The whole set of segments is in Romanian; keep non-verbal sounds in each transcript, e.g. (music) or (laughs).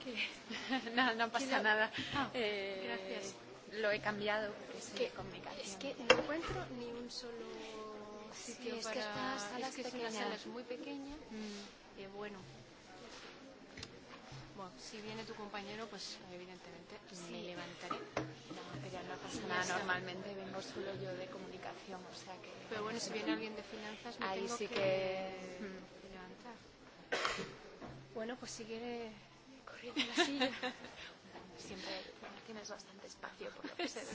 Okay. (laughs) no, no pasa Quiero... nada. Ah, eh, gracias. Lo he cambiado porque es que, Es que no encuentro ni un solo sitio sí, es para... Que estas salas es que es una sala es muy pequeña mm. y eh, bueno... Bueno, si viene tu compañero, pues evidentemente sí. me levantaré. No, pero no pasa nada. Normalmente vengo solo yo de comunicación, o sea que... Pero bueno, si viene alguien de finanzas, me ahí tengo sí que... que... Mm. levantar. Bueno, pues si quiere la (laughs) silla. Siempre tienes bastante espacio por lo que se ve.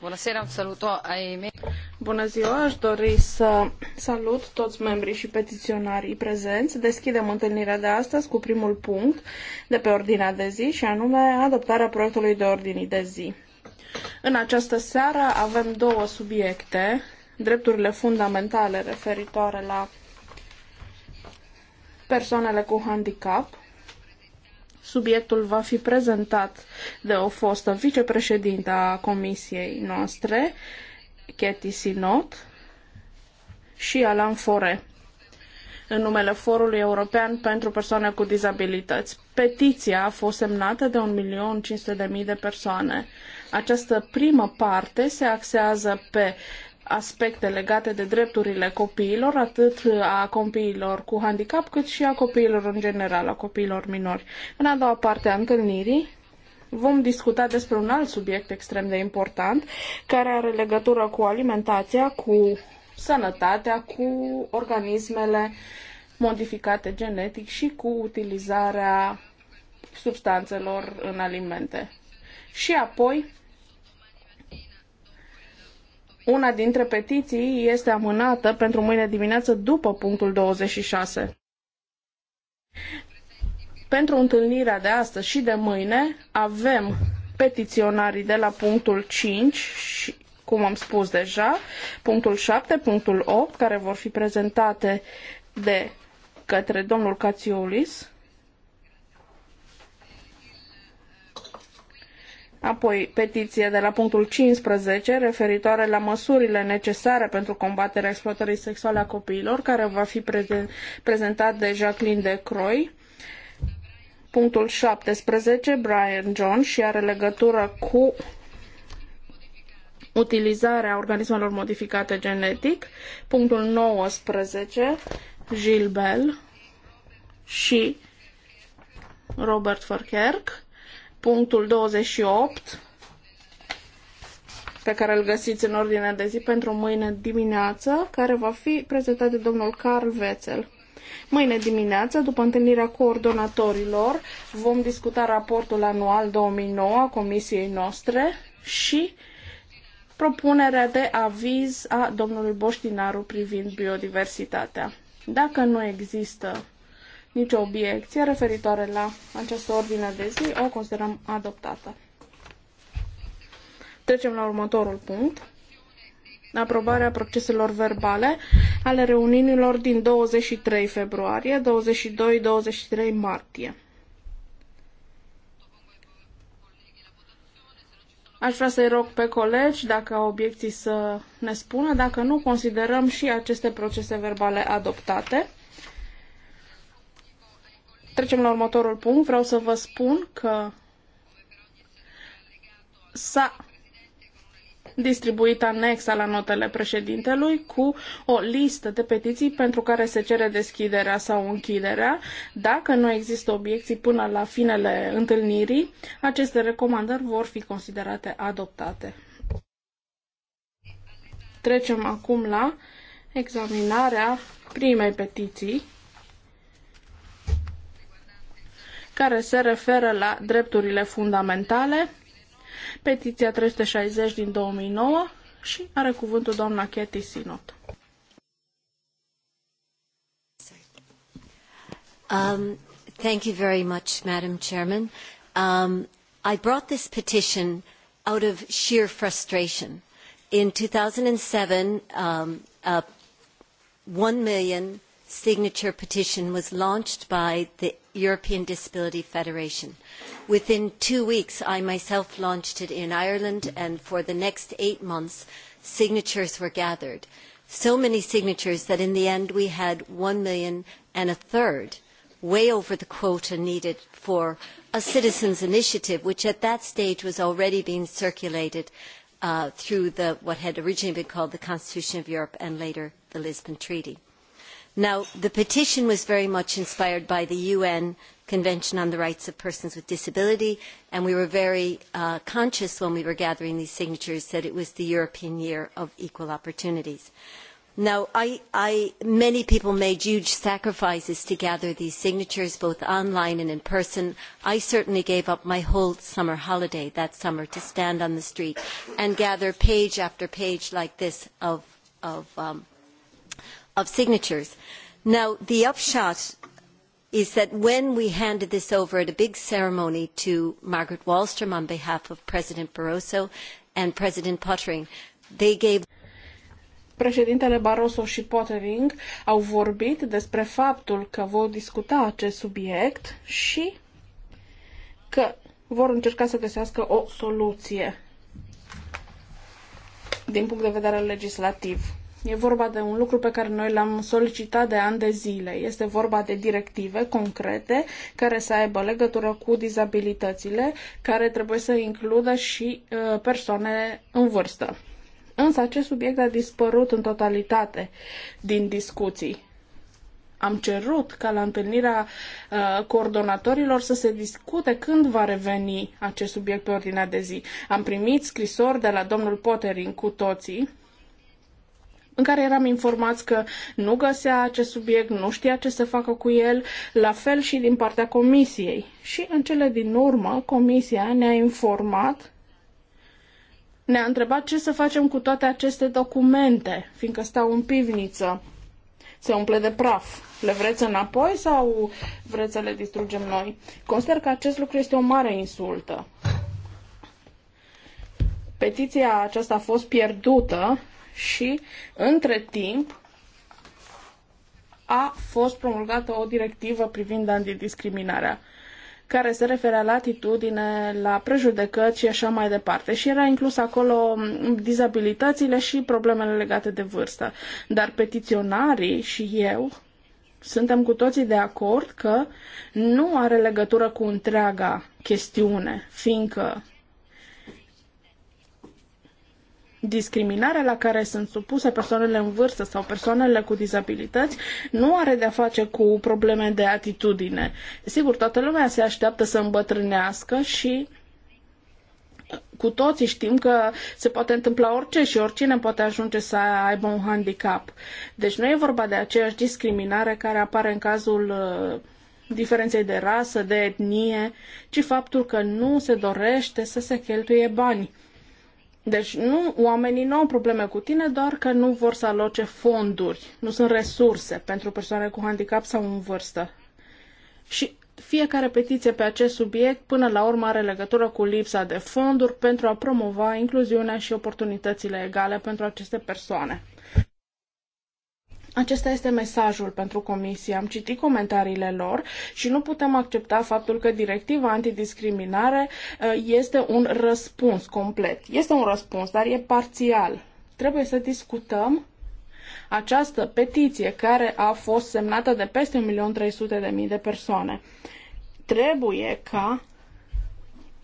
Bună seara, saluto ai mei. Bună ziua, aș dori să salut toți membrii și petiționarii prezenți. Deschidem întâlnirea de astăzi cu primul punct de pe ordinea de zi și anume adoptarea proiectului de ordini de zi. În această seară avem două subiecte, drepturile fundamentale referitoare la persoanele cu handicap Subiectul va fi prezentat de o fostă vicepreședintă a comisiei noastre, Cathy Sinot, și Alan Fore, în numele Forului European pentru Persoane cu Dizabilități. Petiția a fost semnată de 1.500.000 de persoane. Această primă parte se axează pe aspecte legate de drepturile copiilor, atât a copiilor cu handicap, cât și a copiilor în general, a copiilor minori. În a doua parte a întâlnirii vom discuta despre un alt subiect extrem de important, care are legătură cu alimentația, cu sănătatea, cu organismele modificate genetic și cu utilizarea substanțelor în alimente. Și apoi una dintre petiții este amânată pentru mâine dimineață după punctul 26. Pentru întâlnirea de astăzi și de mâine avem petiționarii de la punctul 5 și cum am spus deja, punctul 7, punctul 8, care vor fi prezentate de către domnul Cațiulis, Apoi, petiție de la punctul 15 referitoare la măsurile necesare pentru combaterea exploatării sexuale a copiilor, care va fi prezentat de Jacqueline de Croix. Punctul 17, Brian John, și are legătură cu utilizarea organismelor modificate genetic. Punctul 19, Gilles Bell și Robert Furkerk punctul 28 pe care îl găsiți în ordinea de zi pentru mâine dimineață, care va fi prezentat de domnul Carl Vețel. Mâine dimineață, după întâlnirea coordonatorilor, vom discuta raportul anual 2009 a comisiei noastre și propunerea de aviz a domnului Boștinaru privind biodiversitatea. Dacă nu există nicio obiecție referitoare la această ordine de zi, o considerăm adoptată. Trecem la următorul punct. Aprobarea proceselor verbale ale reuniunilor din 23 februarie, 22-23 martie. Aș vrea să-i rog pe colegi, dacă au obiecții, să ne spună. Dacă nu, considerăm și aceste procese verbale adoptate trecem la următorul punct, vreau să vă spun că s-a distribuit anexa la notele președintelui cu o listă de petiții pentru care se cere deschiderea sau închiderea. Dacă nu există obiecții până la finele întâlnirii, aceste recomandări vor fi considerate adoptate. Trecem acum la examinarea primei petiții care se referă la drepturile fundamentale, petiția 360 din 2009 și are cuvântul doamna Katie Sinot. Um, thank you very much, Madam Chairman. Um, I brought this petition out of sheer frustration. In 2007, um, uh, 1 million signature petition was launched by the European Disability Federation. Within two weeks, I myself launched it in Ireland, and for the next eight months, signatures were gathered. So many signatures that in the end we had one million and a third, way over the quota needed for a citizens' initiative, which at that stage was already being circulated uh, through the, what had originally been called the Constitution of Europe and later the Lisbon Treaty. Now, the petition was very much inspired by the UN Convention on the Rights of Persons with Disabilities, and we were very uh, conscious when we were gathering these signatures that it was the European Year of Equal Opportunities. Now, many people made huge sacrifices to gather these signatures, both online and in person. I certainly gave up my whole summer holiday that summer to stand on the street and gather page after page like this of, um, of signatures. Now, the upshot is that when we handed this over at a big ceremony to Margaret Wallstrom on behalf of President Barroso and President Pottering, they gave Președintele Barroso și Pottering au vorbit despre faptul că vor discuta acest subiect și că vor încerca să găsească o soluție din punct de vedere legislativ. E vorba de un lucru pe care noi l-am solicitat de ani de zile. Este vorba de directive concrete care să aibă legătură cu dizabilitățile, care trebuie să includă și uh, persoane în vârstă. Însă acest subiect a dispărut în totalitate din discuții. Am cerut ca la întâlnirea uh, coordonatorilor să se discute când va reveni acest subiect pe ordinea de zi. Am primit scrisori de la domnul Pottering cu toții în care eram informați că nu găsea acest subiect, nu știa ce să facă cu el, la fel și din partea comisiei. Și în cele din urmă, comisia ne-a informat, ne-a întrebat ce să facem cu toate aceste documente, fiindcă stau în pivniță, se umple de praf. Le vreți înapoi sau vreți să le distrugem noi? Consider că acest lucru este o mare insultă. Petiția aceasta a fost pierdută și, între timp, a fost promulgată o directivă privind antidiscriminarea care se referea la atitudine, la prejudecăți și așa mai departe. Și era inclus acolo dizabilitățile și problemele legate de vârstă. Dar petiționarii și eu suntem cu toții de acord că nu are legătură cu întreaga chestiune, fiindcă Discriminarea la care sunt supuse persoanele în vârstă sau persoanele cu dizabilități nu are de-a face cu probleme de atitudine. Sigur, toată lumea se așteaptă să îmbătrânească și cu toții știm că se poate întâmpla orice și oricine poate ajunge să aibă un handicap. Deci nu e vorba de aceeași discriminare care apare în cazul uh, diferenței de rasă, de etnie, ci faptul că nu se dorește să se cheltuie bani deci nu, oamenii nu au probleme cu tine, doar că nu vor să aloce fonduri, nu sunt resurse pentru persoane cu handicap sau în vârstă. Și fiecare petiție pe acest subiect până la urmă are legătură cu lipsa de fonduri pentru a promova incluziunea și oportunitățile egale pentru aceste persoane. Acesta este mesajul pentru comisie. Am citit comentariile lor și nu putem accepta faptul că directiva antidiscriminare uh, este un răspuns complet. Este un răspuns, dar e parțial. Trebuie să discutăm această petiție care a fost semnată de peste 1.300.000 de persoane. Trebuie ca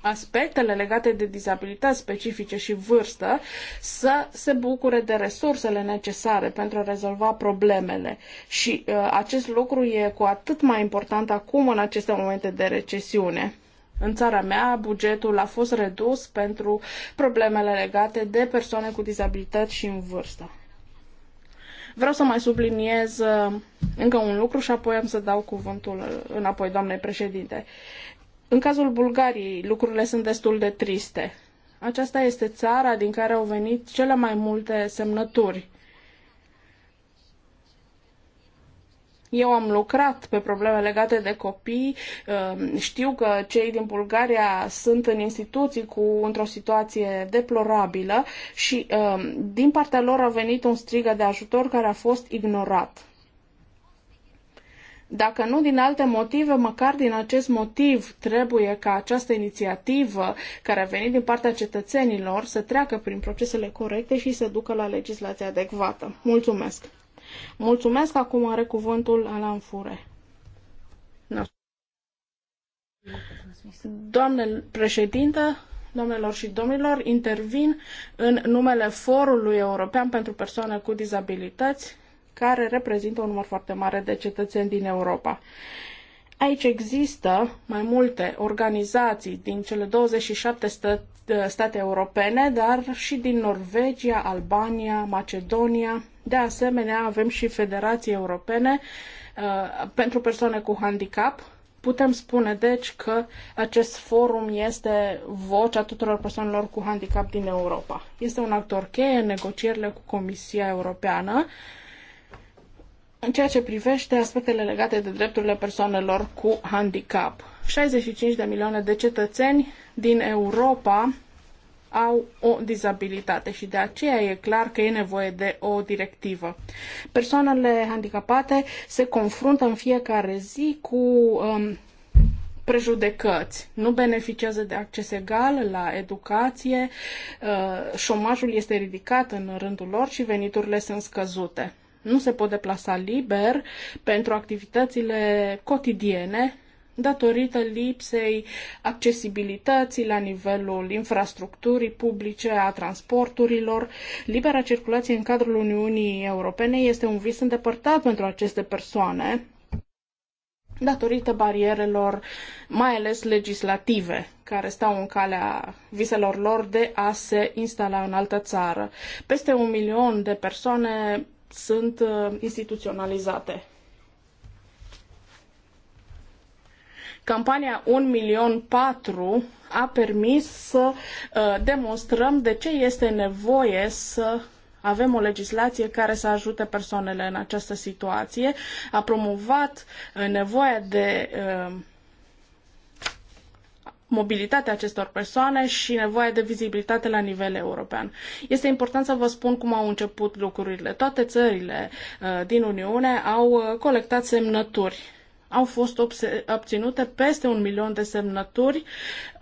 aspectele legate de dizabilități specifice și vârstă să se bucure de resursele necesare pentru a rezolva problemele. Și uh, acest lucru e cu atât mai important acum în aceste momente de recesiune. În țara mea, bugetul a fost redus pentru problemele legate de persoane cu dizabilități și în vârstă. Vreau să mai subliniez uh, încă un lucru și apoi am să dau cuvântul uh, înapoi, doamnei președinte. În cazul Bulgariei, lucrurile sunt destul de triste. Aceasta este țara din care au venit cele mai multe semnături. Eu am lucrat pe probleme legate de copii, um, știu că cei din Bulgaria sunt în instituții cu într-o situație deplorabilă și um, din partea lor a venit un strigă de ajutor care a fost ignorat. Dacă nu din alte motive, măcar din acest motiv trebuie ca această inițiativă care a venit din partea cetățenilor să treacă prin procesele corecte și să ducă la legislația adecvată. Mulțumesc! Mulțumesc, acum are cuvântul Alan Fure. No. Da. Doamne președintă, doamnelor și domnilor, intervin în numele Forului European pentru Persoane cu Dizabilități, care reprezintă un număr foarte mare de cetățeni din Europa. Aici există mai multe organizații din cele 27 state europene, dar și din Norvegia, Albania, Macedonia. De asemenea, avem și federații europene uh, pentru persoane cu handicap. Putem spune, deci, că acest forum este vocea tuturor persoanelor cu handicap din Europa. Este un actor cheie în negocierile cu Comisia Europeană. Uh, în ceea ce privește aspectele legate de drepturile persoanelor cu handicap. 65 de milioane de cetățeni din Europa au o dizabilitate și de aceea e clar că e nevoie de o directivă. Persoanele handicapate se confruntă în fiecare zi cu um, prejudecăți, nu beneficiază de acces egal la educație, uh, șomajul este ridicat în rândul lor și veniturile sunt scăzute nu se pot deplasa liber pentru activitățile cotidiene datorită lipsei accesibilității la nivelul infrastructurii publice, a transporturilor. Libera circulație în cadrul Uniunii Europene este un vis îndepărtat pentru aceste persoane datorită barierelor, mai ales legislative, care stau în calea viselor lor de a se instala în altă țară. Peste un milion de persoane sunt uh, instituționalizate. Campania 1 milion 4 a permis să uh, demonstrăm de ce este nevoie să avem o legislație care să ajute persoanele în această situație. A promovat uh, nevoia de mobilitatea acestor persoane și nevoia de vizibilitate la nivel european. Este important să vă spun cum au început lucrurile. Toate țările uh, din Uniune au uh, colectat semnături au fost obținute peste un milion de semnături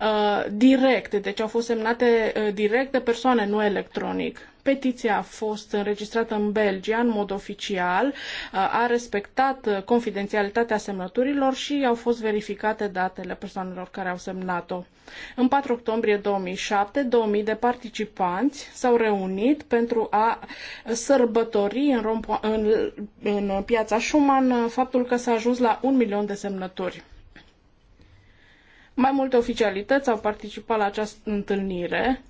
uh, directe, deci au fost semnate uh, direct de persoane, nu electronic. Petiția a fost înregistrată în Belgia în mod oficial, uh, a respectat uh, confidențialitatea semnăturilor și au fost verificate datele persoanelor care au semnat-o. În 4 octombrie 2007, 2000 de participanți s-au reunit pentru a sărbători în, Rompo- în, în piața Schumann uh, faptul că s-a ajuns la un milion de semnături. Mai multe oficialități au participat la această întâlnire,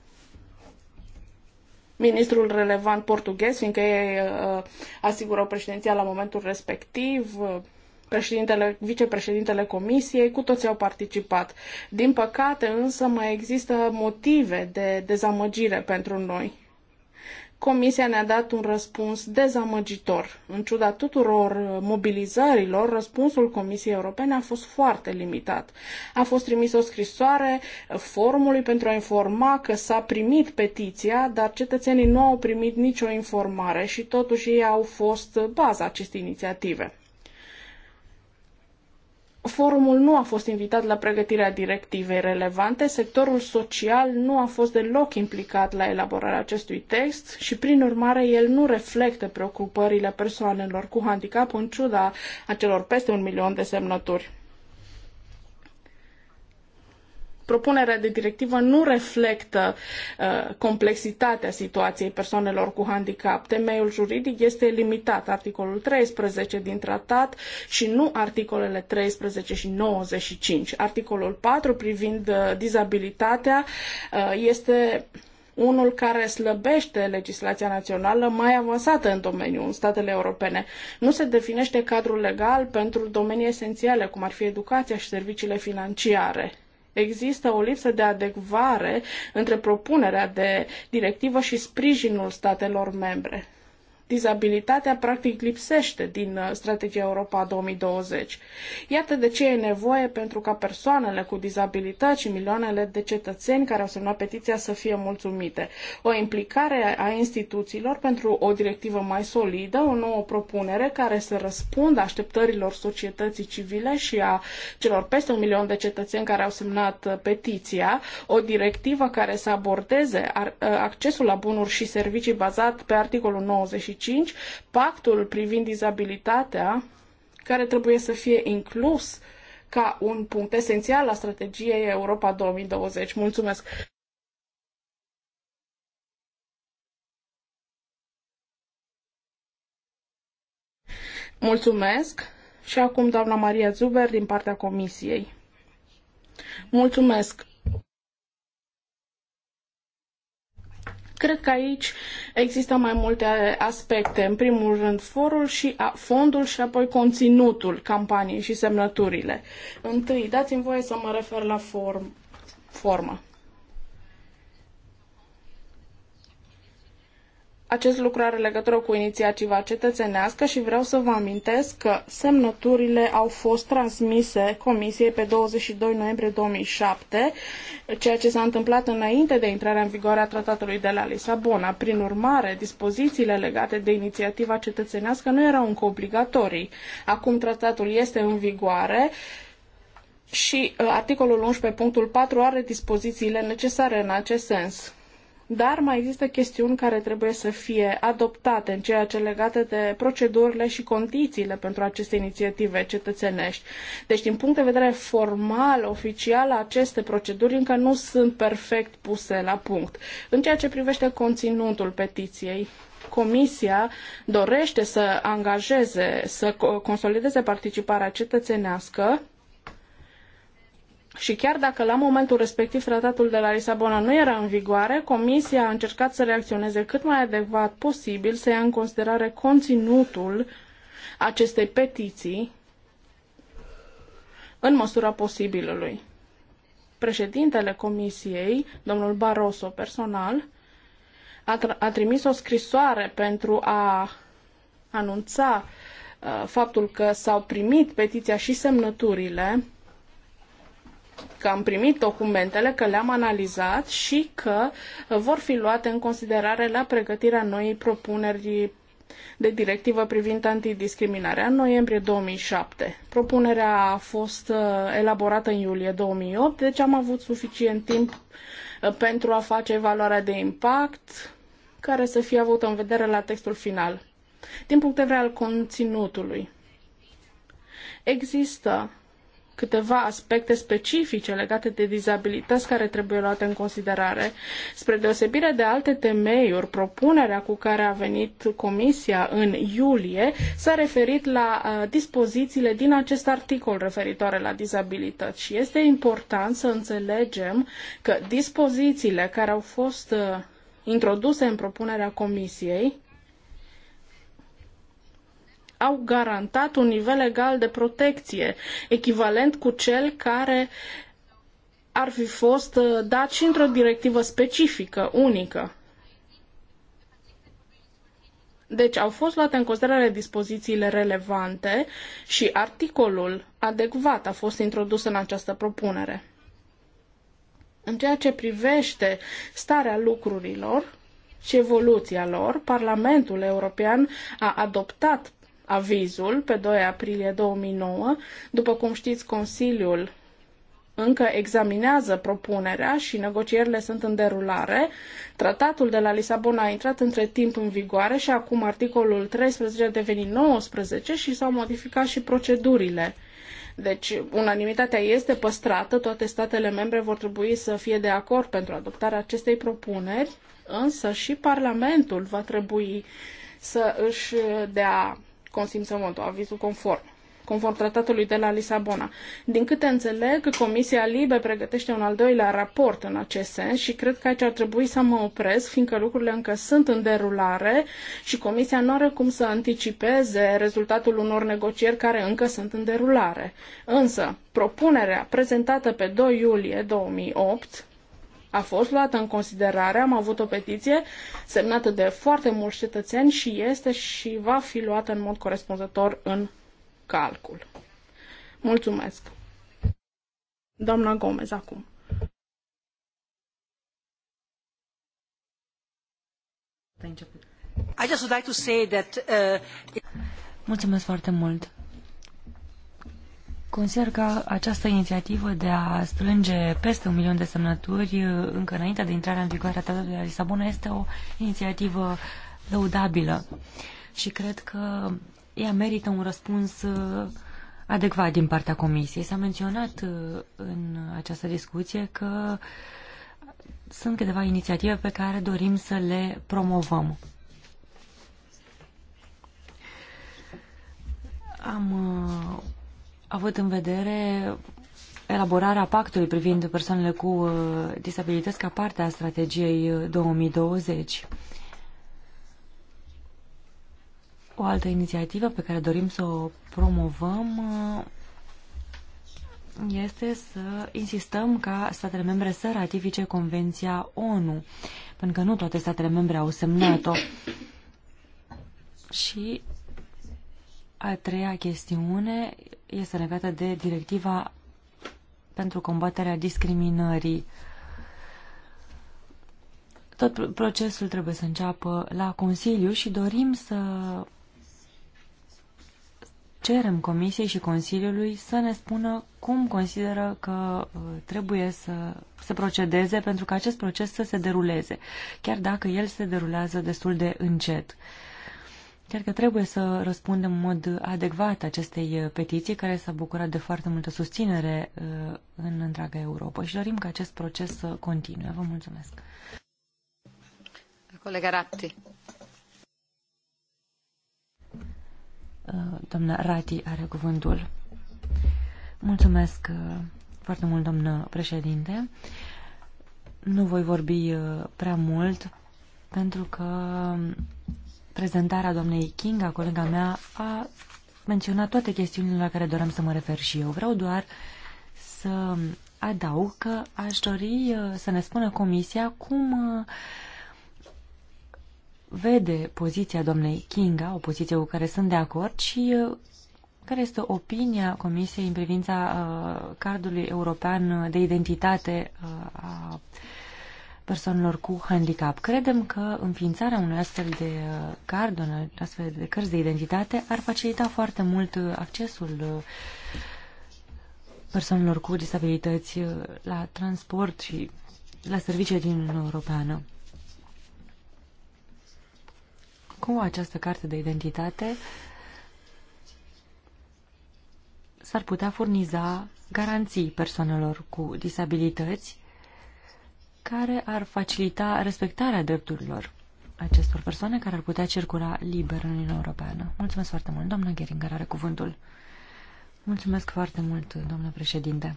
ministrul relevant portughez, fiindcă ei uh, asigură președinția la momentul respectiv, uh, președintele, vicepreședintele comisiei, cu toți au participat. Din păcate, însă, mai există motive de dezamăgire pentru noi. Comisia ne-a dat un răspuns dezamăgitor. În ciuda tuturor uh, mobilizărilor, răspunsul Comisiei Europene a fost foarte limitat. A fost trimisă o scrisoare uh, forumului pentru a informa că s-a primit petiția, dar cetățenii nu au primit nicio informare și totuși ei au fost uh, baza acestei inițiative. Forumul nu a fost invitat la pregătirea directivei relevante, sectorul social nu a fost deloc implicat la elaborarea acestui text și, prin urmare, el nu reflectă preocupările persoanelor cu handicap în ciuda acelor peste un milion de semnături propunerea de directivă nu reflectă uh, complexitatea situației persoanelor cu handicap. Temeiul juridic este limitat, articolul 13 din tratat și nu articolele 13 și 95. Articolul 4 privind uh, dizabilitatea uh, este unul care slăbește legislația națională mai avansată în domeniu, în statele europene. Nu se definește cadrul legal pentru domenii esențiale, cum ar fi educația și serviciile financiare. Există o lipsă de adecvare între propunerea de directivă și sprijinul statelor membre dizabilitatea practic lipsește din uh, strategia Europa 2020. Iată de ce e nevoie pentru ca persoanele cu dizabilități și milioanele de cetățeni care au semnat petiția să fie mulțumite. O implicare a instituțiilor pentru o directivă mai solidă, o nouă propunere care să răspundă așteptărilor societății civile și a celor peste un milion de cetățeni care au semnat uh, petiția, o directivă care să abordeze uh, accesul la bunuri și servicii bazat pe articolul 95 cinci, pactul privind dizabilitatea, care trebuie să fie inclus ca un punct esențial la strategiei Europa 2020. Mulțumesc! Mulțumesc! Și acum doamna Maria Zuber din partea Comisiei. Mulțumesc! Cred că aici există mai multe aspecte. În primul rând, forul și a, fondul și apoi conținutul campaniei și semnăturile. Întâi, dați-mi voie să mă refer la form, formă. Acest lucru are legătură cu inițiativa cetățenească și vreau să vă amintesc că semnăturile au fost transmise Comisiei pe 22 noiembrie 2007, ceea ce s-a întâmplat înainte de intrarea în vigoare a Tratatului de la Lisabona. Prin urmare, dispozițiile legate de inițiativa cetățenească nu erau încă obligatorii. Acum tratatul este în vigoare și uh, articolul 11.4 are dispozițiile necesare în acest sens dar mai există chestiuni care trebuie să fie adoptate în ceea ce legate de procedurile și condițiile pentru aceste inițiative cetățenești. Deci, din punct de vedere formal, oficial, aceste proceduri încă nu sunt perfect puse la punct. În ceea ce privește conținutul petiției, Comisia dorește să angajeze, să consolideze participarea cetățenească și chiar dacă la momentul respectiv tratatul de la Lisabona nu era în vigoare, Comisia a încercat să reacționeze cât mai adecvat posibil, să ia în considerare conținutul acestei petiții în măsura posibilului. Președintele Comisiei, domnul Barroso personal, a, tr a trimis o scrisoare pentru a anunța uh, faptul că s-au primit petiția și semnăturile că am primit documentele, că le-am analizat și că uh, vor fi luate în considerare la pregătirea noii propuneri de directivă privind antidiscriminarea în noiembrie 2007. Propunerea a fost uh, elaborată în iulie 2008, deci am avut suficient timp uh, pentru a face evaluarea de impact care să fie avută în vedere la textul final. Din punct de vedere al conținutului, există câteva aspecte specifice legate de dizabilități care trebuie luate în considerare. Spre deosebire de alte temeiuri, propunerea cu care a venit Comisia în iulie s-a referit la uh, dispozițiile din acest articol referitoare la dizabilități și este important să înțelegem că dispozițiile care au fost uh, introduse în propunerea Comisiei au garantat un nivel egal de protecție, echivalent cu cel care ar fi fost uh, dat și într-o directivă specifică, unică. Deci au fost luate în considerare dispozițiile relevante și articolul adecvat a fost introdus în această propunere. În ceea ce privește starea lucrurilor și evoluția lor, Parlamentul European a adoptat avizul pe 2 aprilie 2009. După cum știți, Consiliul încă examinează propunerea și negocierile sunt în derulare. Tratatul de la Lisabona a intrat între timp în vigoare și acum articolul 13 a devenit 19 și s-au modificat și procedurile. Deci unanimitatea este păstrată, toate statele membre vor trebui să fie de acord pentru adoptarea acestei propuneri, însă și Parlamentul va trebui să își dea consimțământul, avizul conform conform tratatului de la Lisabona. Din câte înțeleg, Comisia Libe pregătește un al doilea raport în acest sens și cred că aici ar trebui să mă opresc, fiindcă lucrurile încă sunt în derulare și Comisia nu are cum să anticipeze rezultatul unor negocieri care încă sunt în derulare. Însă, propunerea prezentată pe 2 iulie 2008 a fost luată în considerare, am avut o petiție semnată de foarte mulți cetățeni și este și va fi luată în mod corespunzător în calcul. Mulțumesc! Doamna Gomez, acum. I just would like to say that, uh... Mulțumesc foarte mult. Consider că această inițiativă de a strânge peste un milion de semnături uh, încă înainte de intrarea în vigoare a Tratatului de la Lisabona este o inițiativă lăudabilă și cred că ea merită un răspuns uh, adecvat din partea Comisiei. S-a menționat uh, în această discuție că sunt câteva inițiative pe care dorim să le promovăm. Am având în vedere elaborarea pactului privind persoanele cu uh, disabilități ca parte a strategiei 2020. Uh, o altă inițiativă pe care dorim să o promovăm uh, este să insistăm ca statele membre să ratifice Convenția ONU, pentru că nu toate statele membre au semnat-o. Și a treia chestiune este legată de directiva pentru combaterea discriminării. Tot procesul trebuie să înceapă la Consiliu și dorim să cerem Comisiei și Consiliului să ne spună cum consideră că uh, trebuie să se procedeze pentru ca acest proces să se deruleze, chiar dacă el se derulează destul de încet. Uh, Cred că trebuie să răspundem în mod adecvat acestei uh, petiții care s-a bucurat de foarte multă susținere uh, în întreaga Europa și dorim ca acest proces să continue. Vă mulțumesc. Colega Ratti. Uh, doamna Rati are cuvântul. Mulțumesc foarte mult, doamnă președinte. Nu voi vorbi prea mult pentru că prezentarea doamnei King, a colega mea, a menționat toate chestiunile la care doream să mă refer și eu. Vreau doar să adaug că aș dori uh, să ne spună Comisia cum uh, vede poziția doamnei Kinga, o poziție cu care sunt de acord și uh, care este opinia Comisiei în privința cardului european de identitate a persoanelor cu handicap. Credem că înființarea unui astfel de uh, card, un astfel de cărți de identitate, ar facilita foarte mult uh, accesul uh, persoanelor cu disabilități la transport și la servicii din Uniunea Europeană. Cu această carte de identitate s-ar putea furniza garanții persoanelor cu disabilități care ar facilita respectarea drepturilor acestor persoane care ar putea circula liber în Uniunea Europeană. Mulțumesc foarte mult. Doamna Geringer are cuvântul. Mulțumesc foarte mult, doamnă președinte.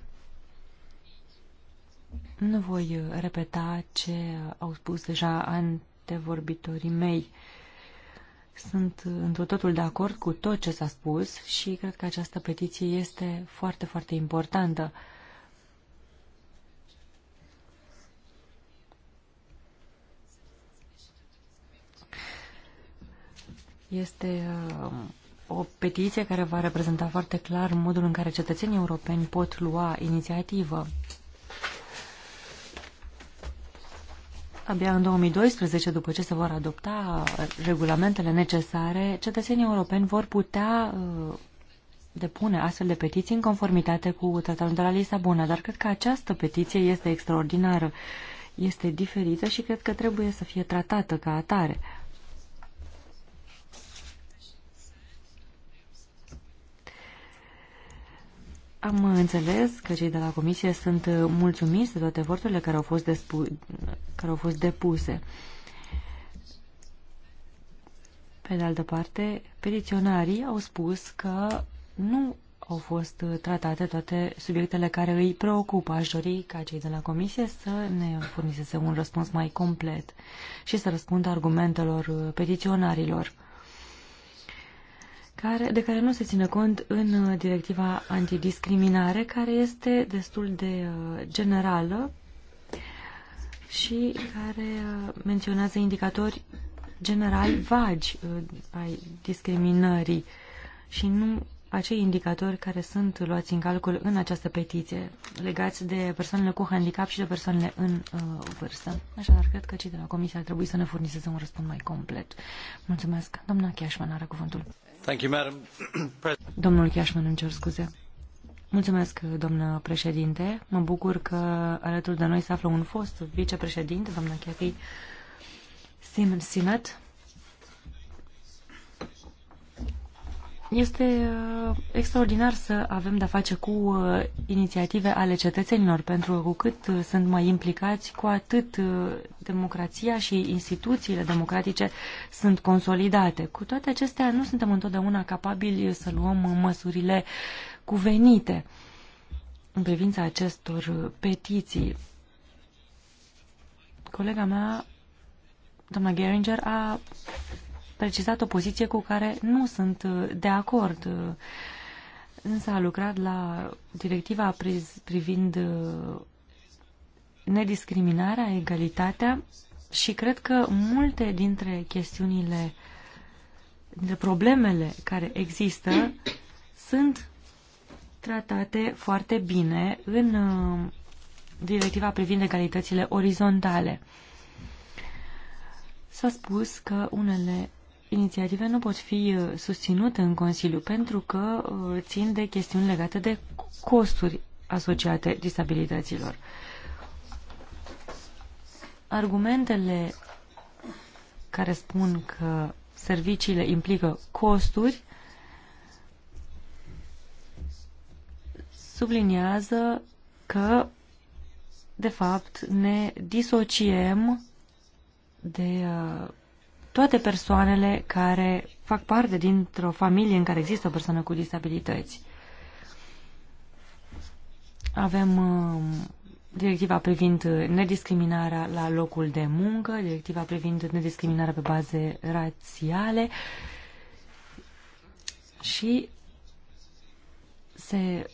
Nu voi repeta ce au spus deja antevorbitorii mei. Sunt într totul de acord cu tot ce s-a spus și cred că această petiție este foarte, foarte importantă. Este uh, o petiție care va reprezenta foarte clar modul în care cetățenii europeni pot lua inițiativă. Abia în 2012, după ce se vor adopta uh, regulamentele necesare, cetățenii europeni vor putea uh, depune astfel de petiții în conformitate cu tratatul de la Lisabona, dar cred că această petiție este extraordinară, este diferită și cred că trebuie să fie tratată ca atare. Am înțeles că cei de la comisie sunt mulțumiți de toate eforturile care au fost, despu- care au fost depuse. Pe de altă parte, petiționarii au spus că nu au fost tratate toate subiectele care îi preocupă. Aș dori ca cei de la comisie să ne furnizeze un răspuns mai complet și să răspundă argumentelor petiționarilor care, de care nu se ține cont în uh, directiva antidiscriminare, care este destul de uh, generală și care uh, menționează indicatori general vagi ai discriminării și nu acei indicatori care sunt luați în calcul în această petiție legați de persoanele cu handicap și de persoanele în uh, vârstă. Așadar, cred că cei de la Comisie ar trebui să ne furnizeze un răspuns mai complet. Mulțumesc. Doamna Chiașman are cuvântul. Domnul doamnă președinte. Mă bucur că alături de noi se află un fost vicepreședinte, doamna Cathy Simon Simet. Este uh, extraordinar să avem de-a face cu uh, inițiative ale cetățenilor, pentru că cu cât uh, sunt mai implicați, cu atât democrația și instituțiile democratice sunt consolidate. Cu toate acestea, nu suntem întotdeauna capabili să luăm măsurile cuvenite în privința acestor petiții. Colega mea, doamna Geringer, a precizat o poziție cu care nu sunt uh, de acord. Uh, însă a lucrat la directiva privind uh, nediscriminarea, egalitatea și cred că multe dintre chestiunile, dintre problemele care există (coughs) sunt tratate foarte bine în directiva privind egalitățile orizontale. S-a spus că unele inițiativa nu pot fi uh, susținută în Consiliu pentru că uh, țin de chestiuni legate de costuri asociate disabilităților. Argumentele care spun că serviciile implică costuri subliniază că, de fapt, ne disociem de uh, toate persoanele care fac parte dintr-o familie în care există o persoană cu disabilități. Avem um, directiva privind nediscriminarea la locul de muncă, directiva privind nediscriminarea pe baze rațiale și se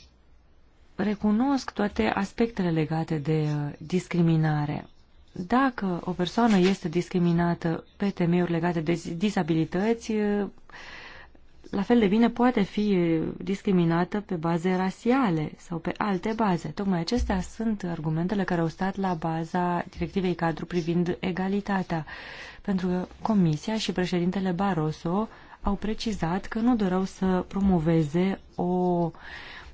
recunosc toate aspectele legate de uh, discriminare. Dacă o persoană este discriminată pe temeiuri legate de disabilități, la fel de bine poate fi discriminată pe baze rasiale sau pe alte baze. Tocmai acestea sunt argumentele care au stat la baza directivei cadru privind egalitatea, pentru că Comisia și președintele Barroso au precizat că nu doreau să promoveze o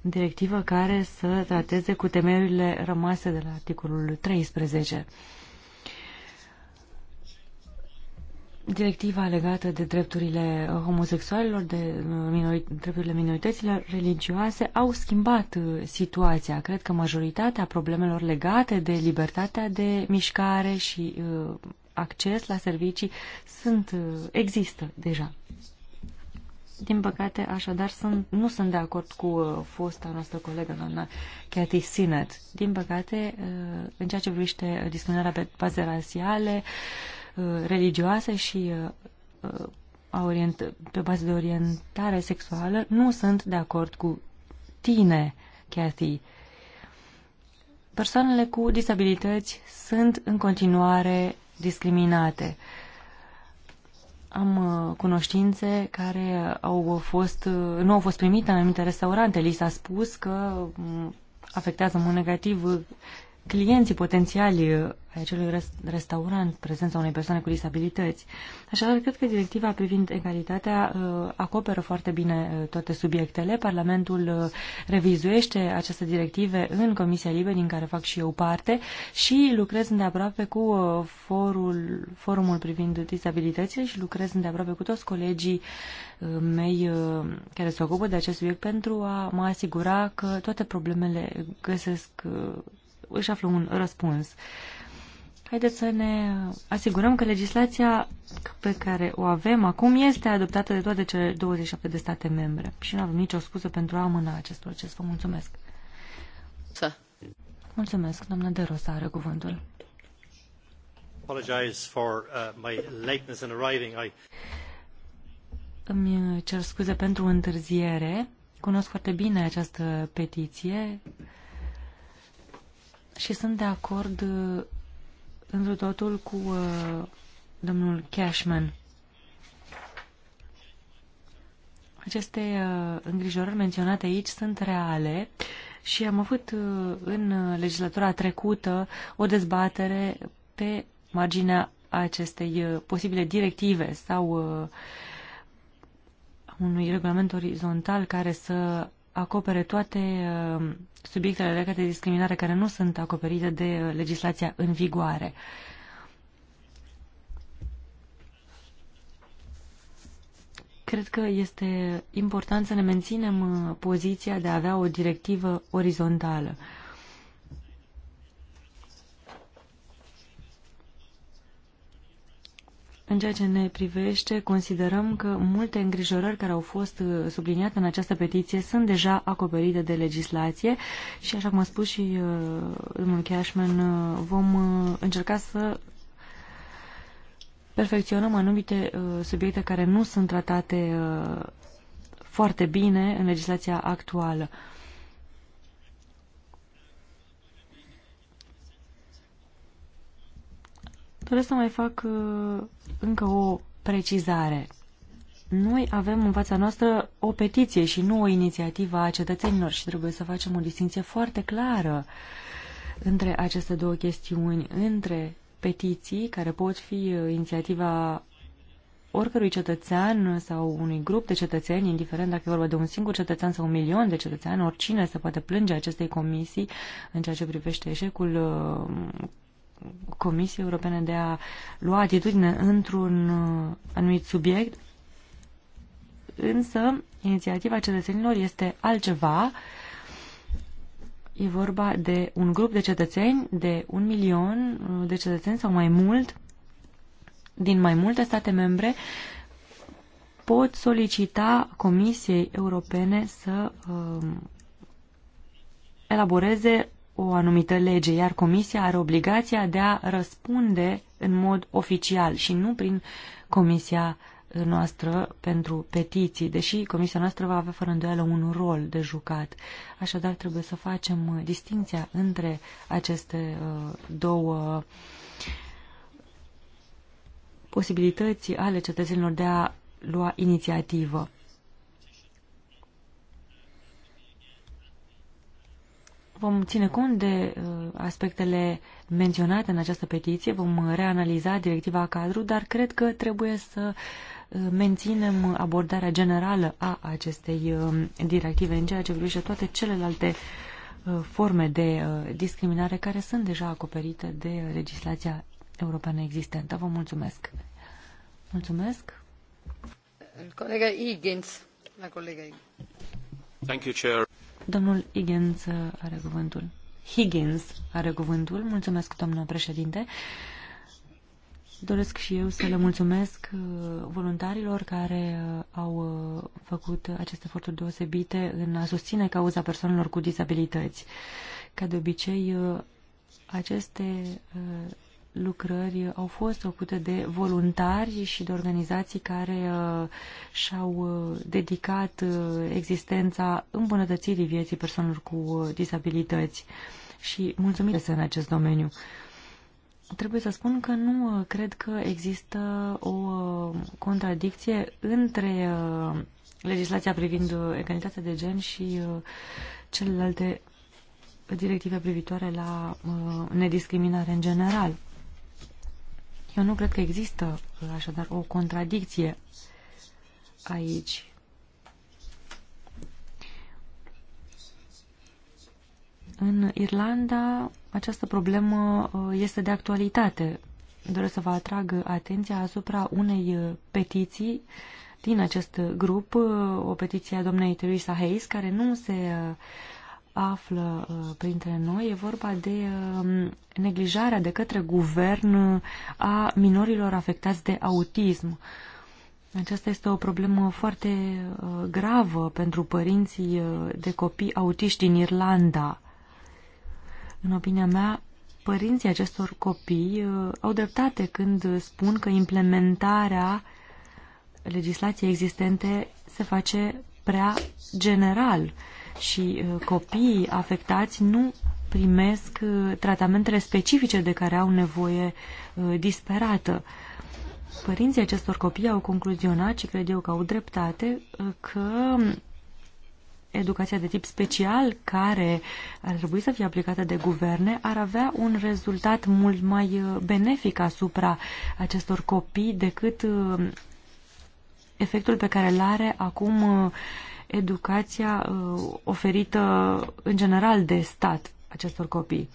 directivă care să trateze cu temerile rămase de la articolul 13. directiva legată de drepturile homosexualilor, de uh, minori, drepturile minorităților religioase, au schimbat uh, situația. Cred că majoritatea problemelor legate de libertatea de mișcare și uh, acces la servicii sunt, uh, există deja. Din păcate, așadar, sunt, nu sunt de acord cu uh, fosta noastră colegă, doamna Cathy Sinnett. Din păcate, uh, în ceea ce privește uh, discriminarea pe baze rasiale, uh, Uh, religioase și uh, uh, orient, pe bază de orientare sexuală, nu sunt de acord cu tine, Cathy. Persoanele cu disabilități sunt în continuare discriminate. Am cunoștințe care au fost, nu au fost primite în anumite restaurante. Li s-a spus că mm, afectează în mod negativ clienții potențiali uh, ai acelui restaurant prezența unei persoane cu disabilități. Așadar, cred că directiva privind egalitatea uh, acoperă foarte bine uh, toate subiectele. Parlamentul revizuiește aceste directive în Comisia Libe, din care fac și eu parte, și lucrez îndeaproape cu forul, forumul privind disabilitățile și lucrez îndeaproape cu toți colegii mei care se ocupă de acest subiect pentru a mă asigura că toate problemele găsesc își află un răspuns. Haideți să ne asigurăm că legislația pe care o avem acum este adoptată de toate cele 27 de state membre și nu avem nicio scuză pentru a amâna acest proces. Vă mulțumesc. Să. Mulțumesc, doamna De Rosa are cuvântul. Uh, Îmi cer scuze pentru întârziere. Cunosc foarte bine această petiție și sunt de acord uh, într totul cu uh, domnul Cashman. Aceste uh, îngrijorări menționate aici sunt reale și am avut uh, în legislatura trecută o dezbatere pe marginea acestei uh, posibile directive sau uh, unui regulament orizontal care să acopere toate uh, subiectele legate de discriminare care nu sunt acoperite de uh, legislația în vigoare. Cred că este important să ne menținem uh, poziția de a avea o directivă orizontală. În ceea ce ne privește, considerăm că multe îngrijorări care au fost uh, subliniate în această petiție sunt deja acoperite de legislație și, așa cum a spus și uh, domnul Cashman, uh, vom uh, încerca să perfecționăm anumite uh, subiecte care nu sunt tratate uh, foarte bine în legislația actuală. Uh, Doresc să mai fac uh, încă o precizare. Noi avem în fața noastră o petiție și nu o inițiativă a cetățenilor și trebuie să facem o distinție foarte clară între aceste două chestiuni, între petiții care pot fi uh, inițiativa oricărui cetățean sau unui grup de cetățeni, indiferent dacă e vorba de un singur cetățean sau un milion de cetățeni, oricine se poate plânge acestei comisii în ceea ce privește eșecul uh, Comisiei Europene de a lua atitudine într-un uh, anumit subiect, însă inițiativa cetățenilor este altceva. E vorba de un grup de cetățeni, de un milion uh, de cetățeni sau mai mult, din mai multe state membre, pot solicita Comisiei Europene să uh, elaboreze o anumită lege, iar Comisia are obligația de a răspunde în mod oficial și nu prin Comisia noastră pentru petiții, deși Comisia noastră va avea fără îndoială un rol de jucat. Așadar, trebuie să facem distinția între aceste uh, două posibilități ale cetățenilor de a lua inițiativă. Vom ține cont de uh, aspectele menționate în această petiție, vom reanaliza directiva cadru, dar cred că trebuie să uh, menținem abordarea generală a acestei uh, directive în ceea ce privește toate celelalte forme de discriminare care sunt deja acoperite de legislația europeană existentă. Vă mulțumesc. Mulțumesc. Colega Higgins, la colega Higgins. Thank you, Chair. Domnul Higgins are cuvântul. Higgins are cuvântul. Mulțumesc, domnul președinte. Doresc și eu să le mulțumesc uh, voluntarilor care uh, au uh, făcut aceste eforturi deosebite în a susține cauza persoanelor cu dizabilități. Ca de obicei, aceste lucrări au fost făcute de voluntari și de organizații care uh, și-au uh, dedicat uh, existența îmbunătățirii vieții persoanelor cu disabilități și mulțumite în acest domeniu. Trebuie să spun că nu cred că există o contradicție între legislația privind egalitatea de gen și celelalte directive privitoare la nediscriminare în general. Eu nu cred că există așadar o contradicție aici. În Irlanda această problemă uh, este de actualitate. Doresc să vă atrag atenția asupra unei uh, petiții din acest grup, uh, o petiție a doamnei Theresa Hayes, care nu se uh, află uh, printre noi. E vorba de um, neglijarea de către guvern uh, a minorilor afectați de autism. Aceasta este o problemă foarte uh, gravă pentru părinții de copii autiști din Irlanda. În opinia mea, părinții acestor copii au dreptate când spun că implementarea legislației existente se face prea general și uh, copiii afectați nu primesc uh, tratamentele specifice de care au nevoie uh, disperată. Părinții acestor copii au concluzionat și cred eu că au dreptate că educația de tip special care ar trebui să fie aplicată de guverne ar avea un rezultat mult mai benefic asupra acestor copii decât efectul pe care îl are acum educația uh, oferită în general de stat acestor copii.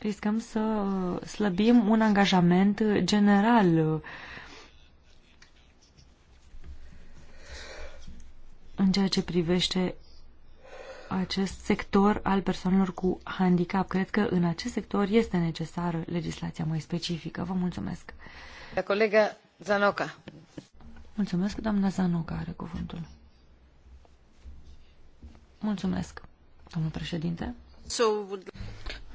riscăm să uh, slăbim un angajament general uh, în ceea ce privește acest sector al persoanelor cu handicap. Cred că în acest sector este necesară legislația mai specifică. Vă mulțumesc. La colega Zanoca. Mulțumesc, doamna Zanoca are cuvântul. Mulțumesc, domnul președinte.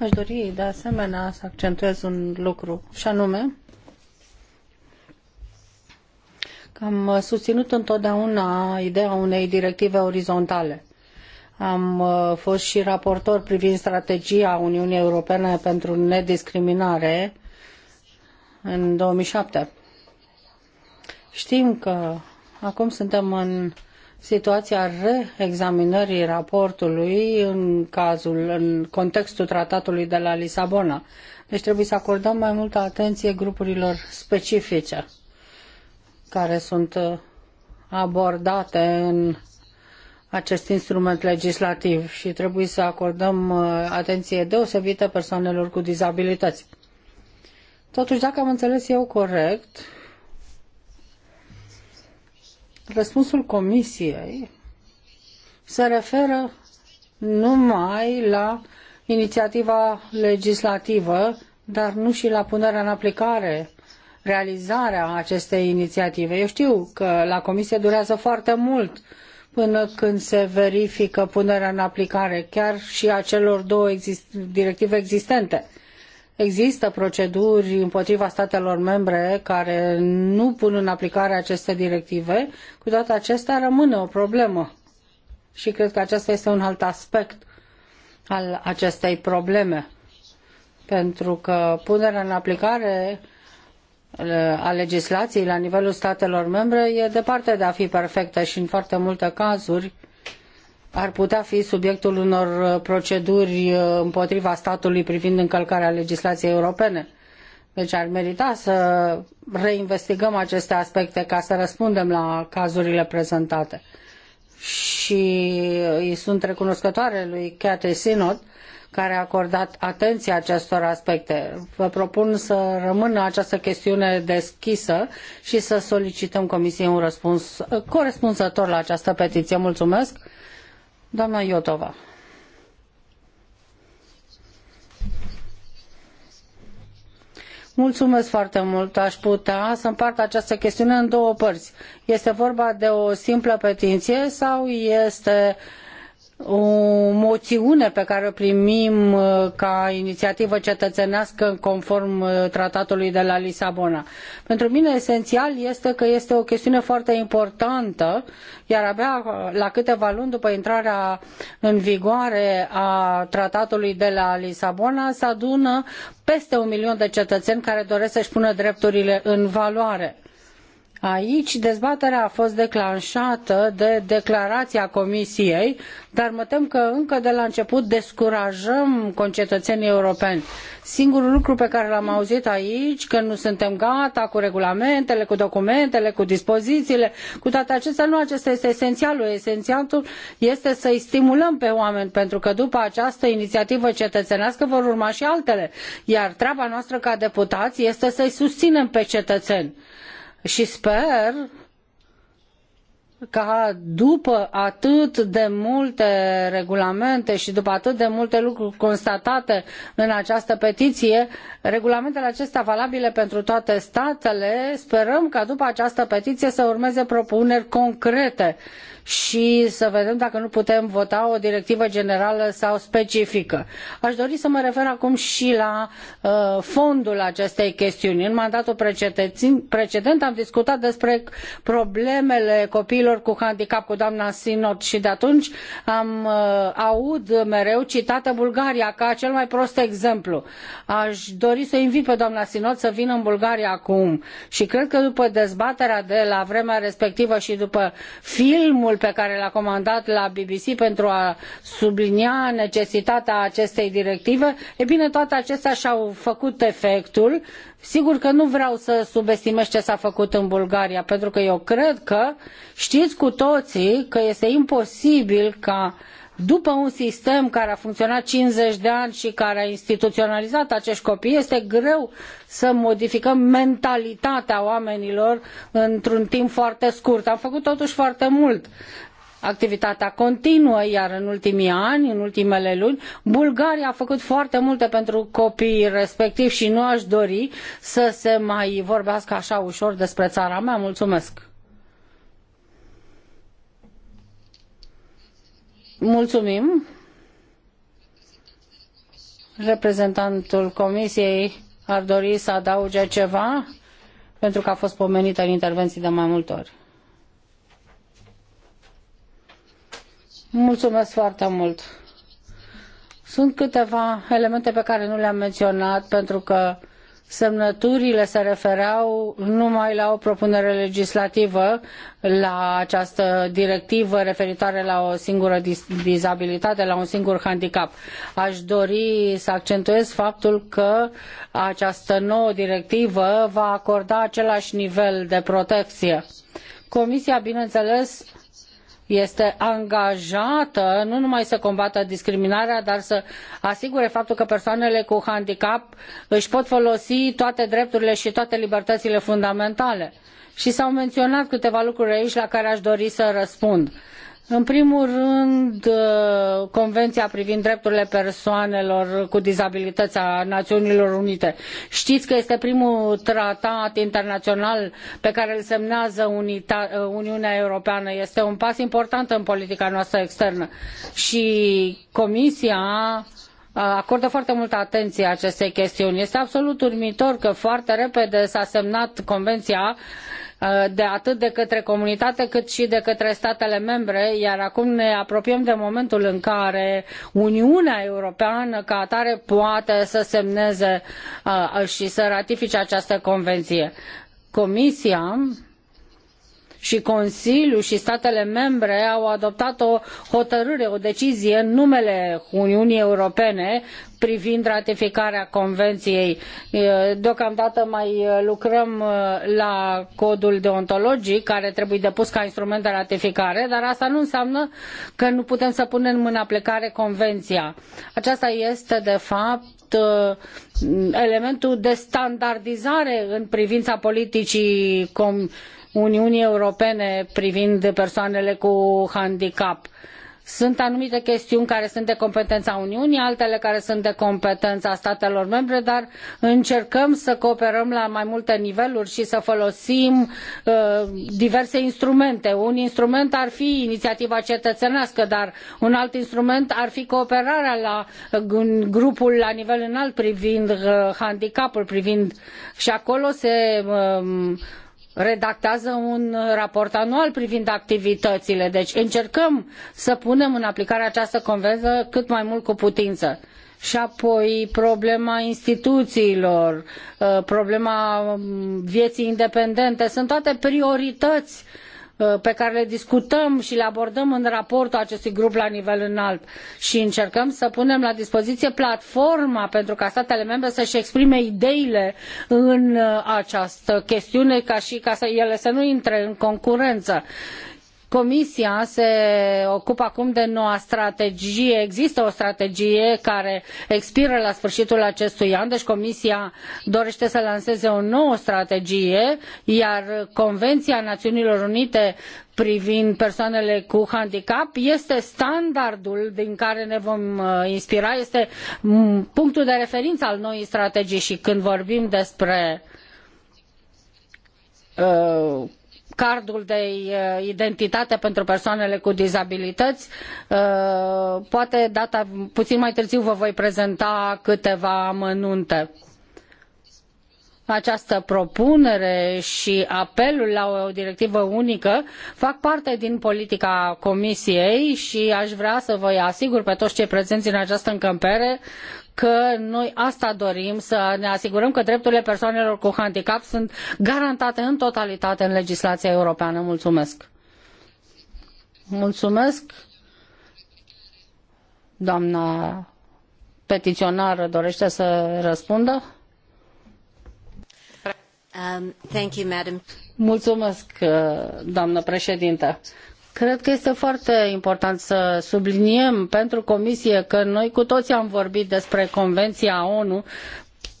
Aș dori de asemenea să accentuez un lucru și anume că am susținut întotdeauna ideea unei directive orizontale am uh, fost și raportor privind strategia Uniunii Europene pentru nediscriminare în 2007. Știm că acum suntem în situația reexaminării raportului în cazul, în contextul tratatului de la Lisabona. Deci trebuie să acordăm mai multă atenție grupurilor specifice care sunt uh, abordate în acest instrument legislativ și trebuie să acordăm uh, atenție deosebită persoanelor cu dizabilități. Totuși, dacă am înțeles eu corect, răspunsul comisiei se referă numai la inițiativa legislativă, dar nu și la punerea în aplicare, realizarea acestei inițiative. Eu știu că la comisie durează foarte mult uh, până când se verifică punerea în aplicare chiar și a celor două exist directive existente. Există proceduri împotriva statelor membre care nu pun în aplicare aceste directive, cu toate acestea rămâne o problemă. Și cred că acesta este un alt aspect al acestei probleme. Pentru că punerea în aplicare Uh, a legislației la nivelul statelor membre e departe de a fi perfectă și în foarte multe cazuri ar putea fi subiectul unor uh, proceduri uh, împotriva statului privind încălcarea legislației europene. Deci ar merita să reinvestigăm aceste aspecte ca să răspundem la cazurile prezentate. Și sunt recunoscătoare lui Cate Sinot care a acordat atenție acestor aspecte. Vă propun să rămână această chestiune deschisă și să solicităm Comisiei un răspuns uh, corespunzător la această petiție. Mulțumesc. Doamna Iotova. Mulțumesc foarte mult. Aș putea să împart această chestiune în două părți. Este vorba de o simplă petiție sau este uh, o moțiune pe care o primim uh, ca inițiativă cetățenească conform uh, tratatului de la Lisabona. Pentru mine esențial este că este o chestiune foarte importantă, iar abia uh, la câteva luni după intrarea în vigoare a tratatului de la Lisabona se adună peste un milion de cetățeni care doresc să-și pună drepturile în valoare Aici dezbaterea a fost declanșată de declarația Comisiei, dar mă tem că încă de la început descurajăm concetățenii europeni. Singurul lucru pe care l-am auzit aici, că nu suntem gata cu regulamentele, cu documentele, cu dispozițiile, cu toate acestea, nu acesta este esențialul. Esențialul este să-i stimulăm pe oameni, pentru că după această inițiativă cetățenească vor urma și altele. Iar treaba noastră ca deputați este să-i susținem pe cetățeni și sper ca după atât de multe regulamente și după atât de multe lucruri constatate în această petiție, regulamentele acestea valabile pentru toate statele, sperăm ca după această petiție să urmeze propuneri concrete uh, și să vedem dacă nu putem vota o directivă generală sau specifică. Aș dori să mă refer acum și la uh, fondul acestei chestiuni. În mandatul precedent am discutat despre problemele copiilor cu handicap cu doamna Sinot și de atunci am uh, aud mereu citată Bulgaria ca cel mai prost exemplu. Aș dori să invit pe doamna Sinot să vină în Bulgaria acum și cred că după dezbaterea de la vremea respectivă și după filmul articolul pe care l a comandat la BBC pentru a sublinia necesitatea acestei directive e bine toate acestea și au făcut efectul sigur că nu vreau să subestimez ce s-a făcut în Bulgaria pentru că eu cred că știți cu toții că este imposibil ca după un sistem care a funcționat 50 de ani și care a instituționalizat acești copii, este greu să modificăm mentalitatea oamenilor într-un timp foarte scurt. Am făcut totuși foarte mult. Activitatea continuă, iar în ultimii ani, în ultimele luni, Bulgaria a făcut foarte multe pentru copiii respectivi și nu aș dori să se mai vorbească așa ușor despre țara mea. Mulțumesc! Mulțumim. Reprezentantul Comisiei ar dori să adauge ceva pentru că a fost pomenită în intervenții de mai multe ori. Mulțumesc foarte mult. Sunt câteva elemente pe care nu le-am menționat pentru că semnăturile se refereau numai la o propunere legislativă, la această directivă referitoare la o singură dizabilitate, la un singur handicap. Aș dori să accentuez faptul că această nouă directivă va acorda același nivel de protecție. Comisia, bineînțeles, este angajată nu numai să combată discriminarea, dar să asigure faptul că persoanele cu handicap își pot folosi toate drepturile și toate libertățile fundamentale. Și s-au menționat câteva lucruri aici la care aș dori să răspund. Uh, în primul rând, uh, Convenția privind drepturile persoanelor cu dizabilități a Națiunilor Unite. Știți că este primul tratat internațional pe care îl semnează Unita uh, Uniunea Europeană. Este un pas important în politica noastră externă și Comisia uh, acordă foarte multă atenție acestei chestiuni. Este absolut urmitor că foarte repede s-a semnat Convenția Uh, de atât de către comunitate cât și de către statele membre, iar acum ne apropiem de momentul în care Uniunea Europeană ca atare poate să semneze uh, și să ratifice această convenție. Comisia și Consiliul și statele membre au adoptat o hotărâre, o decizie în numele Uniunii Europene privind ratificarea convenției. Deocamdată mai lucrăm la codul deontologic care trebuie depus ca instrument de ratificare, dar asta nu înseamnă că nu putem să punem în aplicare convenția. Aceasta este, de fapt, elementul de standardizare în privința politicii Uniunii Europene privind persoanele cu handicap sunt anumite chestiuni care sunt de competența Uniunii, altele care sunt de competența statelor membre, dar încercăm să cooperăm la mai multe niveluri și să folosim uh, diverse instrumente. Un instrument ar fi inițiativa cetățenească, dar un alt instrument ar fi cooperarea la grupul la nivel înalt privind uh, handicapul, privind și acolo se um, redactează un raport anual privind activitățile. Deci încercăm să punem în aplicare această convenție cât mai mult cu putință. Și apoi problema instituțiilor, uh, problema vieții independente, sunt toate priorități uh, Uh, pe care le discutăm și le abordăm în raportul acestui grup la nivel înalt și încercăm să punem la dispoziție platforma pentru ca statele membre să-și exprime ideile în uh, această chestiune ca și ca să ele să nu intre în concurență. Comisia se ocupă acum de noua strategie. Există o strategie care expiră la sfârșitul acestui an, deci Comisia dorește să lanseze o nouă strategie, iar Convenția Națiunilor Unite privind persoanele cu handicap este standardul din care ne vom uh, inspira, este mm, punctul de referință al noii strategii și când vorbim despre uh, cardul de uh, identitate pentru persoanele cu dizabilități. Uh, poate data puțin mai târziu vă voi prezenta câteva amănunte. Această propunere și apelul la o directivă unică fac parte din politica Comisiei și aș vrea să vă asigur pe toți cei prezenți în această încăpere că noi asta dorim, să ne asigurăm că drepturile persoanelor cu handicap sunt garantate în totalitate în legislația europeană. Mulțumesc! Mulțumesc! Doamna petiționară dorește să răspundă? Um, thank you, madam. Mulțumesc, doamnă președintă. Cred că este foarte important să subliniem pentru Comisie că noi cu toții am vorbit despre Convenția ONU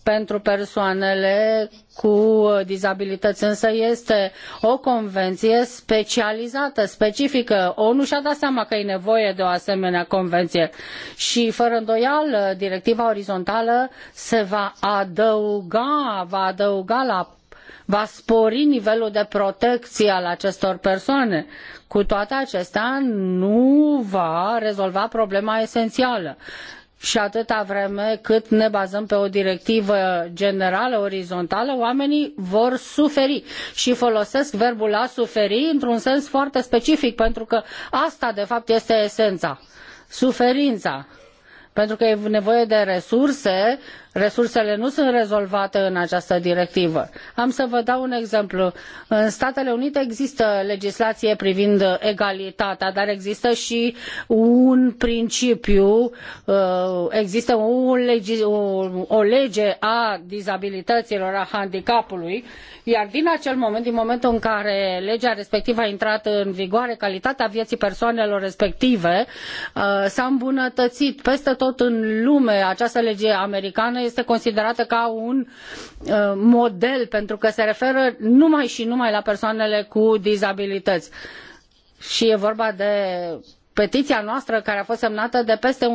pentru persoanele cu dizabilități, însă este o convenție specializată, specifică. ONU și-a dat seama că e nevoie de o asemenea convenție și, fără îndoială, directiva orizontală se va adăuga, va adăuga la va spori nivelul de protecție al acestor persoane. Uh, cu toate acestea, nu va rezolva problema esențială și atâta vreme cât ne bazăm pe o directivă generală, orizontală, oamenii vor suferi și folosesc verbul a suferi într-un sens foarte specific, pentru că asta de fapt este esența, suferința. Pentru că e nevoie de resurse uh, resursele nu sunt rezolvate în această directivă. Am să vă dau un exemplu. În Statele Unite există legislație privind egalitatea, dar există și un principiu, uh, există o lege a dizabilităților, a handicapului, iar din acel moment, din momentul în care legea respectivă a intrat în vigoare, calitatea vieții persoanelor respective uh, s-a îmbunătățit peste tot în lume. Această lege americană este considerată ca un uh, model pentru că se referă numai și numai la persoanele cu dizabilități. Și e vorba de petiția noastră care a fost semnată de peste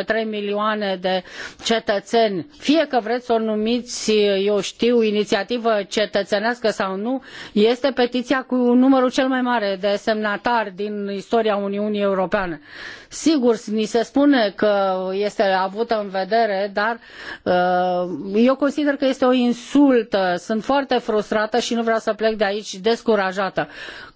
1,3 milioane de cetățeni, fie că vreți să o numiți, eu știu, inițiativă cetățenească sau nu, este petiția cu numărul cel mai mare de semnatari din istoria Uniunii Europene. Uh, Sigur, ni se spune că este avută în vedere, dar uh, eu consider că este o insultă. Sunt foarte frustrată și nu vreau să plec de aici descurajată.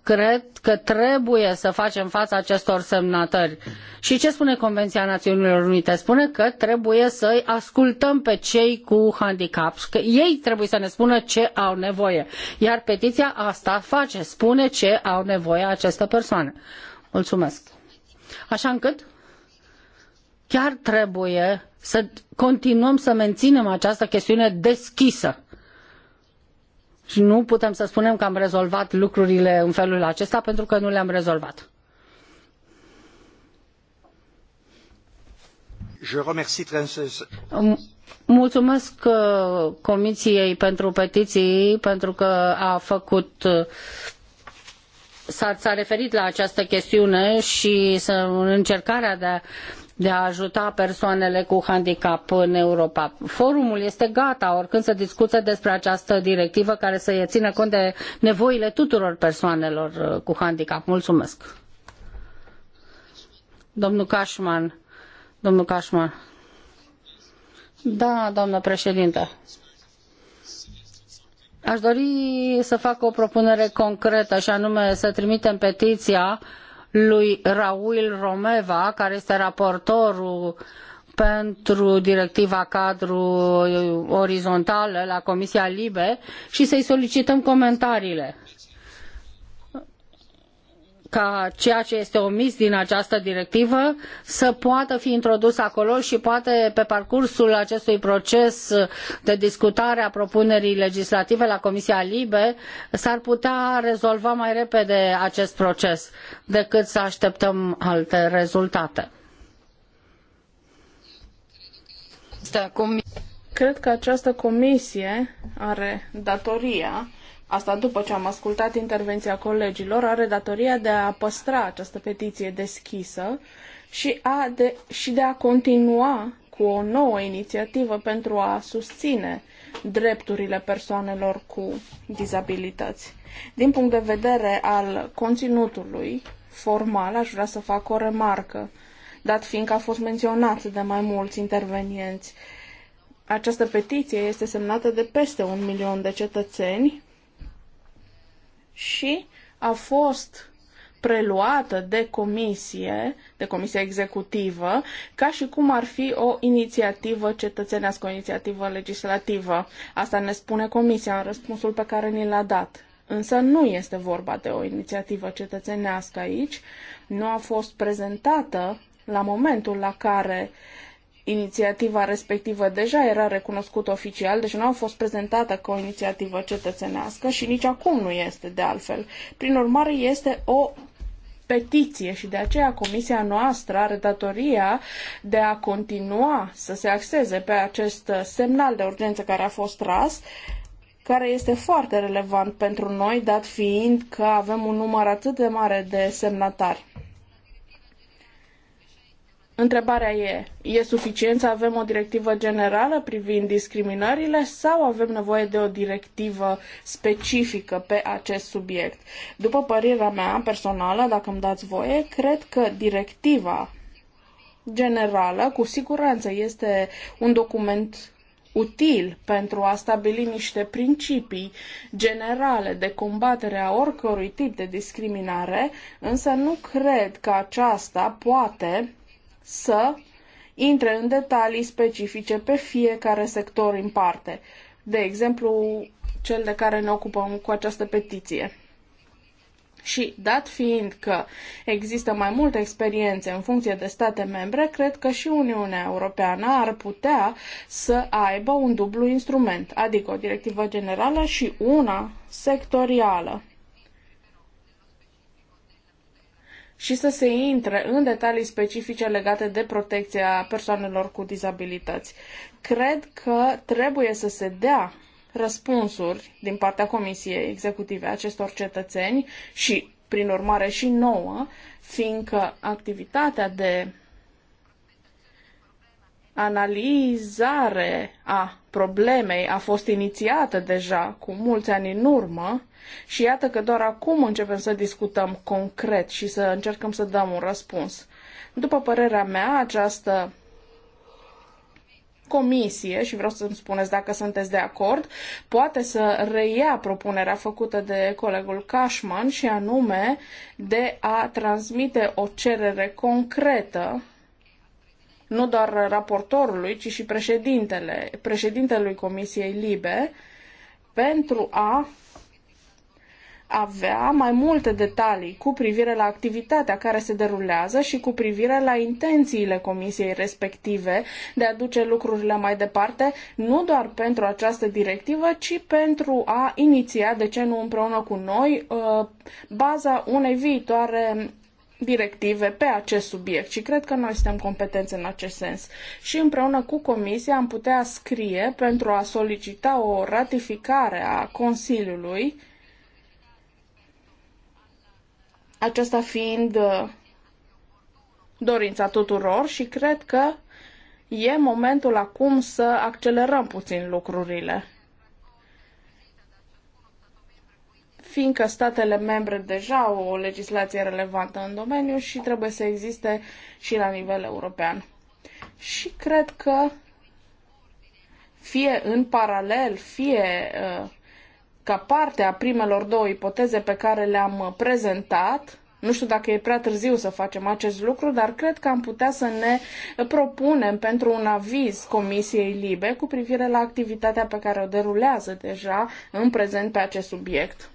Cred că trebuie să facem față acestor semnatări. Și ce spune Convenția Națiunilor Unite? Spune că trebuie să îi ascultăm pe cei cu handicap, că ei trebuie să ne spună ce au nevoie. Iar petiția asta face, spune ce au nevoie aceste persoane. Mulțumesc! Așa încât chiar trebuie să continuăm să menținem această chestiune deschisă. Și nu putem să spunem că am rezolvat lucrurile în felul acesta pentru că nu le-am rezolvat. Mulțumesc uh, Comisiei pentru petiții pentru că a făcut uh, s-a referit la această chestiune și în încercarea de a de a ajuta persoanele cu handicap în Europa. Forumul este gata oricând să discute despre această directivă care să țină cont de nevoile tuturor persoanelor uh, cu handicap. Mulțumesc. Domnul Cașman. Domnul Cașman. Da, doamnă președintă. Aș dori să fac o propunere concretă, și anume să trimitem petiția lui Raul Romeva, care este raportorul pentru directiva cadru orizontală la Comisia Libe și să-i solicităm comentariile ca ceea ce este omis din această directivă să poată fi introdus acolo și poate pe parcursul acestui proces de discutare a propunerii legislative la Comisia Libe s-ar putea rezolva mai repede acest proces decât să așteptăm alte rezultate. Cred că această comisie are datoria asta după ce am ascultat intervenția colegilor, are datoria de a păstra această petiție deschisă și, a de, și de a continua cu o nouă inițiativă pentru a susține drepturile persoanelor cu dizabilități. Din punct de vedere al conținutului formal, aș vrea să fac o remarcă, dat fiindcă a fost menționat de mai mulți intervenienți. Această petiție este semnată de peste un milion de cetățeni și a fost preluată de comisie, de comisia executivă, ca și cum ar fi o inițiativă cetățenească, o inițiativă legislativă. Asta ne spune comisia în răspunsul pe care ni l-a dat. Însă nu este vorba de o inițiativă cetățenească aici, nu a fost prezentată la momentul la care uh, inițiativa respectivă deja era recunoscută oficial, deci nu a fost prezentată ca o inițiativă cetățenească și nici acum nu este de altfel. Prin urmare, este o petiție și de aceea comisia noastră are datoria de a continua să se axeze pe acest semnal de urgență care a fost tras care este foarte relevant pentru noi, dat fiind că avem un număr atât de mare de semnatari. Întrebarea e, e suficient să avem o directivă generală privind discriminările sau avem nevoie de o directivă specifică pe acest subiect? După părerea mea personală, dacă îmi dați voie, cred că directiva generală cu siguranță este un document util pentru a stabili niște principii generale de combatere a oricărui tip de discriminare, însă nu cred că aceasta poate să intre în detalii specifice pe fiecare sector în parte. De exemplu, cel de care ne ocupăm cu această petiție. Și dat fiind că există mai multe experiențe în funcție de state membre, cred că și Uniunea Europeană ar putea să aibă un dublu instrument, adică o directivă generală și una sectorială. și să se intre în detalii specifice legate de protecția persoanelor cu dizabilități. Cred că trebuie să se dea răspunsuri din partea Comisiei Executive acestor cetățeni și, prin urmare, și nouă, fiindcă activitatea de analizare a problemei a fost inițiată deja cu mulți ani în urmă și iată că doar acum începem să discutăm concret și să încercăm să dăm un răspuns. După părerea mea, această comisie, și vreau să-mi spuneți dacă sunteți de acord, poate să reia propunerea făcută de colegul Cashman și anume de a transmite o cerere concretă nu doar raportorului, ci și președintele, președintelui Comisiei Libe pentru a avea mai multe detalii cu privire la activitatea care se derulează și cu privire la intențiile comisiei respective de a duce lucrurile mai departe, nu doar pentru această directivă, ci pentru a iniția, de ce nu împreună cu noi, uh, baza unei viitoare directive pe acest subiect și cred că noi suntem competenți în acest sens. Și împreună cu Comisia am putea scrie pentru a solicita o ratificare a Consiliului, aceasta fiind uh, dorința tuturor și cred că e momentul acum să accelerăm puțin lucrurile. fiindcă statele membre deja au o legislație relevantă în domeniu și trebuie să existe și la nivel european. Și cred că fie în paralel, fie uh, ca parte a primelor două ipoteze pe care le-am uh, prezentat, nu știu dacă e prea târziu să facem acest lucru, dar cred că am putea să ne uh, propunem pentru un aviz Comisiei Libe cu privire la activitatea pe care o derulează deja în prezent pe acest subiect.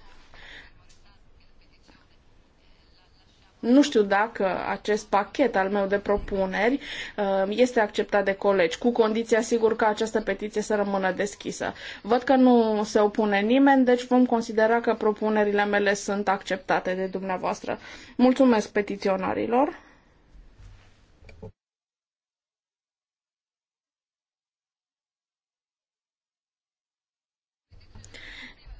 Nu știu dacă acest pachet al meu de propuneri uh, este acceptat de colegi, cu condiția sigur că această petiție să rămână deschisă. Văd că nu se opune nimeni, deci vom considera că propunerile mele sunt acceptate de dumneavoastră. Mulțumesc petiționarilor.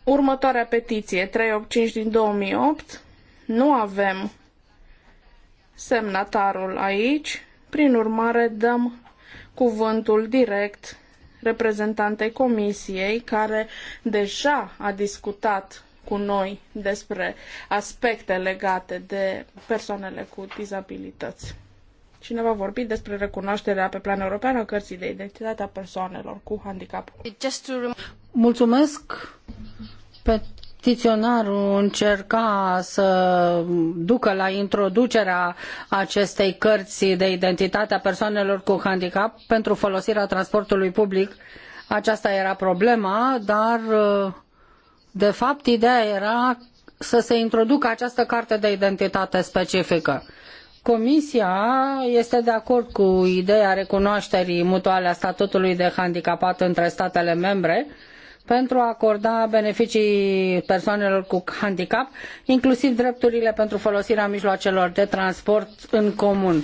Următoarea petiție, 385 din 2008, nu avem semnatarul aici, prin urmare dăm cuvântul direct reprezentantei comisiei care deja a discutat cu noi despre aspecte legate de persoanele cu dizabilități. Cine va vorbi despre recunoașterea pe plan european a cărții de identitate a persoanelor cu handicap. Mulțumesc pentru Petiționarul încerca să ducă la introducerea acestei cărți de identitate a persoanelor cu handicap pentru folosirea transportului public. Aceasta era problema, dar de fapt ideea era să se introducă această carte de identitate specifică. Comisia este de acord cu ideea recunoașterii mutuale a statutului de handicapat între statele membre, pentru a acorda beneficii persoanelor cu handicap, inclusiv drepturile pentru folosirea mijloacelor de transport în comun.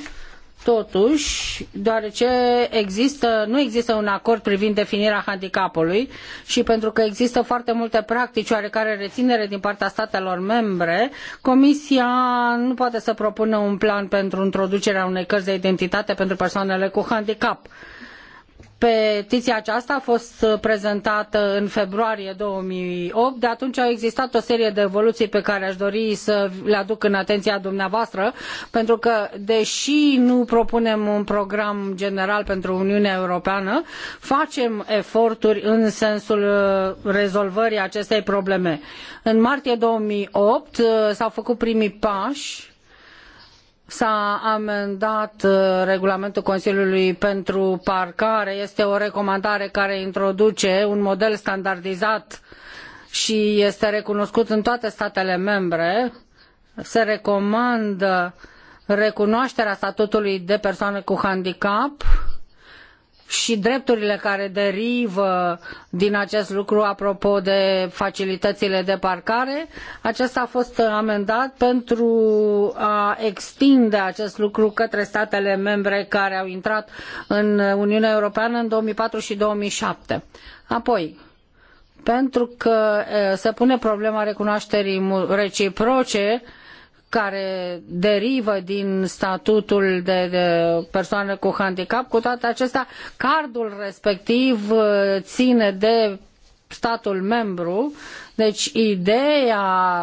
Totuși, deoarece există, nu există un acord privind definirea handicapului și pentru că există foarte multe practici oarecare reținere din partea statelor membre, Comisia nu poate să propună un plan pentru introducerea unei cărți de identitate pentru persoanele cu handicap. Uh, Petiția aceasta a fost uh, prezentată în februarie 2008. De atunci au existat o serie de evoluții pe care aș dori să le aduc în atenția dumneavoastră, pentru că, deși nu propunem un program general pentru Uniunea Europeană, facem eforturi în sensul uh, rezolvării acestei probleme. În martie 2008 uh, s-au făcut primii pași S-a amendat uh, regulamentul Consiliului pentru parcare. Este o recomandare care introduce un model standardizat și este recunoscut în toate statele membre. Se recomandă recunoașterea statutului de persoană cu handicap uh, și drepturile care derivă din acest lucru apropo de facilitățile de parcare. Acesta a fost amendat pentru a extinde acest lucru către statele membre care au intrat în Uniunea Europeană în 2004 și 2007. Apoi, pentru că eh, se pune problema recunoașterii reciproce, uh, care derivă din statutul de, de persoană cu handicap, cu toate acestea, cardul respectiv uh, ține de statul membru. Deci ideea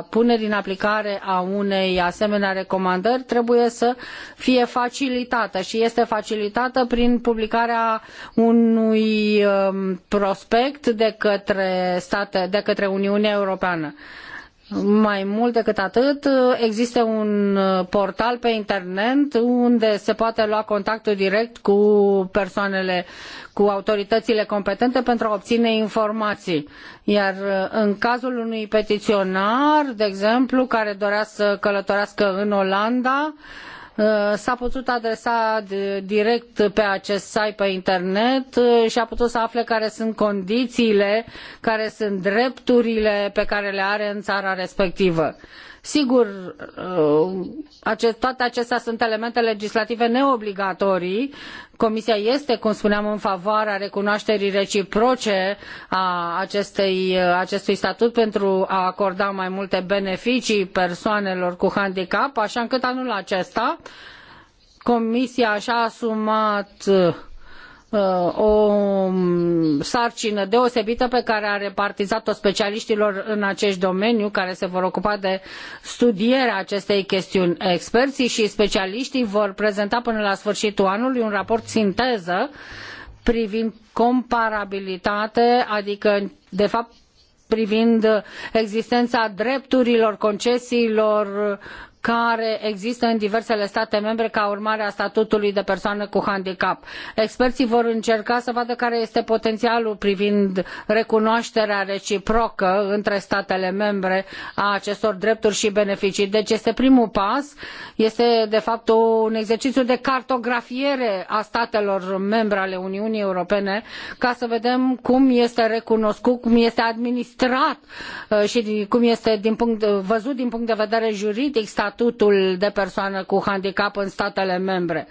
punerii în aplicare a unei asemenea recomandări trebuie să fie facilitată și este facilitată prin publicarea unui um, prospect de către, state, de către Uniunea Europeană. Uh, mai mult decât atât, există un portal pe internet unde se poate lua contactul direct cu persoanele, cu autoritățile competente pentru a obține informații. Iar în cazul unui petiționar, de exemplu, care dorea să călătorească în Olanda, Uh, s-a putut adresa direct pe acest site pe internet uh, și a putut să afle care sunt condițiile, care sunt drepturile pe care le are în țara respectivă Sigur, uh, toate acestea sunt elemente legislative neobligatorii. Comisia este, cum spuneam, în favoarea recunoașterii reciproce a acestei, uh, acestui statut pentru a acorda mai multe beneficii persoanelor cu handicap, așa încât anul acesta Comisia și-a asumat uh, Uh, o um, sarcină deosebită pe care a repartizat-o specialiștilor în acest domeniu care se vor ocupa de studierea acestei chestiuni. Experții și specialiștii vor prezenta până la sfârșitul anului un raport sinteză privind comparabilitate, adică de fapt privind existența drepturilor, concesiilor, care există în diversele state membre ca urmare a statutului de persoană cu handicap. Experții vor încerca să vadă care este potențialul privind recunoașterea reciprocă între statele membre a acestor drepturi și beneficii. Deci este primul pas, este de fapt un exercițiu de cartografiere a statelor membre ale Uniunii Europene ca să vedem cum este recunoscut, cum este administrat uh, și cum este din punct, văzut din punct de vedere juridic statul statutul de persoană cu handicap în statele membre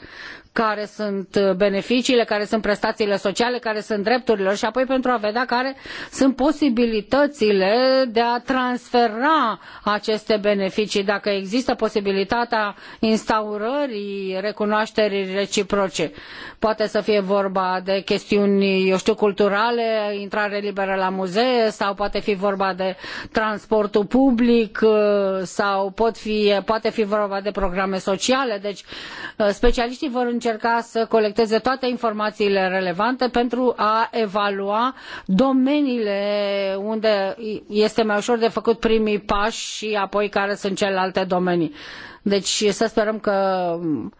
care sunt uh, beneficiile, care sunt prestațiile sociale, care sunt drepturile și apoi pentru a vedea care sunt posibilitățile de a transfera aceste beneficii, dacă există posibilitatea instaurării recunoașterii reciproce. Poate să fie vorba de chestiuni, eu știu, culturale, intrare liberă la muzee sau poate fi vorba de transportul public uh, sau pot fi, poate fi vorba de programe sociale. Deci uh, specialiștii vor încerca încerca să colecteze toate informațiile relevante pentru a evalua domeniile unde este mai ușor de făcut primii pași și apoi care sunt celelalte domenii. Deci să sperăm că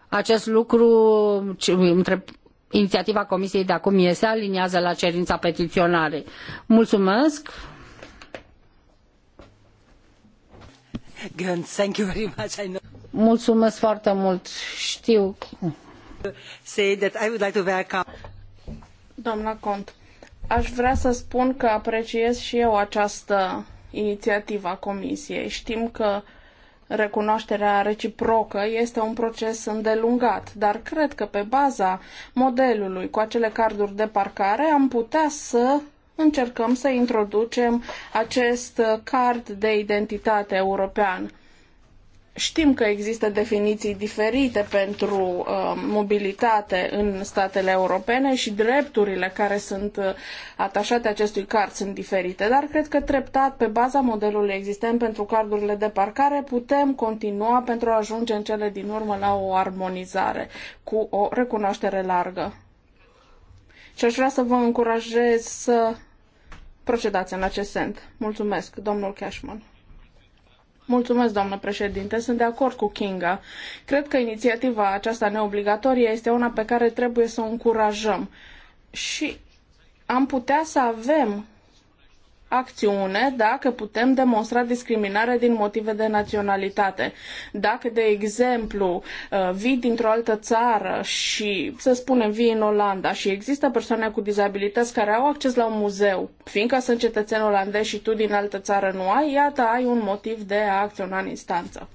acest lucru între inițiativa Comisiei de acum se aliniază la cerința petiționarei. Mulțumesc! Mulțumesc foarte mult. Știu doamnă Cont, aș vrea să spun că apreciez și eu această inițiativă a Comisiei. Știm că Recunoașterea reciprocă este un proces îndelungat, dar cred că pe baza modelului cu acele carduri de parcare am putea să încercăm să introducem acest card de identitate european Știm că există definiții diferite pentru uh, mobilitate în statele europene și drepturile care sunt uh, atașate acestui card sunt diferite, dar cred că treptat, pe baza modelului existent pentru cardurile de parcare, putem continua pentru a ajunge în cele din urmă la o armonizare cu o recunoaștere largă. Și aș vrea să vă încurajez să procedați în acest sens. Mulțumesc, domnul Cashman. Mulțumesc, doamnă președinte. Sunt de acord cu Kinga. Cred că inițiativa aceasta neobligatorie este una pe care trebuie să o încurajăm. Și am putea să avem acțiune dacă putem demonstra discriminare din motive de naționalitate. Dacă, de exemplu, uh, vii dintr-o altă țară și, să spunem, vii în Olanda și există persoane cu dizabilități care au acces la un muzeu, fiindcă sunt cetățeni olandezi și tu din altă țară nu ai, iată, ai un motiv de a acționa în instanță.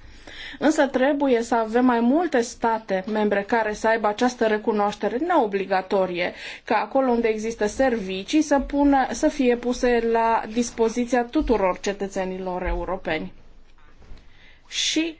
Însă trebuie să avem mai multe state membre care să aibă această recunoaștere neobligatorie, ca acolo unde există servicii să, pună, să fie puse la dispoziția tuturor cetățenilor europeni. Și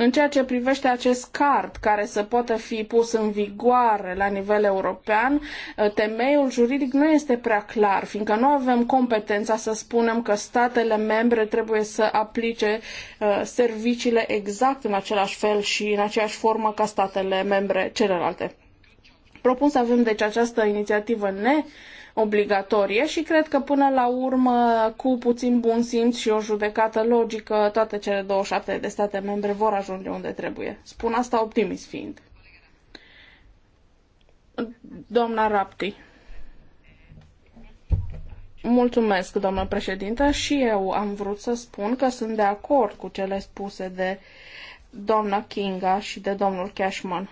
În ceea ce privește acest card care să poată fi pus în vigoare la nivel european, ă, temeiul juridic nu este prea clar, fiindcă nu avem competența să spunem că statele membre trebuie să aplice ă, serviciile exact în același fel și în aceeași formă ca statele membre celelalte. Propun să avem deci această inițiativă ne obligatorie și cred că până la urmă, cu puțin bun simț și o judecată logică, toate cele 27 de state membre vor ajunge unde trebuie. Spun asta optimist fiind. Doamna Rapti. Mulțumesc, doamnă președintă, și eu am vrut să spun că sunt de acord cu cele spuse de doamna Kinga și de domnul Cashman.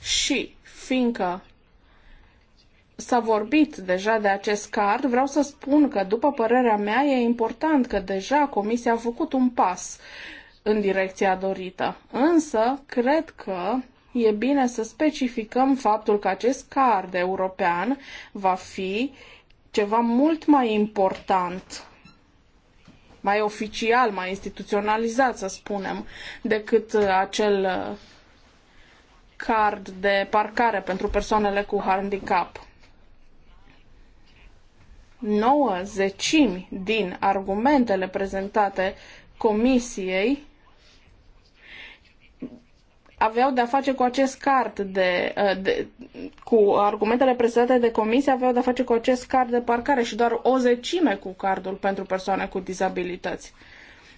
Și fiindcă S-a vorbit deja de acest card. Vreau să spun că, după părerea mea, e important că deja Comisia a făcut un pas în direcția dorită. Însă, cred că e bine să specificăm faptul că acest card european va fi ceva mult mai important mai oficial, mai instituționalizat, să spunem, decât uh, acel uh, card de parcare pentru persoanele cu handicap. 9 zecimi din argumentele prezentate comisiei aveau de-a face cu acest card de, uh, de cu argumentele prezentate de comisie aveau de-a face cu acest card de parcare și doar o zecime cu cardul pentru persoane cu dizabilități.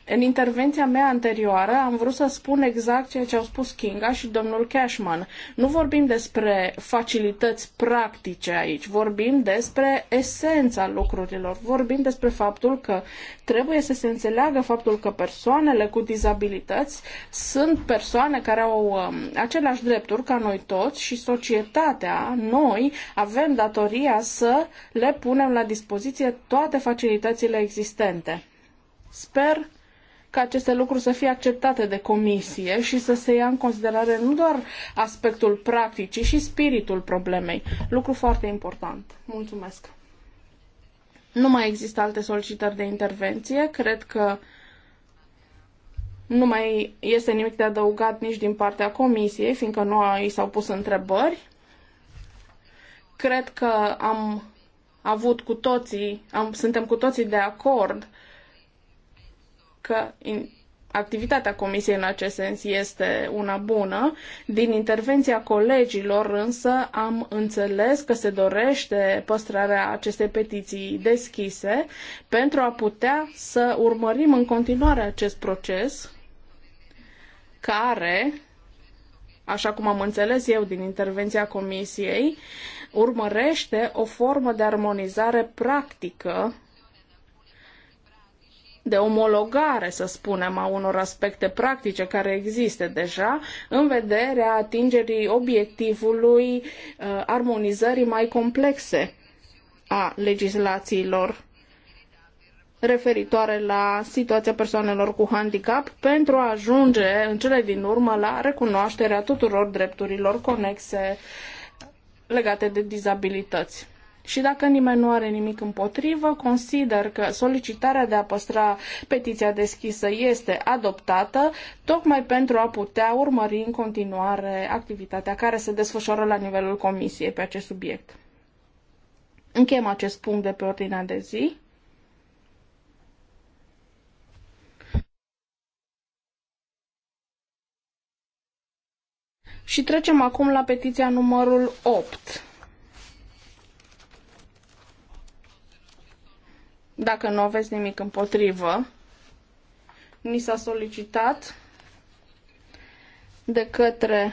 În intervenția mea anterioară am vrut să spun exact ceea ce au spus Kinga și domnul Cashman. Nu vorbim despre facilități practice aici, vorbim despre esența lucrurilor, vorbim despre faptul că trebuie să se înțeleagă faptul că persoanele cu dizabilități sunt persoane care au um, aceleași drepturi ca noi toți și societatea, noi, avem datoria să le punem la dispoziție toate facilitățile existente. Sper ca aceste lucruri să fie acceptate de comisie și să se ia în considerare nu doar aspectul practic, ci și spiritul problemei. Lucru foarte important. Mulțumesc. Nu mai există alte solicitări de intervenție. Cred că nu mai este nimic de adăugat nici din partea comisiei, fiindcă nu i s-au pus întrebări. Cred că am avut cu toții, am, suntem cu toții de acord că activitatea comisiei în acest sens este una bună. Din intervenția colegilor însă am înțeles că se dorește păstrarea acestei petiții deschise pentru a putea să urmărim în continuare acest proces care, așa cum am înțeles eu din intervenția comisiei, urmărește o formă de armonizare practică de omologare, să spunem, a unor aspecte practice care există deja, în vederea atingerii obiectivului uh, armonizării mai complexe a legislațiilor referitoare la situația persoanelor cu handicap pentru a ajunge în cele din urmă la recunoașterea tuturor drepturilor conexe legate de dizabilități. Și dacă nimeni nu are nimic împotrivă, consider că solicitarea de a păstra petiția deschisă este adoptată, tocmai pentru a putea urmări în continuare activitatea care se desfășoară la nivelul Comisiei pe acest subiect. Încheiem acest punct de pe ordinea de zi. Și trecem acum la petiția numărul 8. Dacă nu aveți nimic împotrivă, ni s-a solicitat de către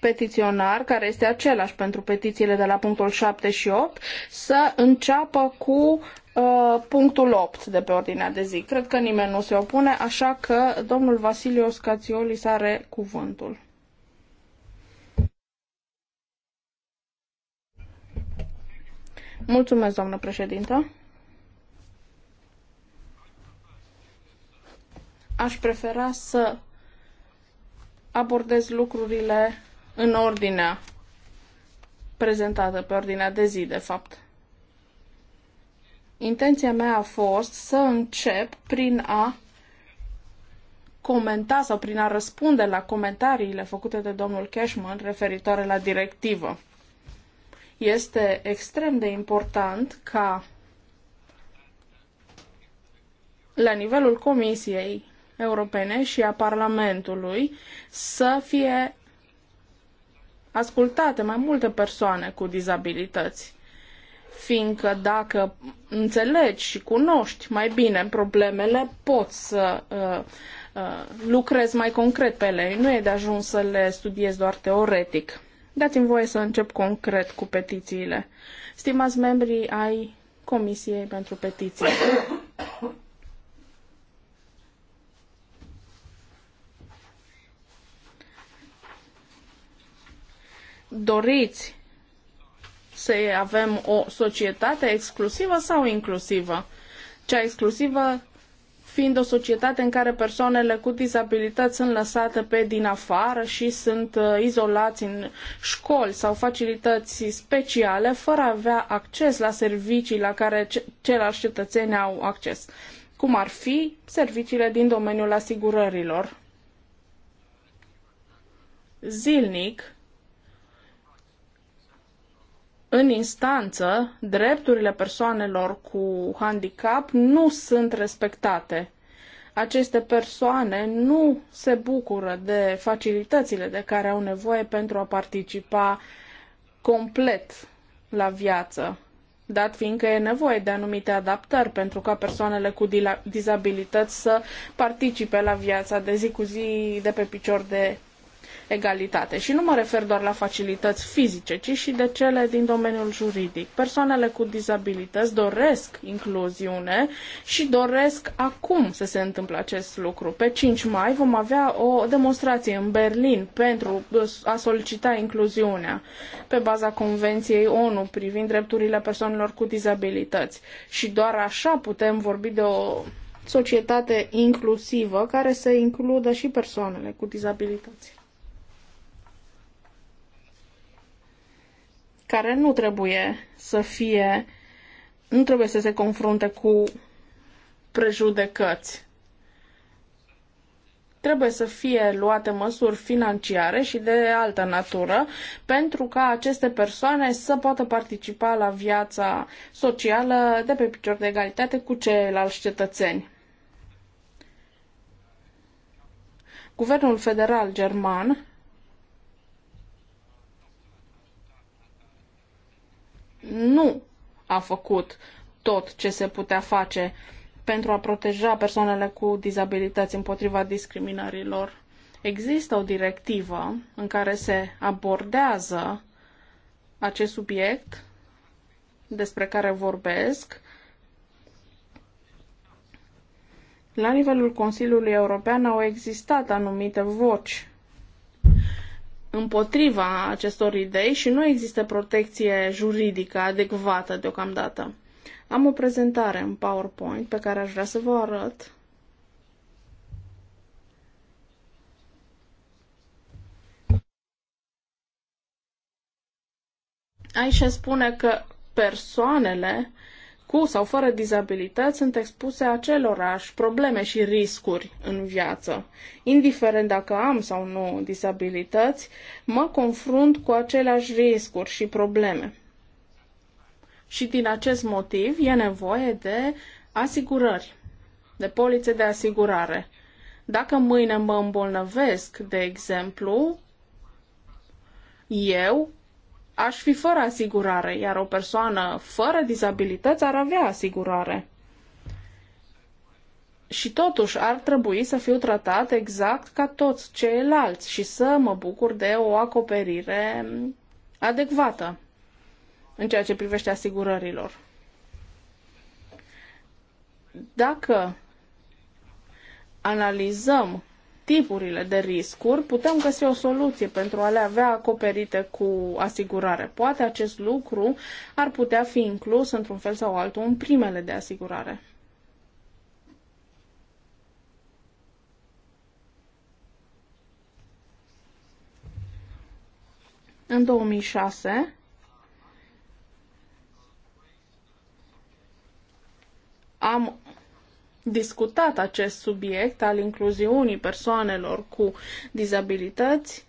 petiționar, care este același pentru petițiile de la punctul 7 și 8, să înceapă cu uh, punctul 8 de pe ordinea de zi. Cred că nimeni nu se opune, așa că domnul Vasilios Cațiolis are cuvântul. Mulțumesc, doamnă președintă. aș prefera să abordez lucrurile în ordinea prezentată, pe ordinea de zi, de fapt. Intenția mea a fost să încep prin a comenta sau prin a răspunde la comentariile făcute de domnul Cashman referitoare la directivă. Este extrem de important ca la nivelul comisiei Europene și a Parlamentului să fie ascultate mai multe persoane cu dizabilități. Fiindcă dacă înțelegi și cunoști mai bine problemele, poți să uh, uh, lucrezi mai concret pe ele. Nu e de ajuns să le studiezi doar teoretic. Dați-mi voie să încep concret cu petițiile. Stimați membrii ai Comisiei pentru Petiții. doriți să avem o societate exclusivă sau inclusivă? Cea exclusivă fiind o societate în care persoanele cu dizabilități sunt lăsate pe din afară și sunt uh, izolați în școli sau facilități speciale fără a avea acces la servicii la care ceilalți cetățeni au acces, cum ar fi serviciile din domeniul asigurărilor. Zilnic, în instanță, drepturile persoanelor cu handicap nu sunt respectate. Aceste persoane nu se bucură de facilitățile de care au nevoie pentru a participa complet la viață, dat fiindcă e nevoie de anumite adaptări pentru ca persoanele cu dizabilități să participe la viața de zi cu zi de pe picior de egalitate. Și nu mă refer doar la facilități fizice, ci și de cele din domeniul juridic. Persoanele cu dizabilități doresc incluziune și doresc acum să se întâmple acest lucru. Pe 5 mai vom avea o demonstrație în Berlin pentru a solicita incluziunea pe baza Convenției ONU privind drepturile persoanelor cu dizabilități. Și doar așa putem vorbi de o societate inclusivă care să includă și persoanele cu dizabilități. care nu trebuie să fie, nu trebuie să se confrunte cu prejudecăți. Trebuie să fie luate măsuri financiare și de altă natură pentru ca aceste persoane să poată participa la viața socială de pe picior de egalitate cu ceilalți cetățeni. Guvernul federal german nu a făcut tot ce se putea face pentru a proteja persoanele cu dizabilități împotriva discriminărilor. Există o directivă în care se abordează acest subiect despre care vorbesc la nivelul Consiliului European au existat anumite voci împotriva acestor idei și nu există protecție juridică adecvată deocamdată. Am o prezentare în PowerPoint pe care aș vrea să vă arăt. Aici se spune că persoanele uh, cu sau fără dizabilități sunt expuse acelorași probleme și riscuri în viață. Indiferent dacă am sau nu dizabilități, mă confrunt cu aceleași riscuri și probleme. Și din acest motiv e nevoie de asigurări, de polițe de asigurare. Dacă mâine mă îmbolnăvesc, de exemplu, eu aș fi fără asigurare, iar o persoană fără dizabilități ar avea asigurare. Și totuși ar trebui să fiu tratat exact ca toți ceilalți și să mă bucur de o acoperire adecvată în ceea ce privește asigurărilor. Dacă analizăm tipurile de riscuri, putem găsi o soluție pentru a le avea acoperite cu asigurare. Poate acest lucru ar putea fi inclus într-un fel sau altul în primele de asigurare. În 2006, am discutat acest subiect al incluziunii persoanelor cu dizabilități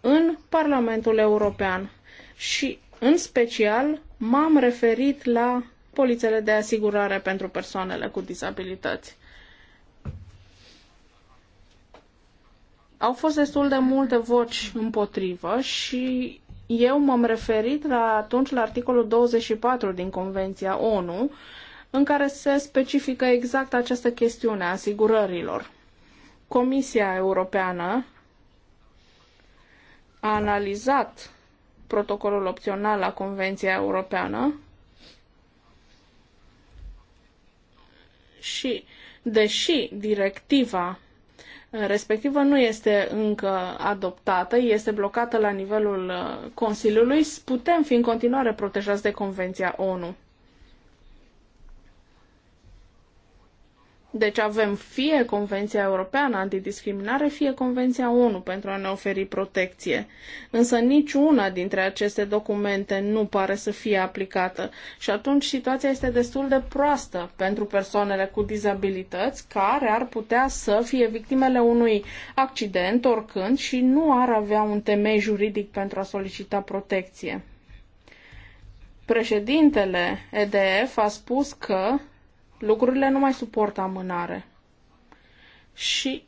în Parlamentul European și, în special, m-am referit la polițele de asigurare pentru persoanele cu dizabilități. Au fost destul de multe voci împotrivă și eu m-am referit la, atunci la articolul 24 din Convenția ONU, uh, în care se specifică exact această chestiune a asigurărilor. Comisia Europeană a analizat protocolul opțional la Convenția Europeană și, deși directiva respectivă nu este încă adoptată, este blocată la nivelul uh, Consiliului, putem fi în continuare protejați de Convenția ONU. Deci avem fie Convenția Europeană Antidiscriminare, fie Convenția ONU pentru a ne oferi protecție. Însă niciuna dintre aceste documente nu pare să fie aplicată și atunci situația este destul de proastă pentru persoanele cu dizabilități care ar putea să fie victimele unui accident oricând și nu ar avea un temei juridic pentru a solicita protecție. Președintele EDF a spus că Lucrurile nu mai suportă amânare. Și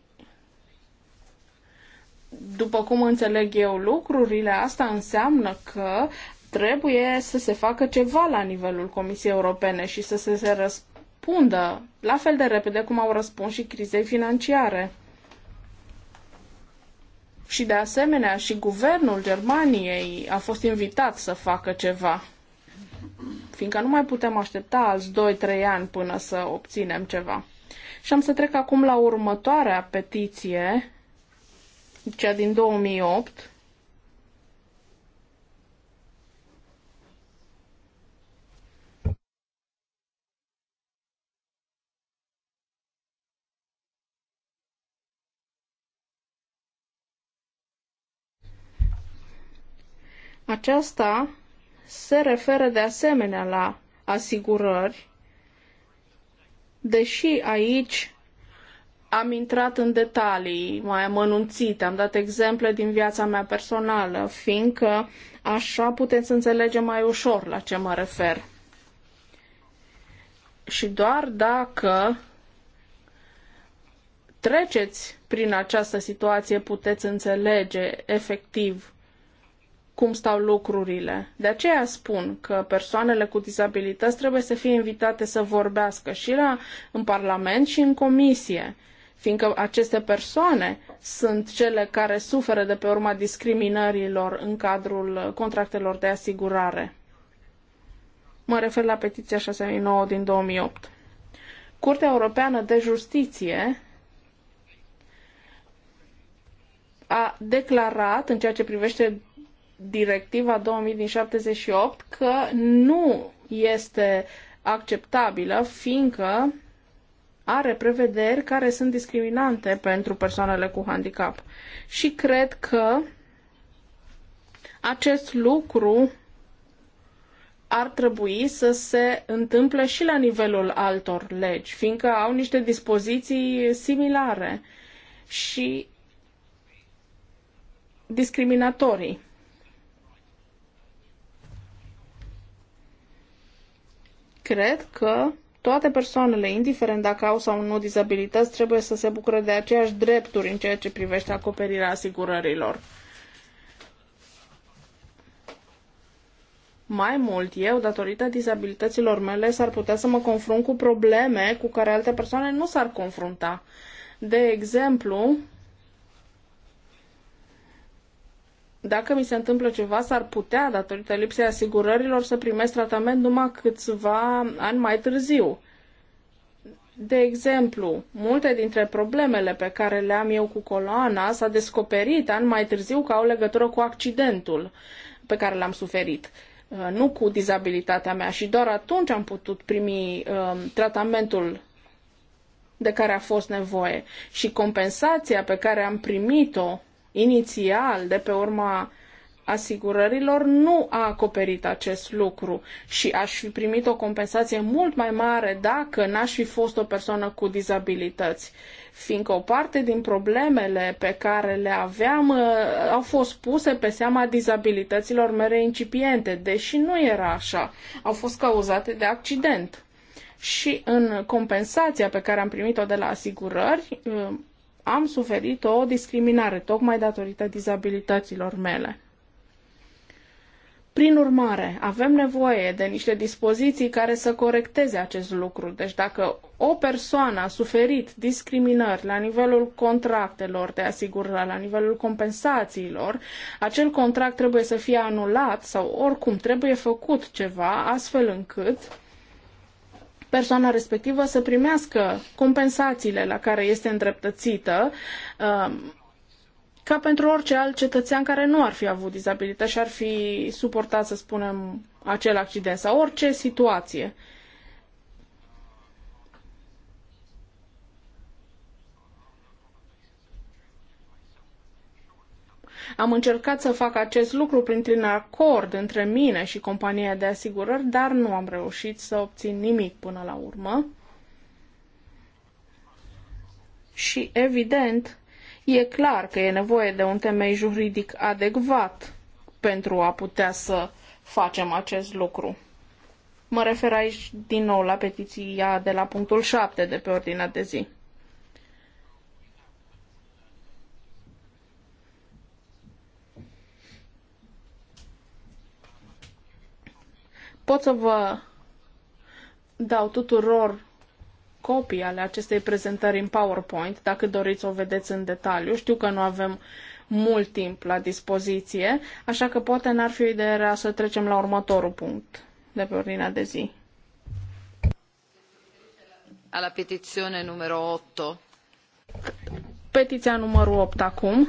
după cum înțeleg eu lucrurile, asta înseamnă că trebuie să se facă ceva la nivelul Comisiei Europene și să se, se răspundă la fel de repede cum au răspuns și crizei financiare. Și de asemenea, și guvernul Germaniei a fost invitat să facă ceva fiindcă nu mai putem aștepta alți 2-3 ani până să obținem ceva. Și am să trec acum la următoarea petiție, cea din 2008, Aceasta se referă de asemenea la asigurări, deși aici am intrat în detalii mai amănunțite, am dat exemple din viața mea personală, fiindcă așa putem să înțelegem mai ușor la ce mă refer. Și doar dacă treceți prin această situație, puteți înțelege efectiv cum stau lucrurile. De aceea spun că persoanele cu dizabilități trebuie să fie invitate să vorbească și la, în Parlament și în Comisie, fiindcă aceste persoane sunt cele care suferă de pe urma discriminărilor în cadrul contractelor de asigurare. Mă refer la petiția 69 din 2008. Curtea Europeană de Justiție a declarat în ceea ce privește directiva 2078 că nu este acceptabilă, fiindcă are prevederi care sunt discriminante pentru persoanele cu handicap. Și cred că acest lucru ar trebui să se întâmple și la nivelul altor legi, fiindcă au niște dispoziții similare și discriminatorii. Cred că toate persoanele, indiferent dacă au sau nu dizabilități, trebuie să se bucure de aceeași drepturi în ceea ce privește acoperirea asigurărilor. Mai mult, eu, datorită dizabilităților mele, s-ar putea să mă confrunt cu probleme cu care alte persoane nu s-ar confrunta. De exemplu, dacă mi se întâmplă ceva, s-ar putea, datorită lipsei asigurărilor, să primesc tratament numai câțiva ani mai târziu. De exemplu, multe dintre problemele pe care le am eu cu coloana s-a descoperit ani mai târziu că au legătură cu accidentul pe care l-am suferit, uh, nu cu dizabilitatea mea și doar atunci am putut primi uh, tratamentul de care a fost nevoie și compensația pe care am primit-o inițial de pe urma asigurărilor nu a acoperit acest lucru și aș fi primit o compensație mult mai mare dacă n-aș fi fost o persoană cu dizabilități, fiindcă o parte din problemele pe care le aveam uh, au fost puse pe seama dizabilităților mele incipiente, deși nu era așa, au fost cauzate de accident. Și în compensația pe care am primit-o de la asigurări, uh, am suferit o discriminare tocmai datorită dizabilităților mele. Prin urmare, avem nevoie de niște dispoziții care să corecteze acest lucru. Deci dacă o persoană a suferit discriminări la nivelul contractelor de asigurare, la nivelul compensațiilor, acel contract trebuie să fie anulat sau oricum trebuie făcut ceva astfel încât persoana respectivă să primească compensațiile la care este îndreptățită um, ca pentru orice alt cetățean care nu ar fi avut dizabilitate și ar fi suportat, să spunem, acel accident sau orice situație. Am încercat să fac acest lucru printr-un acord între mine și compania de asigurări, dar nu am reușit să obțin nimic până la urmă. Și, evident, e clar că e nevoie de un temei juridic adecvat pentru a putea să facem acest lucru. Mă refer aici din nou la petiția de la punctul 7 de pe ordinea de zi. Pot să vă dau tuturor copii ale acestei prezentări în PowerPoint, dacă doriți o vedeți în detaliu. Știu că nu avem mult timp la dispoziție, așa că poate n-ar fi o idee rea să trecem la următorul punct de pe ordinea de zi. La petizione numărul 8. Petiția numărul 8 acum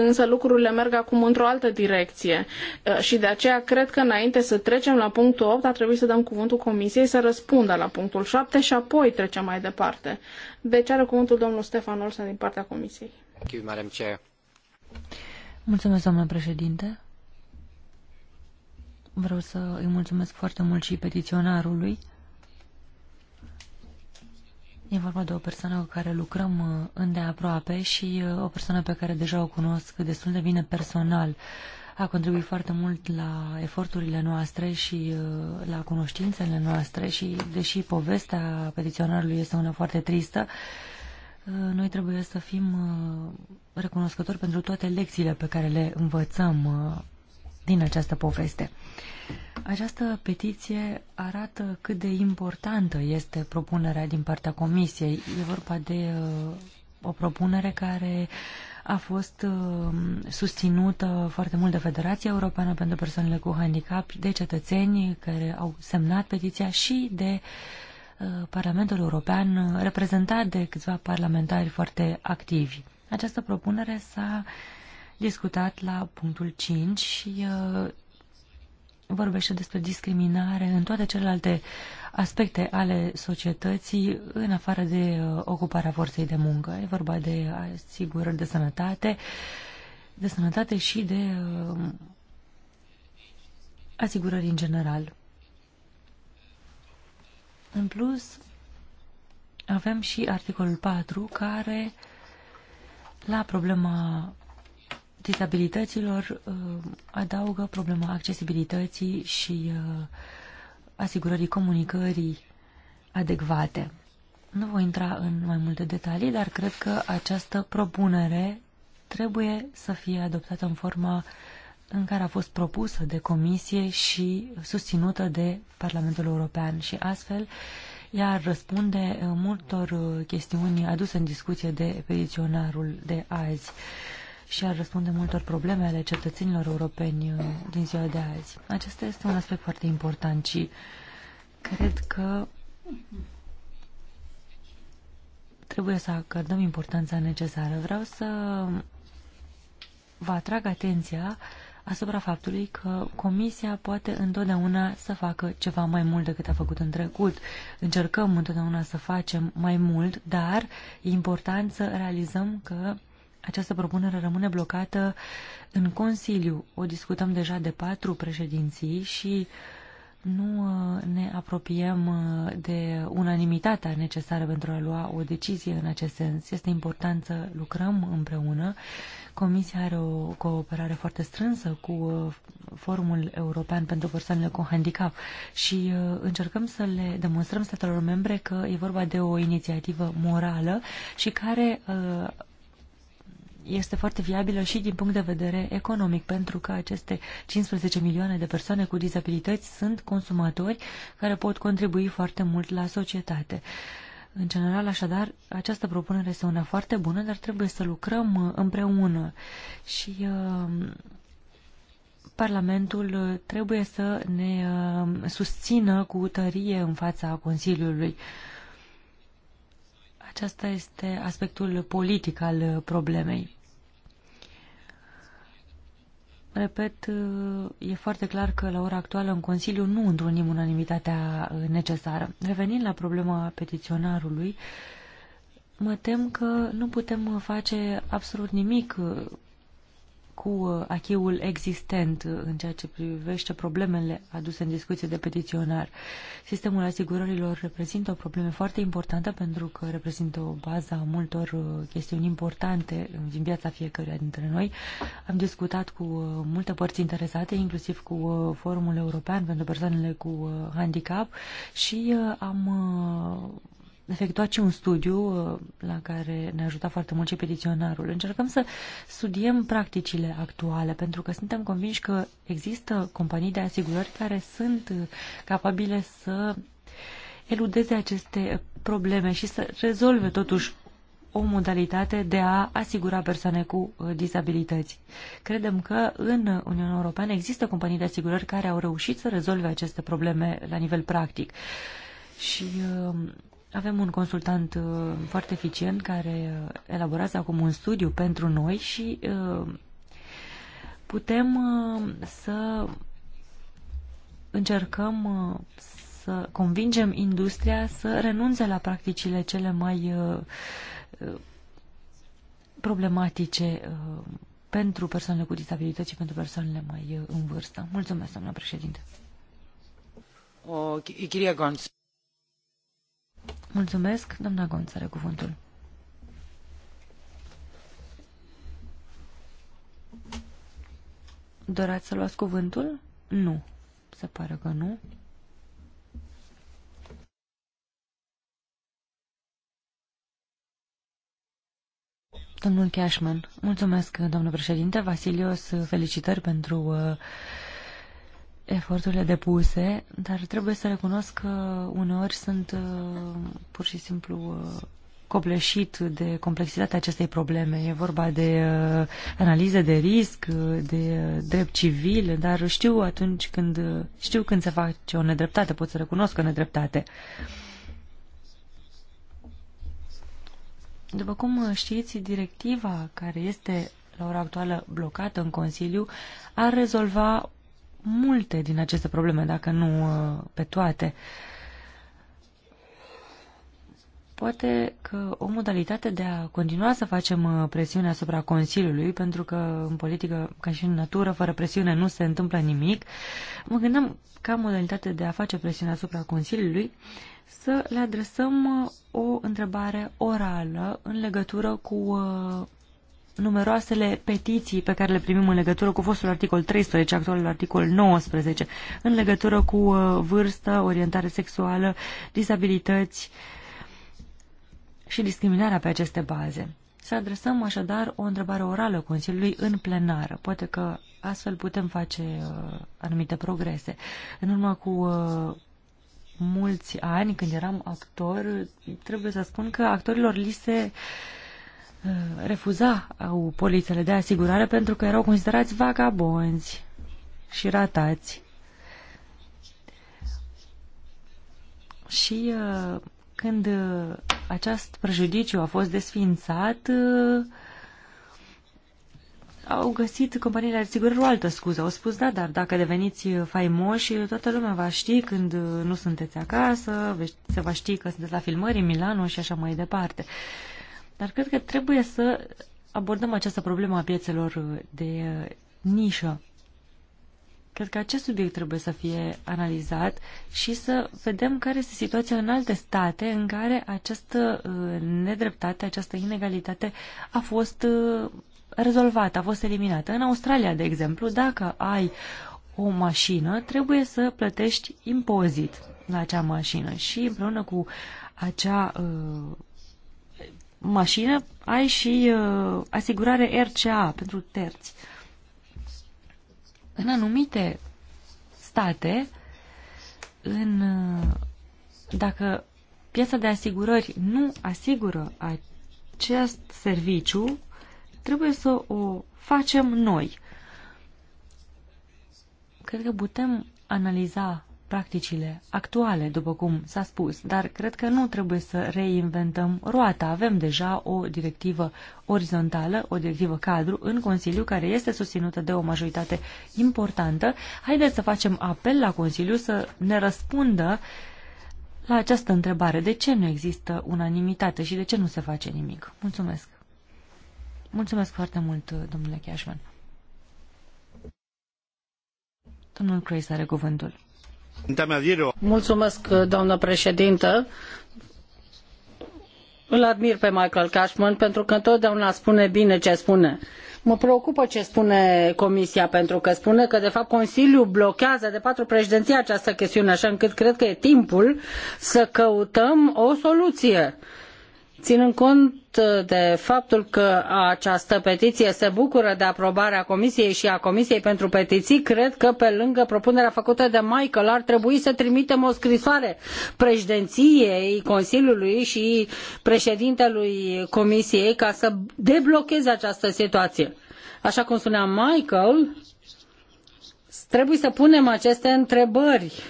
însă lucrurile merg acum într-o altă direcție uh, și de aceea cred că înainte să trecem la punctul 8 ar trebui să dăm cuvântul Comisiei să răspundă la punctul 7 și apoi trecem mai departe. Deci are cuvântul domnul Stefan Olsen din partea Comisiei. Mulțumesc, doamnă președinte. Vreau să îi mulțumesc foarte mult și petiționarului E vorba de o persoană cu care lucrăm uh, îndeaproape și uh, o persoană pe care deja o cunosc destul de bine personal. A contribuit foarte mult la eforturile noastre și uh, la cunoștințele noastre și, deși povestea petiționarului este una foarte tristă, noi trebuie să fim recunoscători pentru toate lecțiile pe care le învățăm din această poveste. Această petiție arată cât de importantă este propunerea din partea Comisiei. E vorba de uh, o propunere care a fost uh, susținută foarte mult de Federația Europeană pentru Persoanele cu Handicap, de cetățeni care au semnat petiția și de uh, Parlamentul European, reprezentat de câțiva parlamentari foarte activi. Această propunere s-a discutat la punctul 5 și uh, vorbește despre discriminare în toate celelalte aspecte ale societății, în afară de uh, ocuparea forței de muncă. E vorba de asigurări de sănătate, de sănătate și de uh, asigurări în general. În plus, avem și articolul 4 care la problema dizabilităților uh, adaugă problema accesibilității și uh, asigurării comunicării adecvate. Nu voi intra în mai multe detalii, dar cred că această propunere trebuie să fie adoptată în forma în care a fost propusă de Comisie și susținută de Parlamentul European și astfel ea răspunde uh, multor chestiuni aduse în discuție de petiționarul de azi și ar răspunde multor probleme ale cetățenilor europeni uh, din ziua de azi. Acesta este un aspect foarte important și cred că trebuie să acordăm importanța necesară. Vreau să vă atrag atenția asupra faptului că Comisia poate întotdeauna să facă ceva mai mult decât a făcut în trecut. Încercăm întotdeauna să facem mai mult, dar e important să realizăm că această propunere rămâne blocată în Consiliu. O discutăm deja de patru președinții și nu uh, ne apropiem uh, de unanimitatea necesară pentru a lua o decizie în acest sens. Este important să lucrăm împreună. Comisia are o cooperare foarte strânsă cu uh, Forumul European pentru Persoanele cu Handicap și încercăm să le demonstrăm statelor membre că e vorba de o inițiativă morală și care este foarte viabilă și din punct de vedere economic, pentru că aceste 15 milioane de persoane cu dizabilități sunt consumatori care pot contribui foarte mult la societate. În general, așadar, această propunere este una foarte bună, dar trebuie să lucrăm uh, împreună și uh, Parlamentul uh, trebuie să ne susțină cu tărie în fața Consiliului. Aceasta este aspectul politic al problemei. Repet, e foarte clar că la ora actuală în Consiliu nu întrunim unanimitatea necesară. Revenind la problema petiționarului, mă tem că nu putem face absolut nimic cu uh, acheul existent uh, în ceea ce privește problemele aduse în discuție de petiționar. Sistemul asigurărilor reprezintă o problemă foarte importantă pentru că reprezintă o bază a multor uh, chestiuni importante din viața fiecăruia dintre noi. Am discutat cu multe părți interesate, inclusiv cu Forumul European pentru persoanele cu handicap și am efectuat și un studiu uh, la care ne ajuta foarte mult și petiționarul. Încercăm să studiem practicile actuale, pentru că suntem convinși că există companii de asigurări care sunt uh, capabile să eludeze aceste probleme și să rezolve totuși o modalitate de a asigura persoane cu uh, dizabilități. Credem că în Uniunea Europeană există companii de asigurări care au reușit să rezolve aceste probleme la nivel practic. Și avem un consultant uh, foarte eficient care uh, elaborează acum un studiu pentru noi și uh, putem să încercăm să convingem industria să renunțe la practicile cele mai problematice pentru persoanele cu disabilități și pentru persoanele mai în vârstă. Mulțumesc, doamna președinte. O, Mulțumesc, doamna Gonț, are cuvântul. Dorați să luați cuvântul? Nu. Se pare că nu. Domnul Cashman, mulțumesc, domnul președinte. Vasilios, felicitări pentru uh, eforturile depuse, dar trebuie să recunosc că uneori sunt uh, pur și simplu uh, copleșit de complexitatea acestei probleme. E vorba de uh, analize de risc, de drept civil, dar știu atunci când știu când se face o nedreptate, pot să recunosc o nedreptate. După cum știți, directiva care este la ora actuală blocată în Consiliu ar rezolva multe din aceste probleme, dacă nu uh, pe toate. Poate că o modalitate de a continua să facem uh, presiune asupra Consiliului, pentru că în politică, ca și în natură, fără presiune nu se întâmplă nimic, mă gândeam ca modalitate de a face presiune asupra Consiliului să le adresăm uh, o întrebare orală în legătură cu numeroasele petiții pe care le primim în legătură cu fostul articol 13, actualul articol 19, în legătură cu uh, vârstă, orientare sexuală, disabilități și discriminarea pe aceste baze. Să adresăm așadar o întrebare orală Consiliului în plenară. Poate că astfel putem face uh, anumite progrese. În urmă cu uh, mulți ani, când eram actor, trebuie să spun că actorilor li se uh, Eh, refuza au polițele de asigurare pentru că erau considerați vagabonzi și ratați. Și eh, când eh, acest prejudiciu a fost desfințat, au găsit companiile de asigurări o altă scuză. Au spus, da, dar dacă deveniți faimoși, toată lumea va ști când nu sunteți acasă, se va ști că sunteți la filmări în Milano și așa mai departe. Uh, dar cred că trebuie să abordăm această problemă a piețelor de uh, nișă. Cred că acest subiect trebuie să fie analizat și să vedem care este situația în alte state în care această uh, nedreptate, această inegalitate a fost uh, rezolvată, a fost eliminată. În Australia, de exemplu, dacă ai o mașină, trebuie să plătești impozit la acea mașină și împreună cu acea uh, mașină, ai și uh, asigurare RCA pentru terți. În anumite state, în, uh, dacă piața de asigurări nu asigură acest serviciu, trebuie să o facem noi. Cred că putem analiza practicile actuale, după cum s-a spus, dar cred că nu trebuie să reinventăm roata. Avem deja o directivă orizontală, o directivă cadru în Consiliu, care este susținută de o majoritate importantă. Haideți să facem apel la Consiliu să ne răspundă la această întrebare. De ce nu există unanimitate și de ce nu se face nimic? Mulțumesc! Mulțumesc foarte mult, domnule Cashman. Domnul Crăi are cuvântul. Mulțumesc, doamnă președintă. Îl admir pe Michael Cashman pentru că întotdeauna spune bine ce spune. Mă preocupă ce spune Comisia, pentru că spune că, de fapt, Consiliul blochează de patru președinții această chestiune, așa încât cred că e timpul să căutăm o soluție. Uh, Ținând cont uh, de faptul că această petiție se bucură de aprobarea Comisiei și a Comisiei pentru Petiții, cred că pe lângă propunerea făcută de Michael ar trebui să trimitem o scrisoare președinției Consiliului și președintelui Comisiei ca să deblocheze această situație. Așa cum spunea Michael, trebuie să punem aceste întrebări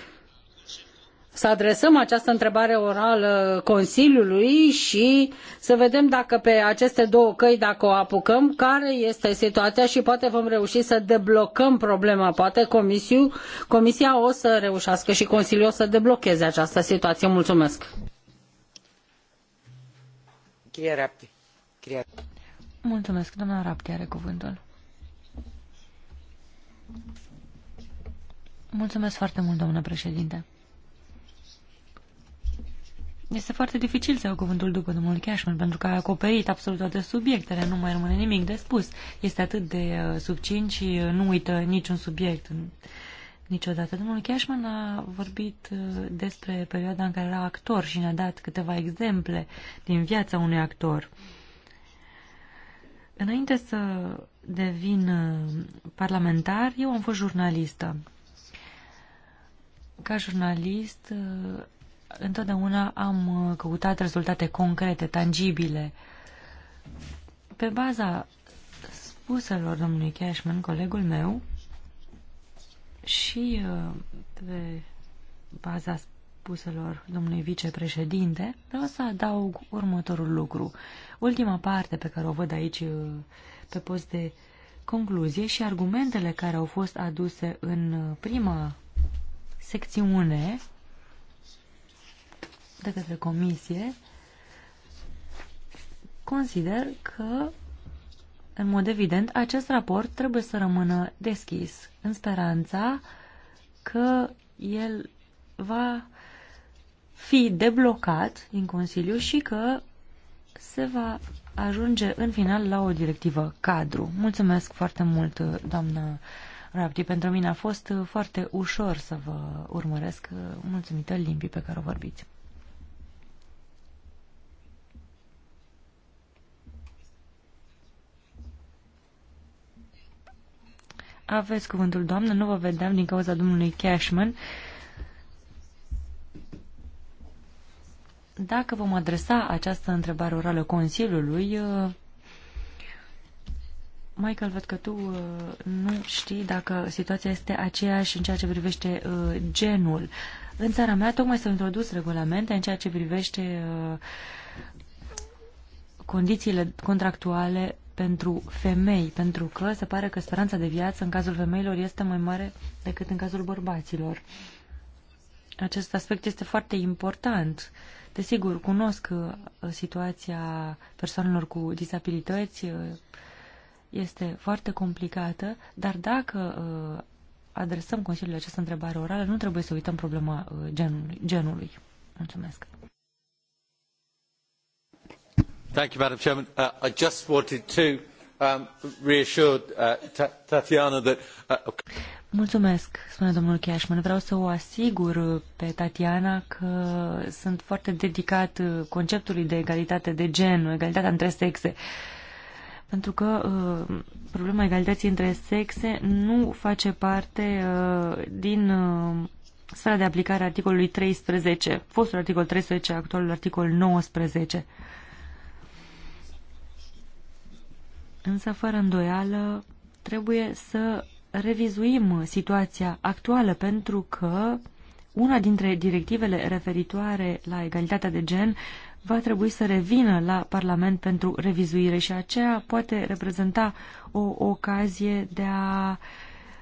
să adresăm această întrebare orală Consiliului și să vedem dacă pe aceste două căi, dacă o apucăm, care este situația și poate vom reuși să deblocăm problema. Poate comisiu, Comisia o să reușească și Consiliul o să deblocheze această situație. Mulțumesc! Mulțumesc, doamna Rapti are cuvântul. Mulțumesc foarte mult, domnule președinte. Este foarte dificil să iau cuvântul după domnul Cashman, pentru că a acoperit absolut toate subiectele, nu mai rămâne nimic de spus. Este atât de uh, subțin și uh, nu uită niciun subiect niciodată. Domnul Cashman a vorbit uh, despre perioada în care era actor și ne-a dat câteva exemple din viața unui actor. Înainte să devin uh, parlamentar, eu am fost jurnalistă. Ca jurnalist uh, întotdeauna am uh, căutat rezultate concrete, tangibile. Pe baza spuselor domnului Cashman, colegul meu, și uh, pe baza spuselor domnului vicepreședinte, vreau să adaug următorul lucru. Ultima parte pe care o văd aici uh, pe post de concluzie și argumentele care au fost aduse în prima secțiune de către comisie, consider că, în mod evident, acest raport trebuie să rămână deschis, în speranța că el va fi deblocat din Consiliu și că se va ajunge în final la o directivă cadru. Mulțumesc foarte mult, doamnă Rapti. Pentru mine a fost foarte ușor să vă urmăresc mulțumită limbii pe care o vorbiți. Aveți cuvântul, doamnă, nu vă vedeam din cauza domnului Cashman. Dacă vom adresa această întrebare orală Consiliului, uh, Michael, văd că tu uh, nu știi dacă situația este aceeași în ceea ce privește uh, genul. În țara mea tocmai s-au introdus regulamente în ceea ce privește condițiile contractuale pentru femei, pentru că se pare că speranța de viață în cazul femeilor este mai mare decât în cazul bărbaților. Acest aspect este foarte important. Desigur, cunosc uh, situația persoanelor cu disabilități, uh, este foarte complicată, dar dacă uh, adresăm Consiliului această întrebare orală, nu trebuie să uităm problema genului. Mulțumesc. Madam president uh, I just wanted to um, reassure uh, Tatiana that. Uh, Mulțumesc, spune domnul Cashman. Vreau să o asigur pe Tatiana că sunt foarte dedicat conceptului de egalitate de gen, egalitatea între sexe. Pentru că uh, problema egalității între sexe nu face parte uh, din uh, sfera de aplicare a articolului 13, fostul articol 13, actualul articol 19. Uh, Însă, fără îndoială, trebuie să revizuim situația actuală, pentru că una dintre directivele referitoare la egalitatea de gen va trebui să revină la Parlament pentru revizuire și aceea poate reprezenta o ocazie de a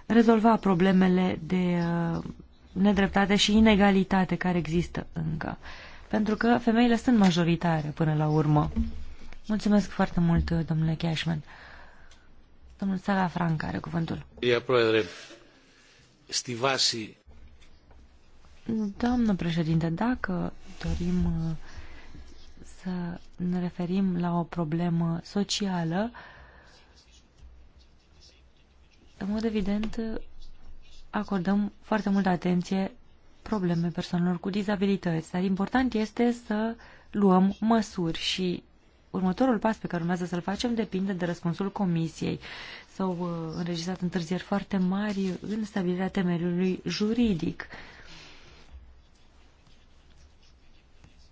rezolva problemele de uh, nedreptate și inegalitate care există încă. Pentru că femeile sunt majoritare până la urmă. Mulțumesc foarte mult, domnule Cashman. Domnul Sara Franca are cuvântul. Doamnă președinte, dacă dorim uh, să ne referim la o problemă socială, în mod evident acordăm foarte multă atenție probleme persoanelor cu dizabilități, dar important este să luăm măsuri și următorul pas pe care urmează să-l facem depinde de răspunsul comisiei. S-au uh, înregistrat întârzieri foarte mari în stabilirea temeriului juridic.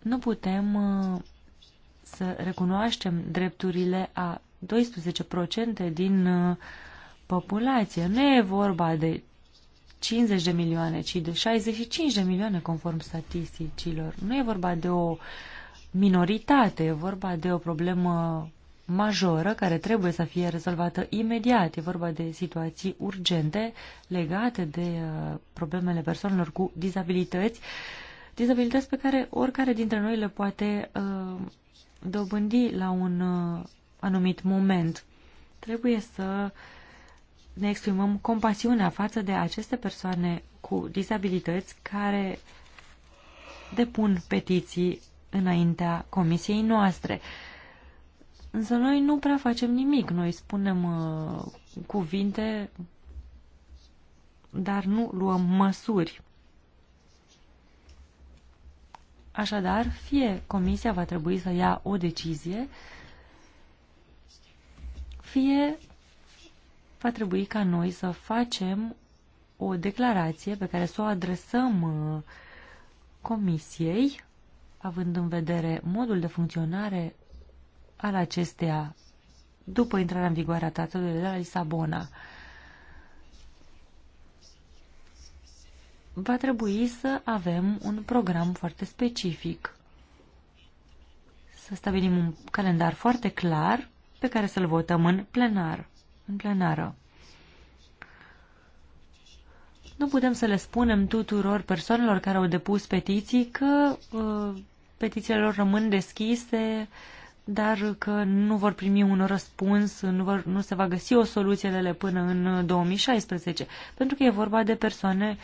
Nu putem uh, să recunoaștem drepturile a 12% din uh, populație. Nu e vorba de 50 de milioane, ci de 65 de milioane conform statisticilor. Nu e vorba de o uh, minoritate, e vorba de o problemă majoră care trebuie să fie rezolvată imediat. E vorba de situații urgente legate de uh, problemele persoanelor cu dizabilități, dizabilități pe care oricare dintre noi le poate uh, dobândi la un uh, anumit moment. Trebuie să ne exprimăm compasiunea față de aceste persoane cu dizabilități care depun petiții înaintea comisiei noastre. Însă noi nu prea facem nimic. Noi spunem uh, cuvinte, dar nu luăm măsuri. Așadar, fie comisia va trebui să ia o decizie, fie va trebui ca noi să facem o declarație pe care să o adresăm uh, comisiei având în vedere modul de funcționare al acesteia după intrarea în vigoare a tratatului de la Lisabona. Va trebui să avem un program foarte specific, să stabilim un calendar foarte clar pe care să-l votăm în plenar, în plenară. Nu putem să le spunem tuturor persoanelor care au depus petiții că uh, petițiile lor rămân deschise, dar că nu vor primi un răspuns, nu, vor, nu se va găsi o soluție de ele până în 2016, pentru că e vorba de persoane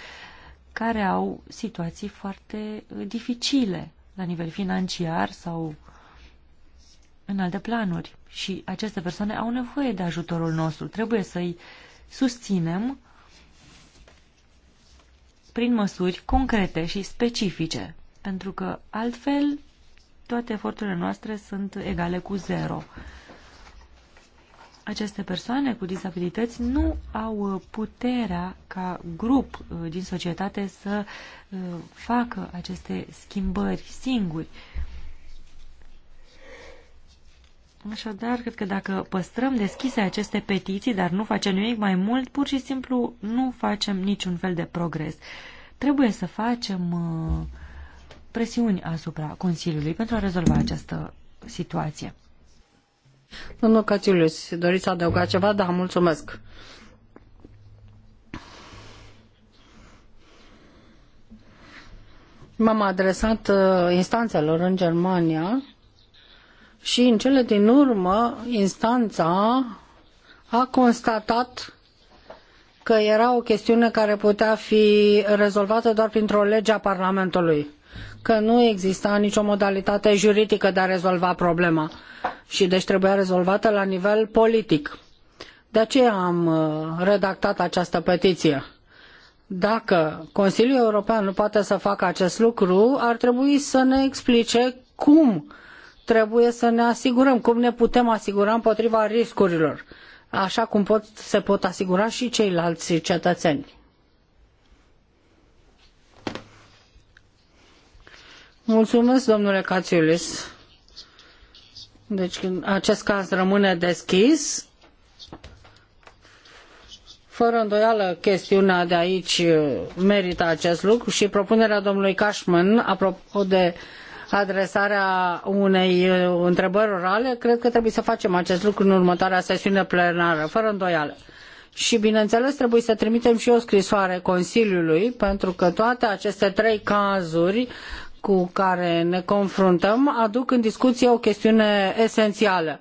care au situații foarte uh, dificile la nivel financiar sau în alte planuri. Și aceste persoane au nevoie de ajutorul nostru. Trebuie să-i susținem prin măsuri concrete și specifice. Pentru că altfel toate eforturile noastre sunt egale cu zero. Aceste persoane cu disabilități nu au puterea ca grup uh, din societate să uh, facă aceste schimbări singuri. Așadar, cred că dacă păstrăm deschise aceste petiții, dar nu facem nimic mai mult, pur și simplu nu facem niciun fel de progres. Trebuie să facem uh, presiuni asupra Consiliului pentru a rezolva această situație. Domnul Căciulius, doriți să adăuga ceva? Da, mulțumesc. M-am adresat uh, instanțelor în Germania și în cele din urmă instanța a constatat că era o chestiune care putea fi rezolvată doar printr-o lege a Parlamentului că nu exista nicio modalitate juridică de a rezolva problema și deci trebuia rezolvată la nivel politic. De aceea am uh, redactat această petiție. Dacă Consiliul European nu poate să facă acest lucru, ar trebui să ne explice cum trebuie să ne asigurăm, cum ne putem asigura împotriva riscurilor, așa cum pot, se pot asigura și ceilalți cetățeni. Mulțumesc, domnule Cațiulis. Deci acest caz rămâne deschis. Fără îndoială, chestiunea de aici uh, merită acest lucru și propunerea domnului Cashman, apropo de adresarea unei uh, întrebări orale, cred că trebuie să facem acest lucru în următoarea sesiune plenară, fără îndoială. Și, bineînțeles, trebuie să trimitem și o scrisoare Consiliului, pentru că toate aceste trei cazuri cu care ne confruntăm aduc în discuție o chestiune esențială.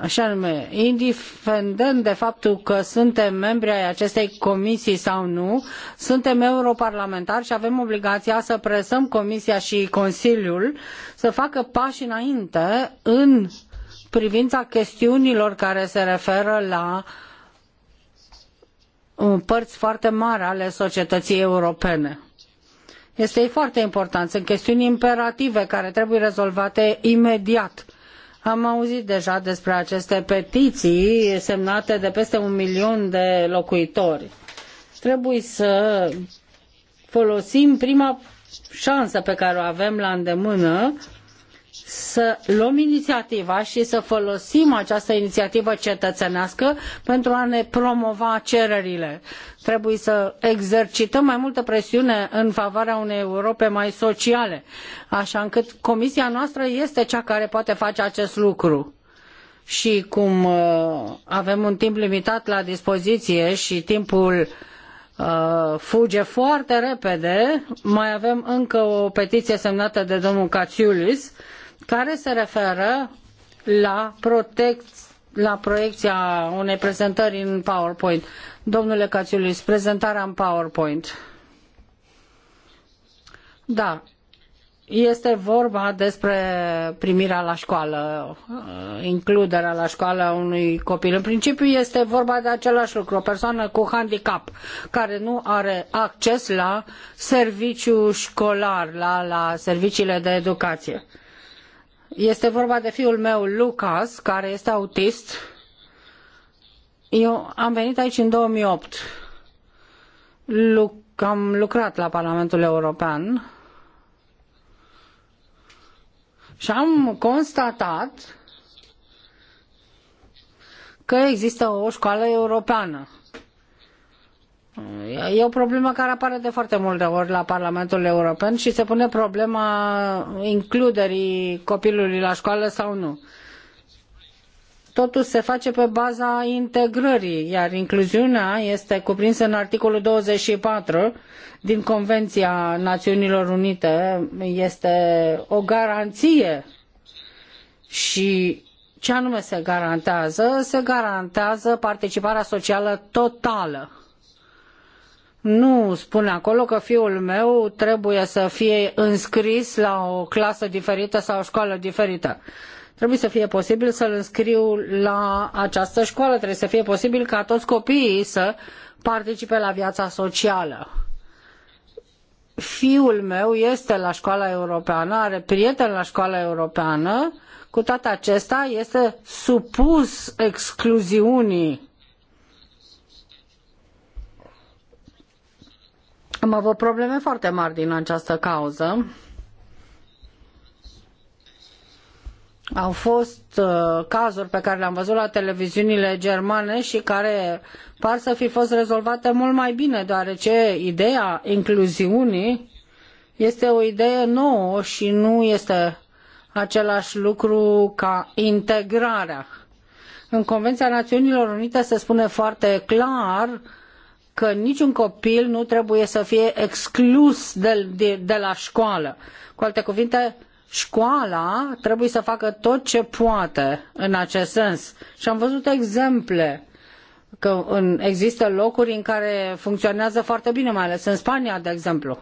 Așa anume, indiferent de faptul că suntem membri ai acestei comisii sau nu, suntem europarlamentari și avem obligația să presăm Comisia și Consiliul să facă pași înainte în privința chestiunilor care se referă la uh, părți foarte mari ale societății europene este foarte important. Sunt chestiuni imperative care trebuie rezolvate imediat. Am auzit deja despre aceste petiții semnate de peste un milion de locuitori. Trebuie să folosim prima șansă pe care o avem la îndemână să luăm inițiativa și să folosim această inițiativă cetățenească pentru a ne promova cererile. Trebuie să exercităm mai multă presiune în favoarea unei Europe mai sociale, așa încât comisia noastră este cea care poate face acest lucru și cum uh, avem un timp limitat la dispoziție și timpul uh, fuge foarte repede, mai avem încă o petiție semnată de domnul Cațiulis care se referă la protecție la proiecția unei prezentări în PowerPoint. Domnule Cațiulis, prezentarea în PowerPoint. Da, este vorba despre primirea la școală, includerea la școală a unui copil. În principiu este vorba de același lucru, o persoană cu handicap care nu are acces la serviciu școlar, la, la serviciile de educație. Uh, este vorba de fiul meu, Lucas, care este autist. Eu am venit aici în 2008. Lu- am lucrat la Parlamentul European și am constatat că există o școală europeană E o problemă care apare de foarte multe ori la Parlamentul European și se pune problema includerii copilului la școală sau nu. Totul se face pe baza integrării, iar incluziunea este cuprinsă în articolul 24 din Convenția Națiunilor Unite. Este o garanție și ce anume se garantează? Se garantează participarea socială totală nu spun acolo că fiul meu trebuie să fie înscris la o clasă diferită sau o școală diferită. Trebuie să fie posibil să-l înscriu la această școală, trebuie să fie posibil ca toți copiii să participe la viața socială. Fiul meu este la școala europeană, are prieteni la școala europeană, cu toate acestea este supus excluziunii Am avut probleme foarte mari din această cauză. Au fost uh, cazuri pe care le-am văzut la televiziunile germane și care par să fi fost rezolvate mult mai bine, deoarece ideea incluziunii este o idee nouă și nu este același lucru ca integrarea. În Convenția Națiunilor Unite se spune foarte clar că niciun copil nu trebuie să fie exclus de, de, de la școală. Cu alte cuvinte, școala trebuie să facă tot ce poate în acest sens. Și am văzut exemple că în, există locuri în care funcționează foarte bine, mai ales în Spania, de exemplu,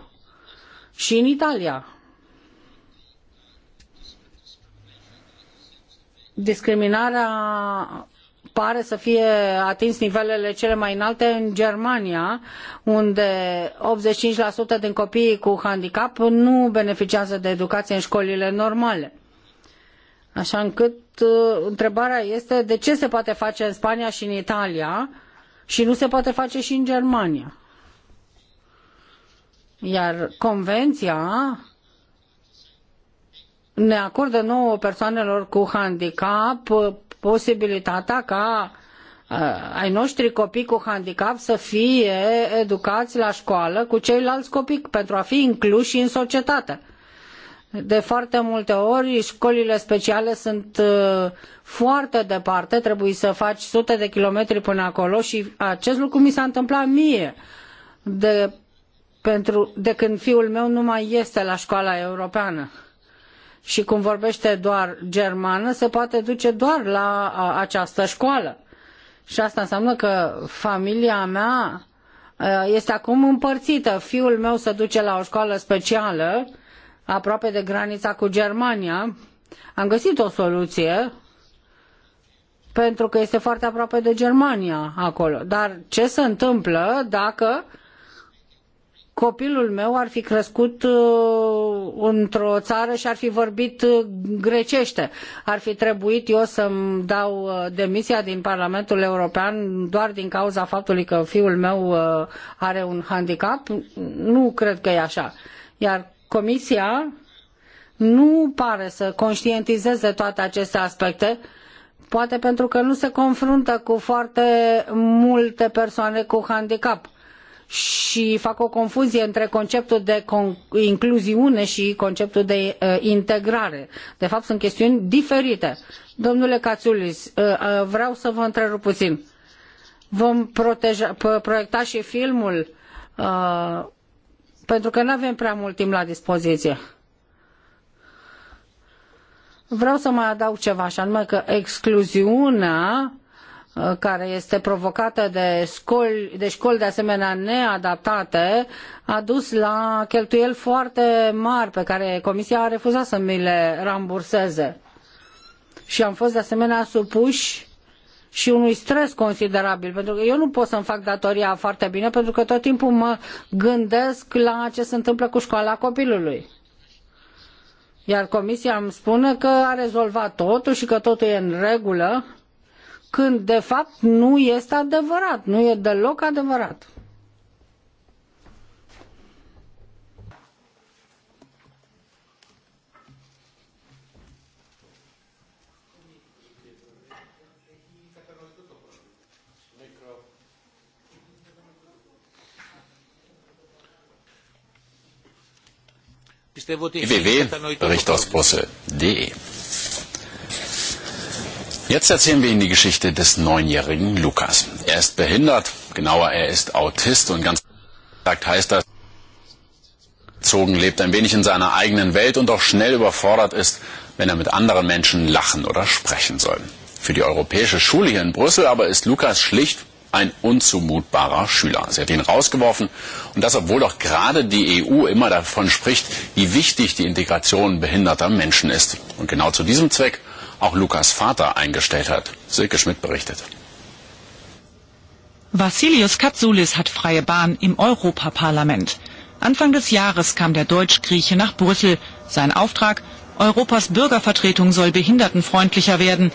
și în Italia. Discriminarea pare să fie atins nivelele cele mai înalte în Germania, unde 85% din copiii cu handicap nu beneficiază de educație în școlile normale. Așa încât uh, întrebarea este de ce se poate face în Spania și în Italia și nu se poate face și în Germania. Iar convenția ne acordă nouă persoanelor cu handicap uh, posibilitatea ca uh, ai noștri copii cu handicap să fie educați la școală cu ceilalți copii pentru a fi incluși în societate. De foarte multe ori școlile speciale sunt uh, foarte departe, trebuie să faci sute de kilometri până acolo și acest lucru mi s-a întâmplat mie de, pentru, de când fiul meu nu mai este la școala europeană și cum vorbește doar germană, se poate duce doar la această școală. Și asta înseamnă că familia mea este acum împărțită. Fiul meu se duce la o școală specială, aproape de granița cu Germania. Am găsit o soluție, pentru că este foarte aproape de Germania acolo. Dar ce se întâmplă dacă copilul meu ar fi crescut uh, într-o țară și ar fi vorbit uh, grecește. Ar fi trebuit eu să-mi dau uh, demisia din Parlamentul European doar din cauza faptului că fiul meu are un handicap? Nu cred că e așa. Iar Comisia nu pare să conștientizeze toate aceste aspecte, poate pentru că nu se confruntă cu foarte multe persoane cu handicap și fac o confuzie între conceptul de incluziune și conceptul de uh, integrare. De fapt, sunt chestiuni diferite. Domnule Cațulis, uh, uh, vreau să vă întrerup puțin. Vom proteja, proiecta și filmul pentru că nu avem prea mult timp la dispoziție. Vreau să mai adaug ceva, și anume că excluziunea uh, care este provocată de școli, de școli de asemenea neadaptate, a dus la cheltuieli foarte mari pe care Comisia a refuzat să mi le ramburseze. Și am fost de asemenea supuși și unui stres considerabil, pentru că eu nu pot să-mi fac datoria foarte bine, pentru că tot timpul mă gândesc la ce se întâmplă cu școala copilului. Iar comisia îmi spune că a rezolvat totul și că totul e în regulă, când de fapt nu este adevărat, nu e deloc adevărat. WW-Richtaussbusse.de Jetzt erzählen wir Ihnen die Geschichte des neunjährigen Lukas. Er ist behindert, genauer er ist Autist und ganz gesagt heißt das, Zogen lebt ein wenig in seiner eigenen Welt und auch schnell überfordert ist, wenn er mit anderen Menschen lachen oder sprechen soll. Für die europäische Schule hier in Brüssel aber ist Lukas schlicht ein unzumutbarer Schüler. Sie hat ihn rausgeworfen und das, obwohl doch gerade die EU immer davon spricht, wie wichtig die Integration behinderter Menschen ist. Und genau zu diesem Zweck auch Lukas Vater eingestellt hat. Silke Schmidt berichtet. Vassilios Katsoulis hat freie Bahn im Europaparlament. Anfang des Jahres kam der Deutsch-Grieche nach Brüssel. Sein Auftrag, Europas Bürgervertretung soll behindertenfreundlicher werden.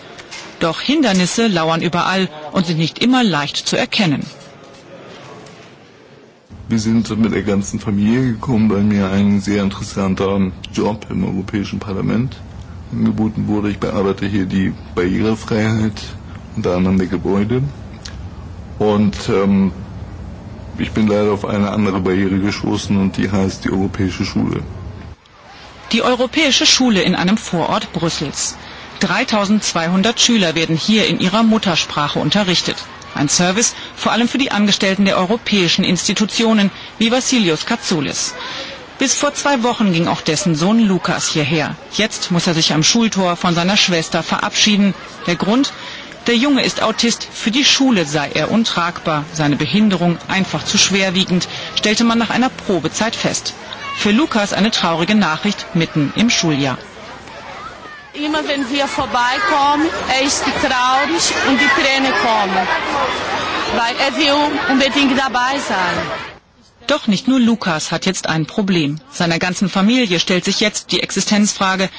Doch Hindernisse lauern überall und sind nicht immer leicht zu erkennen. Wir sind mit der ganzen Familie gekommen, weil mir einen sehr interessanter Job im Europäischen Parlament angeboten wurde. Ich bearbeite hier die Barrierefreiheit, unter anderem der Gebäude. Und ähm, ich bin leider auf eine andere Barriere gestoßen und die heißt die Europäische Schule. Die Europäische Schule in einem Vorort Brüssels. 3200 Schüler werden hier in ihrer Muttersprache unterrichtet. Ein Service vor allem für die Angestellten der europäischen Institutionen wie Vassilios Katsoulis. Bis vor zwei Wochen ging auch dessen Sohn Lukas hierher. Jetzt muss er sich am Schultor von seiner Schwester verabschieden. Der Grund? Der Junge ist Autist, für die Schule sei er untragbar, seine Behinderung einfach zu schwerwiegend, stellte man nach einer Probezeit fest. Für Lukas eine traurige Nachricht mitten im Schuljahr. Immer wenn wir vorbeikommen, er ist traurig und die Tränen kommen, weil er will unbedingt dabei sein. Doch nicht nur Lukas hat jetzt ein Problem. Seiner ganzen Familie stellt sich jetzt die Existenzfrage,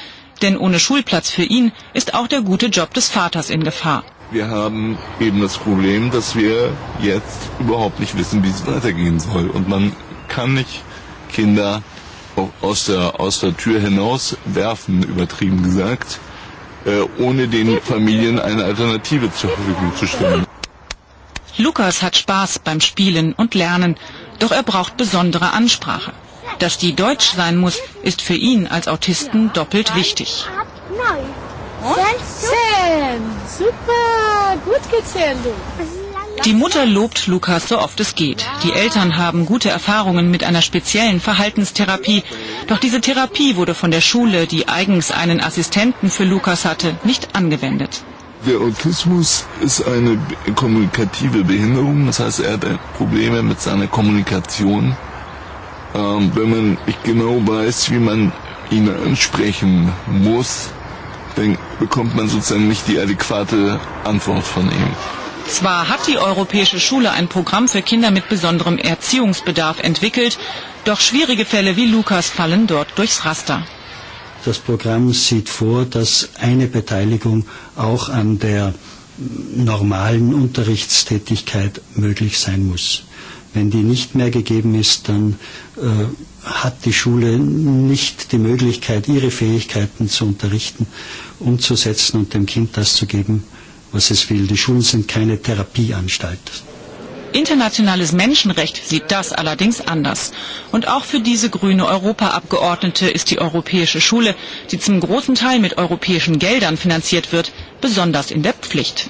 denn ohne Schulplatz für ihn ist auch der gute Job des Vaters in Gefahr. Wir haben eben das Problem, dass wir jetzt überhaupt nicht wissen, wie es weitergehen soll. Und man kann nicht Kinder aus der, aus der Tür hinaus werfen, übertrieben gesagt, äh, ohne den Familien eine Alternative zur Verfügung zu stellen. Lukas hat Spaß beim Spielen und Lernen. Doch er braucht besondere Ansprache. Dass die deutsch sein muss, ist für ihn als Autisten doppelt wichtig. Die Mutter lobt Lukas so oft es geht. Die Eltern haben gute Erfahrungen mit einer speziellen Verhaltenstherapie. Doch diese Therapie wurde von der Schule, die eigens einen Assistenten für Lukas hatte, nicht angewendet. Der Autismus ist eine kommunikative Behinderung, das heißt, er hat Probleme mit seiner Kommunikation. Ähm, wenn man nicht genau weiß, wie man ihn ansprechen muss, dann bekommt man sozusagen nicht die adäquate Antwort von ihm. Zwar hat die Europäische Schule ein Programm für Kinder mit besonderem Erziehungsbedarf entwickelt, doch schwierige Fälle wie Lukas fallen dort durchs Raster. Das Programm sieht vor, dass eine Beteiligung auch an der normalen Unterrichtstätigkeit möglich sein muss. Wenn die nicht mehr gegeben ist, dann äh, hat die Schule nicht die Möglichkeit, ihre Fähigkeiten zu unterrichten, umzusetzen und dem Kind das zu geben, was es will. Die Schulen sind keine Therapieanstalt. Internationales Menschenrecht sieht das allerdings anders. Und auch für diese grüne Europaabgeordnete ist die europäische Schule, die zum großen Teil mit europäischen Geldern finanziert wird, besonders in der Pflicht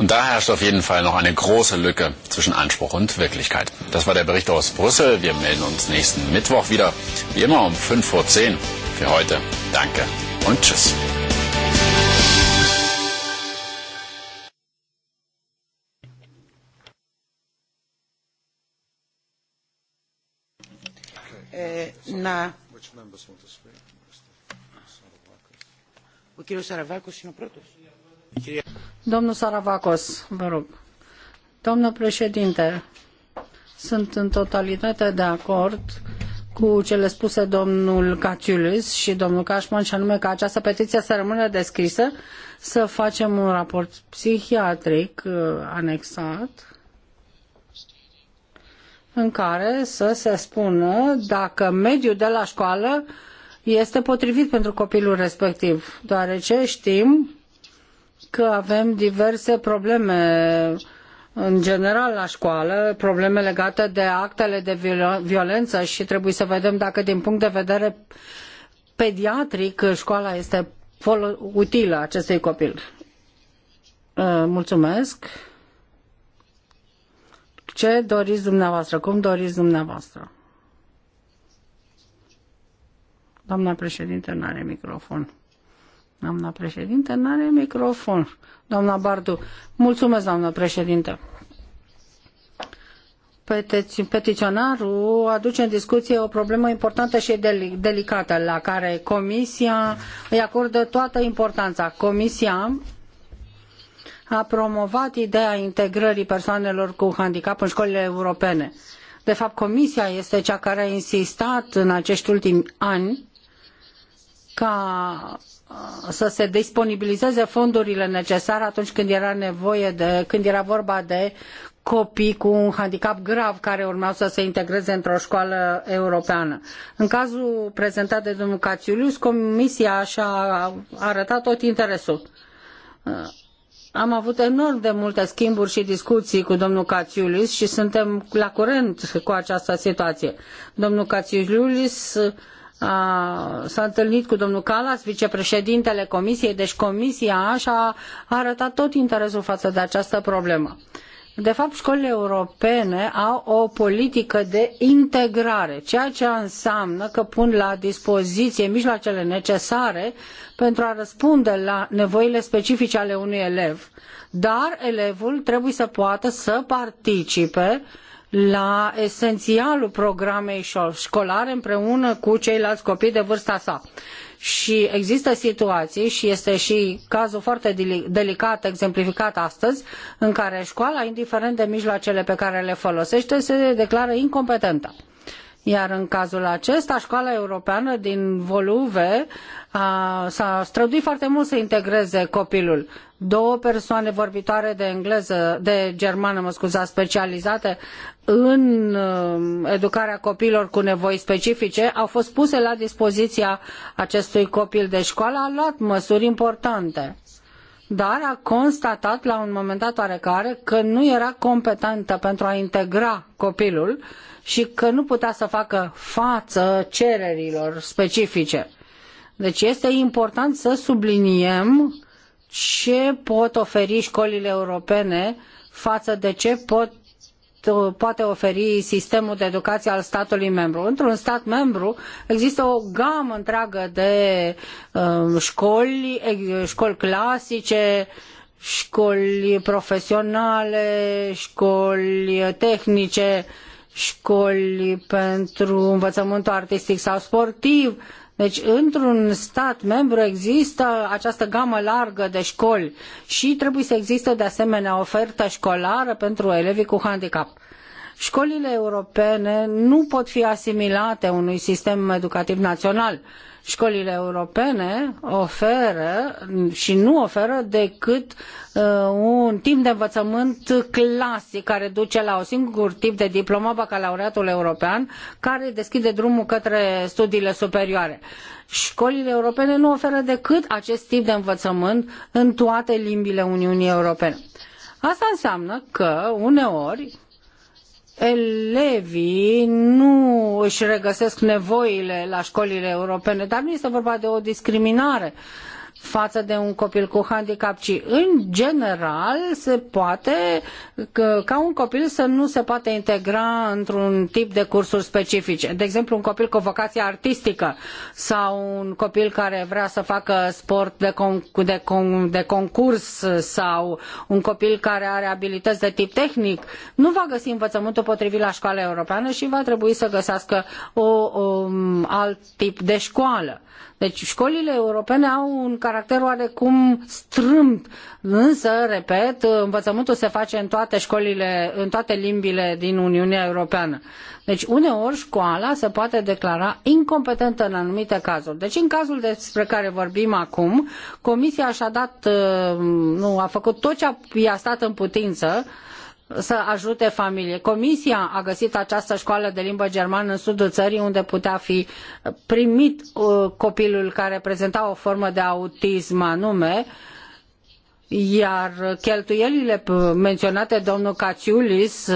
Und da herrscht auf jeden Fall noch eine große Lücke zwischen Anspruch und Wirklichkeit. Das war der Bericht aus Brüssel. Wir melden uns nächsten Mittwoch wieder, wie immer um 5.10 Uhr. Für heute danke und tschüss. Ο κύριος Σαραβάκος είναι ο πρώτος. Domnul Saravacos, vă rog. Domnul președinte, sunt în totalitate de acord cu cele spuse domnul Caciulis și domnul cashman i anume că această petiție să rămână deschisă, să facem un raport psihiatric uh, anexat în care să se spună dacă mediul de la școală este potrivit pentru copilul respectiv, deoarece știm că avem diverse probleme în general la școală, probleme legate de actele de violență și trebuie să vedem dacă din punct de vedere pediatric școala este utilă acestui copil. Uh, mulțumesc. Ce doriți dumneavoastră? Cum doriți dumneavoastră? Doamna președinte nu are microfon. Doamna președinte, nu are microfon. Doamna Bardu, mulțumesc, doamna președinte. Petiționarul aduce în discuție o problemă importantă și delicată, la care Comisia îi acordă toată importanța. Comisia a promovat ideea integrării persoanelor cu handicap în școlile europene. De fapt, Comisia este cea care a insistat în acești ultimi ani ca să se disponibilizeze fondurile necesare atunci când era nevoie de, când era vorba de copii cu un handicap grav care urmau să se integreze într-o școală europeană. În cazul prezentat de domnul Cațiulius, comisia așa a arătat tot interesul. Uh, am avut enorm de multe schimburi și discuții cu domnul Cațiulis și suntem la curent cu această situație. Domnul Cațiulis s-a întâlnit cu domnul Calas, vicepreședintele comisiei, deci comisia și-a arătat tot interesul față de această problemă. De fapt, școlile europene au o politică de integrare, ceea ce înseamnă că pun la dispoziție mijloacele necesare pentru a răspunde la nevoile specifice ale unui elev. Dar elevul trebuie să poată să participe uh, la esențialul programei colare împreună cu ceilali copii de vârsta sa. Și există situații și este și cazul foarte delicat exemplificat astăzi în care școala, indiferent de mijloacele pe care le folosește, se declară incompetentă iar în cazul acesta, școala europeană din Voluve s-a străduit foarte mult să integreze copilul. Două persoane vorbitoare de engleză, de germană, mă scuza, specializate în uh, educarea copiilor cu nevoi specifice, au fost puse la dispoziția acestui copil de școală, a luat măsuri importante dar a constatat la un moment dat oarecare că nu era competentă pentru a integra copilul și că nu putea să facă față cererilor specifice. Deci este important să subliniem ce pot oferi școlile europene față de ce pot, poate oferi sistemul de educație al statului membru. Într-un stat membru există o gamă întreagă de uh, școli, școli clasice, școli profesionale, școli tehnice, uh, școli pentru învățământul artistic sau sportiv. Deci, într-un stat membru există această gamă largă de școli și trebuie să existe de asemenea ofertă școlară pentru elevii cu handicap. Școlile europene nu pot fi asimilate unui sistem educativ național. Școlile europene oferă și nu oferă decât uh, un timp de învățământ clasic care duce la un singur tip de diplomă, bacalaureatul european, care deschide drumul către studiile superioare. Școlile europene nu oferă decât acest tip de învățământ în toate limbile Uniunii Europene. Asta înseamnă că uneori elevii nu își regăsesc nevoile la școlile europene, dar nu este vorba de o discriminare. Uh, față de un copil cu handicap, ci în general se poate că, ca un copil să nu se poate integra într-un tip de cursuri specifice. De exemplu, un copil cu o vocație artistică sau un copil care vrea să facă sport de, con- de, con- de concurs sau un copil care are abilități de tip tehnic, nu va găsi învățământul potrivit la școala europeană și va trebui să găsească o, o um, alt tip de școală deci școlile europene au un caracter oarecum strâmb, însă, repet, învățământul se face în toate școlile, în toate limbile din Uniunea Europeană. Deci uneori școala se poate declara incompetentă în anumite cazuri. Deci în cazul despre care vorbim acum, comisia și-a dat, uh, nu, a făcut tot ce i-a stat în putință să ajute familie. Comisia a găsit această școală de limbă germană în sudul țării unde putea fi primit uh, copilul care prezenta o formă de autism anume iar cheltuielile menționate domnul Caciulis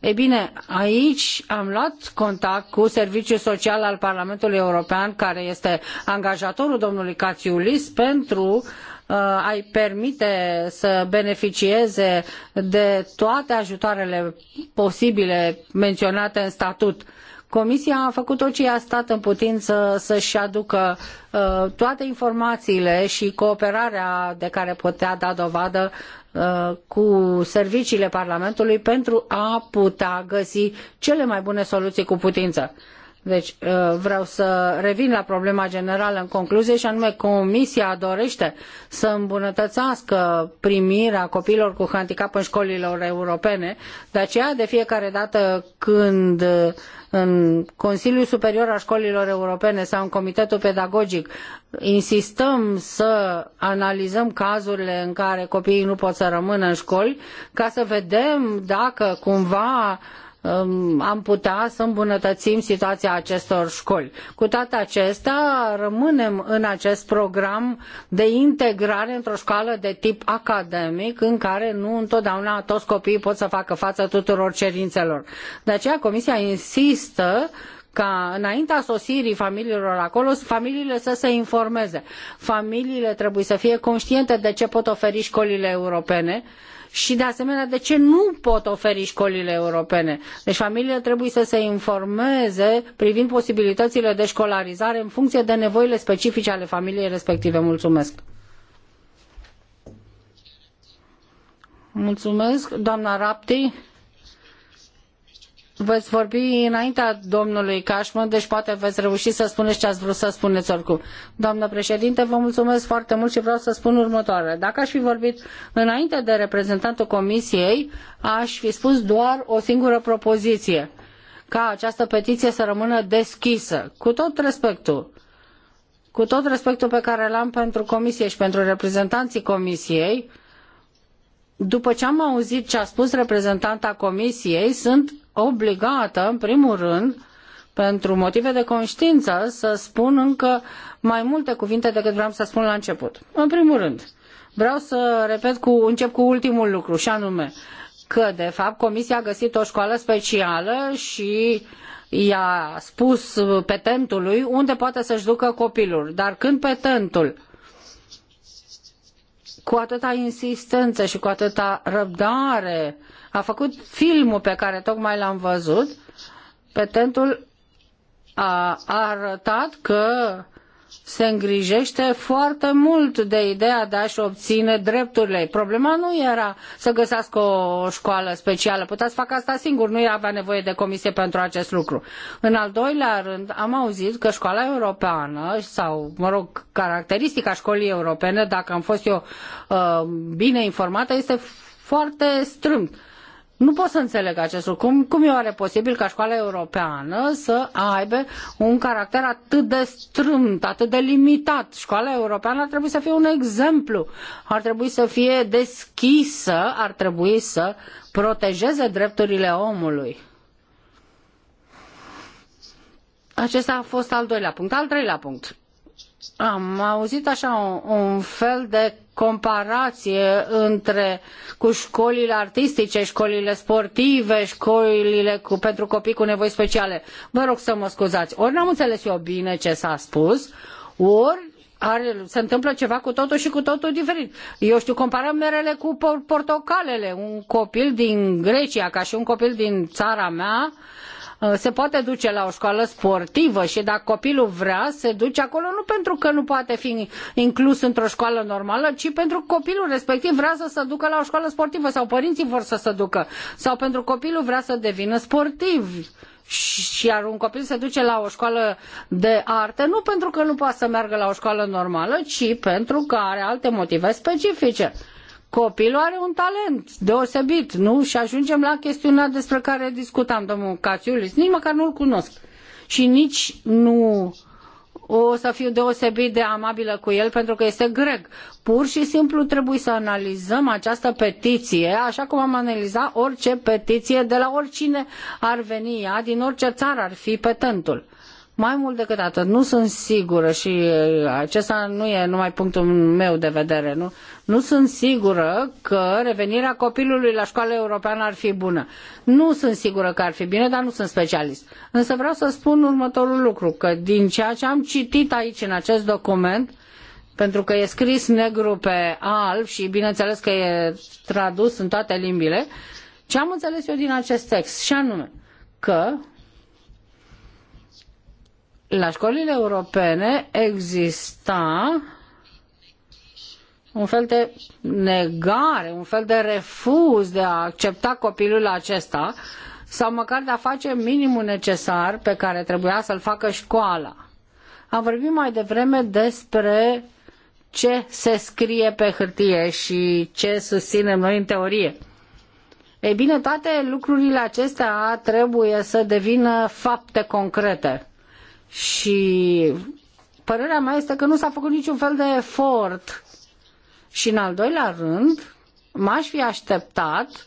E bine, aici am luat contact cu Serviciul Social al Parlamentului European, care este angajatorul domnului Caciulis pentru Uh, ai permite să beneficieze de toate ajutoarele posibile menționate în statut. Comisia a făcut tot ce i-a stat în putință să-și aducă uh, toate informațiile și cooperarea de care putea da dovadă uh, cu serviciile Parlamentului pentru a putea găsi cele mai bune soluții cu putință. Deci uh, vreau să revin la problema generală în concluzie și anume Comisia dorește să îmbunătățească primirea copiilor cu handicap în școlilor europene, de aceea de fiecare dată când uh, în Consiliul Superior al Școlilor Europene sau în Comitetul Pedagogic insistăm să analizăm cazurile în care copiii nu pot să rămână în școli ca să vedem dacă cumva am putea să îmbunătățim situația acestor școli. Cu toate acestea, rămânem în acest program de integrare într-o școală de tip academic, în care nu întotdeauna toți copiii pot să facă față tuturor cerințelor. De aceea Comisia insistă ca înaintea sosirii familiilor acolo, familiile să se informeze. Familiile trebuie să fie conștiente de ce pot oferi școlile europene, și de asemenea de ce nu pot oferi școlile europene. Deci familiile trebuie să se informeze privind posibilitățile de școlarizare în funcție de nevoile specifice ale familiei respective. Mulțumesc! Mulțumesc, doamna Rapti veți vorbi înaintea domnului Cashman, deci poate veți reuși să spuneți ce ați vrut să spuneți oricum. Doamnă președinte, vă mulțumesc foarte mult și vreau să spun următoarele. Dacă aș fi vorbit înainte de reprezentantul comisiei, aș fi spus doar o singură propoziție, ca această petiție să rămână deschisă, cu tot respectul. Cu tot respectul pe care l-am pentru comisie și pentru reprezentanții comisiei, după ce am auzit ce a spus reprezentanta comisiei, sunt obligată, în primul rând, pentru motive de conștiință, să spun încă mai multe cuvinte decât vreau să spun la început. În primul rând, vreau să repet cu, încep cu ultimul lucru, și anume că, de fapt, Comisia a găsit o școală specială și i-a spus petentului unde poate să-și ducă copilul. Dar când petentul cu atâta insistență și cu atâta răbdare a făcut filmul pe care tocmai l-am văzut, petentul a arătat că se îngrijește foarte mult de ideea de a-și obține drepturile. Problema nu era să găsească o școală specială, putea să facă asta singur, nu avea nevoie de comisie pentru acest lucru. În al doilea rând, am auzit că școala europeană, sau, mă rog, caracteristica școlii europene, dacă am fost eu uh, bine informată, este foarte strâmt nu pot să înțeleg acest lucru. Cum, cum e oare posibil ca școala europeană să aibă un caracter atât de strâmt, atât de limitat? Școala europeană ar trebui să fie un exemplu, ar trebui să fie deschisă, ar trebui să protejeze drepturile omului. Acesta a fost al doilea punct. Al treilea punct. Am auzit așa un, un fel de comparație între cu școlile artistice, școlile sportive, școlile cu, pentru copii cu nevoi speciale. Vă rog să mă scuzați. Ori n-am înțeles eu bine ce s-a spus, ori are, se întâmplă ceva cu totul și cu totul diferit. Eu știu, comparăm merele cu portocalele. Un copil din Grecia, ca și un copil din țara mea, Uh, se poate duce la o școală sportivă și dacă copilul vrea, se duce acolo nu pentru că nu poate fi inclus într-o școală normală, ci pentru că copilul respectiv vrea să se ducă la o școală sportivă sau părinții vor să se ducă sau pentru că copilul vrea să devină sportiv și iar un copil se duce la o școală de artă nu pentru că nu poate să meargă la o școală normală, ci pentru că are alte motive specifice. Copilul are un talent deosebit, nu? Și ajungem la chestiunea despre care discutam, domnul Cațiulis. Nici măcar nu-l cunosc. Și nici nu o să fiu deosebit de amabilă cu el pentru că este grec. Pur și simplu trebuie să analizăm această petiție, așa cum am analizat orice petiție de la oricine ar veni ea, din orice țară ar fi petentul. Mai mult decât atât, nu sunt sigură și uh, acesta nu e numai punctul meu de vedere, nu? Nu sunt sigură că revenirea copilului la școala europeană ar fi bună. Nu sunt sigură că ar fi bine, dar nu sunt specialist. Însă vreau să spun următorul lucru, că din ceea ce am citit aici în acest document, pentru că e scris negru pe alb și bineînțeles că e tradus în toate limbile, ce am înțeles eu din acest text, și anume că la școlile europene exista un fel de negare, un fel de refuz de a accepta copilul acesta sau măcar de a face minimul necesar pe care trebuia să-l facă școala. Am vorbit mai devreme despre ce se scrie pe hârtie și ce susținem noi în teorie. Ei bine, toate lucrurile acestea trebuie să devină fapte concrete. Și părerea mea este că nu s-a făcut niciun fel de efort. Și în al doilea rând, m-aș fi așteptat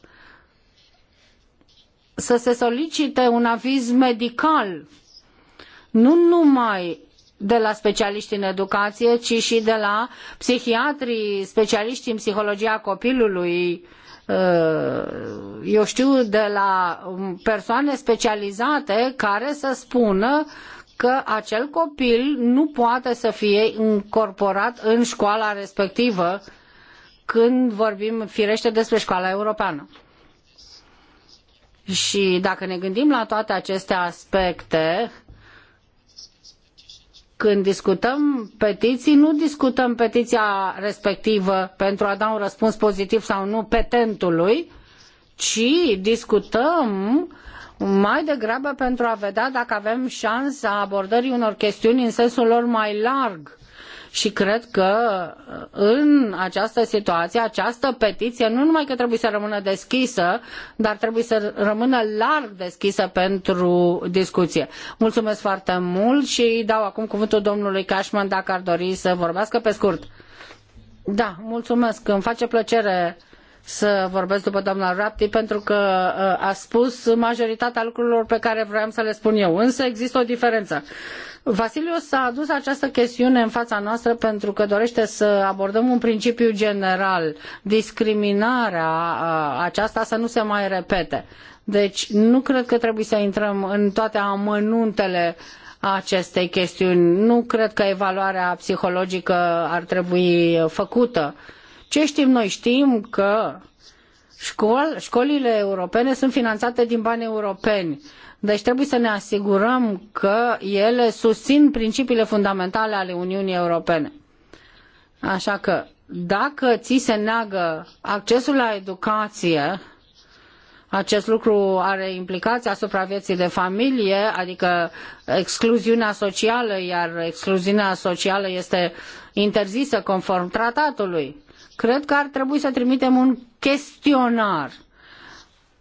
să se solicite un aviz medical, nu numai de la specialiști în educație, ci și de la psihiatrii, specialiști în psihologia copilului, uh, eu știu, de la persoane specializate care să spună că acel copil nu poate să fie incorporat în școala respectivă când vorbim firește despre școala europeană. Și dacă ne gândim la toate aceste aspecte, când discutăm petiții, nu discutăm petiția respectivă pentru a da un răspuns pozitiv sau nu petentului, ci discutăm mai degrabă pentru a vedea dacă avem șansa abordării unor chestiuni în sensul lor mai larg. Și cred că în această situație, această petiție, nu numai că trebuie să rămână deschisă, dar trebuie să rămână larg deschisă pentru discuție. Mulțumesc foarte mult și dau acum cuvântul domnului Cashman dacă ar dori să vorbească pe scurt. Da, mulțumesc. Îmi face plăcere să vorbesc după doamna Rapti pentru că uh, a spus majoritatea lucrurilor pe care vreau să le spun eu. Însă există o diferență. Vasilios a adus această chestiune în fața noastră pentru că dorește să abordăm un principiu general. Discriminarea uh, aceasta să nu se mai repete. Deci nu cred că trebuie să intrăm în toate amănuntele acestei chestiuni. Nu cred că evaluarea psihologică ar trebui făcută uh, ce știm noi? Știm că școl, școlile europene sunt finanțate din bani europeni. Deci trebuie să ne asigurăm că ele susțin principiile fundamentale ale Uniunii Europene. Așa că dacă ți se neagă accesul la educație, acest lucru are implicații asupra vieții de familie, adică excluziunea socială, iar excluziunea socială este interzisă conform tratatului. Cred că ar trebui să trimitem un chestionar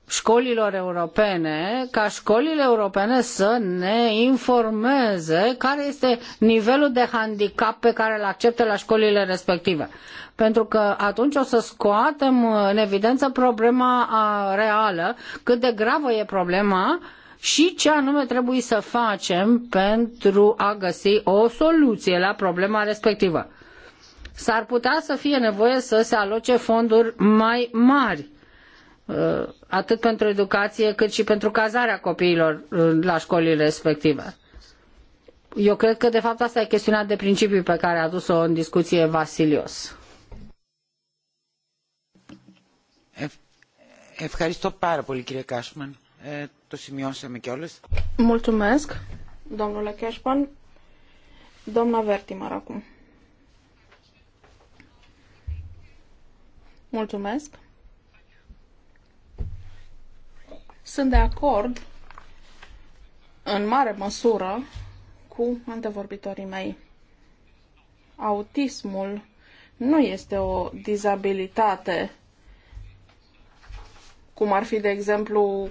școlilor europene, ca școlile europene să ne informeze care este nivelul de handicap pe care îl acceptă la școlile respective. Pentru că atunci o să scoatem în evidență problema reală, cât de gravă e problema și ce anume trebuie să facem pentru a găsi o soluție la problema respectivă s-ar putea să fie nevoie să se aloce fonduri mai mari uh, atât pentru educație cât și pentru cazarea copiilor uh, la școlile respective. Eu cred că de fapt asta e chestiunea de principiu pe care a adus-o în discuție Vasilios. Ευχαριστώ πάρα πολύ κύριε Κάσμαν. Ε, το σημειώσαμε κιόλας. Mulțumesc, domnule Cashman. Doamna Vertimar acum. Mulțumesc. Sunt de acord în mare măsură cu antevorbitorii mei. Autismul nu este o dizabilitate, cum ar fi, de exemplu,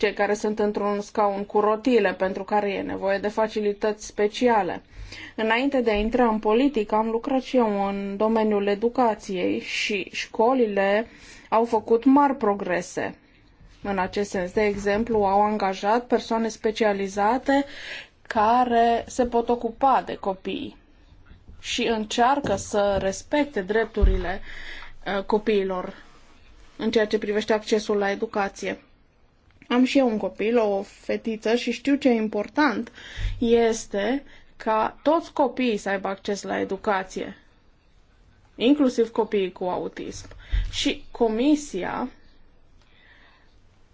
cei care sunt într-un scaun cu rotile, pentru care e nevoie de facilități speciale. Înainte de a intra în politică, am lucrat și eu în domeniul educației și școlile au făcut mari progrese. În acest sens, de exemplu, au angajat persoane specializate care se pot ocupa de copii și încearcă să respecte drepturile uh, copiilor în ceea ce privește accesul la educație. Am și eu un copil, o fetiță și știu ce important este ca toți copiii să aibă acces la educație, inclusiv copiii cu autism. Și comisia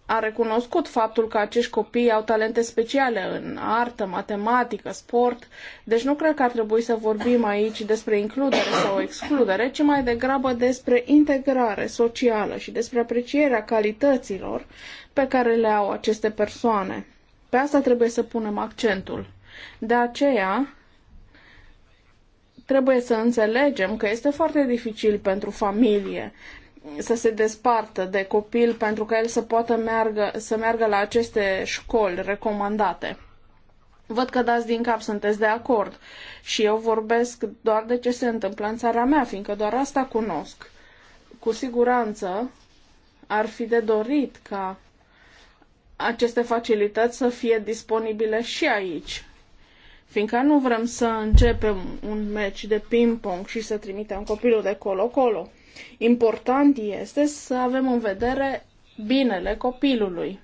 a recunoscut faptul că acești copii au talente speciale în artă, matematică, sport, deci nu cred că ar trebui să vorbim aici despre includere sau excludere, ci mai degrabă despre integrare socială și despre aprecierea calităților pe care le au aceste persoane. Pe asta trebuie să punem accentul. De aceea, trebuie să înțelegem că este foarte dificil pentru familie să se despartă de copil pentru ca el să poată meargă, să meargă la aceste școli recomandate. Văd că dați din cap, sunteți de acord. Și eu vorbesc doar de ce se întâmplă în țara mea, fiindcă doar asta cunosc. Cu siguranță ar fi de dorit ca aceste facilități să fie disponibile și aici. Fiindcă nu vrem să începem un meci de ping-pong și să trimitem copilul de colo-colo. Important este să avem în vedere binele copilului.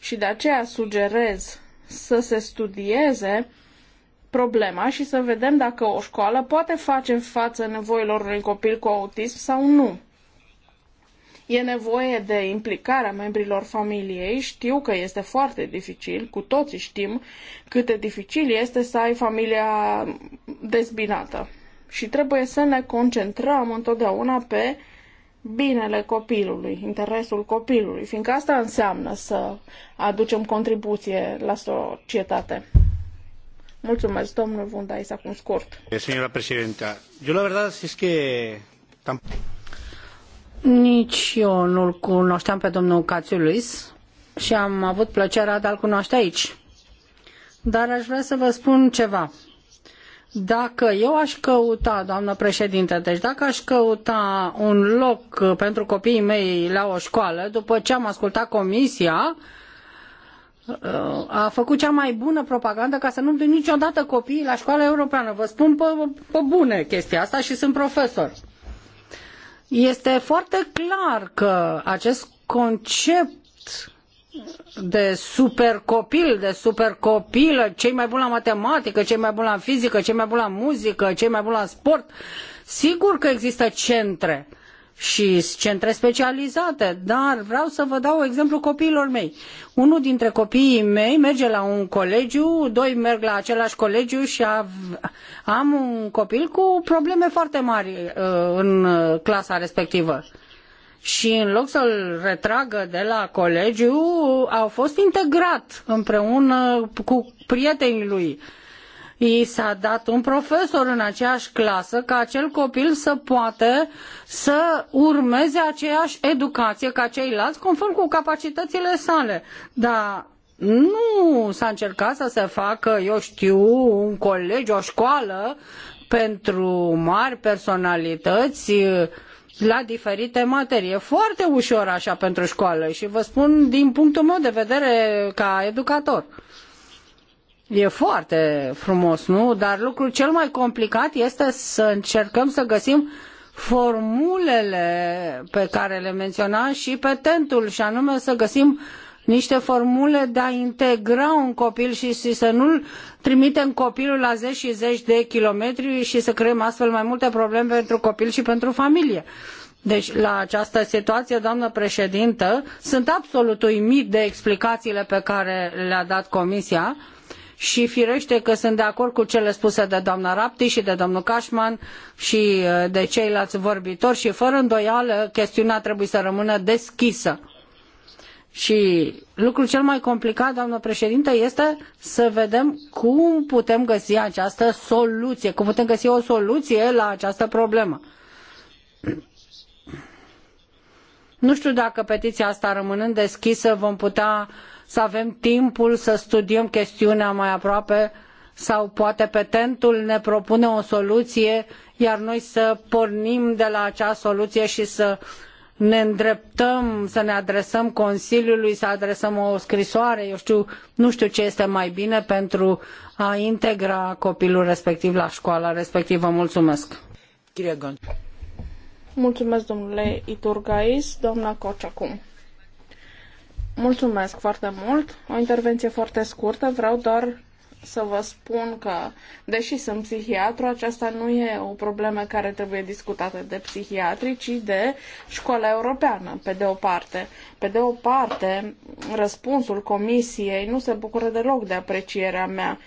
Și de aceea sugerez să se studieze problema și să vedem dacă o școală poate face față nevoilor unui copil cu autism sau nu. E nevoie de implicarea membrilor familiei. Știu că este foarte dificil, cu toții știm cât de dificil este să ai familia dezbinată și trebuie să ne concentrăm întotdeauna pe binele copilului, interesul copilului, fiindcă asta înseamnă să aducem contribuție la societate. Mulțumesc, domnul Vundais, acum scurt. Eh, señora presidenta, eu la verdad es que nici eu nu-l cunoșteam pe domnul Cațiu Luis și am avut plăcerea de a-l cunoaște aici. Dar aș vrea să vă spun ceva. Dacă eu aș căuta, doamnă președinte, deci dacă aș căuta un loc pentru copiii mei la o școală, după ce am ascultat comisia, a făcut cea mai bună propagandă ca să nu duc niciodată copiii la școala europeană. Vă spun pe, pe bune chestia asta și sunt profesor. Este foarte clar că acest concept de super copil, de super copilă, cei mai buni la matematică, cei mai buni la fizică, cei mai buni la muzică, cei mai buni la sport. Sigur că există centre și centre specializate, dar vreau să vă dau exemplu copiilor mei. Unul dintre copiii mei merge la un colegiu, doi merg la același colegiu și am un copil cu probleme foarte mari uh, în clasa respectivă. Uh, și în loc să-l retragă de la colegiu, a fost integrat împreună cu prietenii lui. I s-a dat un profesor în aceeași clasă ca acel copil să poată să urmeze aceeași educație ca ceilalți conform cu capacitățile sale. Dar nu s-a încercat să se facă, eu știu, un colegiu, o școală pentru mari personalități uh, la diferite materii. E foarte ușor așa pentru școală și vă spun din punctul meu de vedere ca educator. E foarte frumos, nu? Dar lucrul cel mai complicat este să încercăm să găsim formulele pe care le menționa și petentul, și anume să găsim niște formule de a integra un copil și, și să nu-l trimitem copilul la zeci și zeci de kilometri și să creăm astfel mai multe probleme pentru copil și pentru familie. Deci, la această situație, doamnă președintă, sunt absolut uimit de explicațiile pe care le-a dat Comisia și firește că sunt de acord cu cele spuse de doamna Rapti și de domnul Cashman și uh, de ceilalți vorbitori și fără îndoială chestiunea trebuie să rămână deschisă și lucrul cel mai complicat, doamnă președinte, este să vedem cum putem găsi această soluție, cum putem găsi o soluție la această problemă. Nu știu dacă petiția asta rămânând deschisă vom putea să avem timpul să studiem chestiunea mai aproape sau poate petentul ne propune o soluție, iar noi să pornim de la acea soluție și să uh, ne îndreptăm, să ne adresăm Consiliului, să adresăm o scrisoare, eu știu, nu știu ce este mai bine pentru a integra copilul respectiv la școala respectivă. Mulțumesc! Mulțumesc, domnule Iturgais, doamna Coci acum. Mulțumesc foarte mult. O intervenție foarte scurtă. Vreau doar să vă spun că, deși sunt psihiatru, aceasta nu e o problemă care trebuie discutată de psihiatri, ci de școala europeană, pe de o parte. Pe de o parte, răspunsul comisiei nu se bucură deloc de aprecierea mea.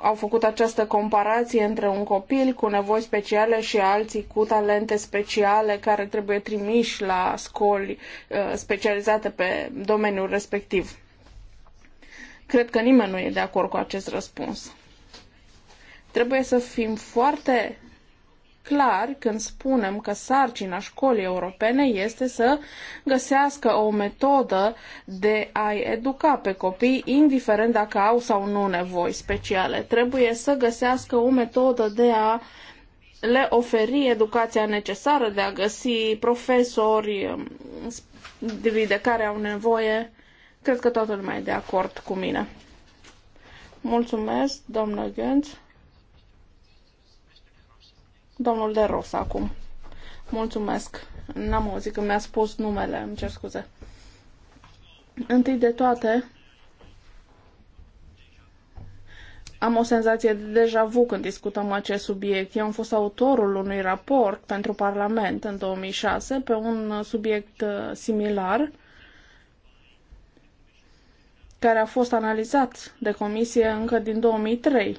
Au făcut această comparație între un copil cu nevoi speciale și alții cu talente speciale care trebuie trimiși la școli uh, specializate pe domeniul respectiv Cred că nimeni nu e de acord cu acest răspuns. Trebuie să fim foarte clari când spunem că sarcina școlii europene este să găsească o metodă de a-i educa pe copii, indiferent dacă au sau nu nevoi speciale. Trebuie să găsească o metodă de a le oferi educația necesară, de a găsi profesori um, de care au nevoie Cred că toată lumea e de acord cu mine. Mulțumesc, domnul Gânț. Domnul de Ros acum. Mulțumesc. N-am auzit că mi-a spus numele, îmi cer scuze. Întâi de toate, am o senzație de deja vu când discutăm acest subiect. Eu am fost autorul unui raport pentru Parlament în 2006 pe un subiect uh, similar care a fost analizat de comisie încă din 2003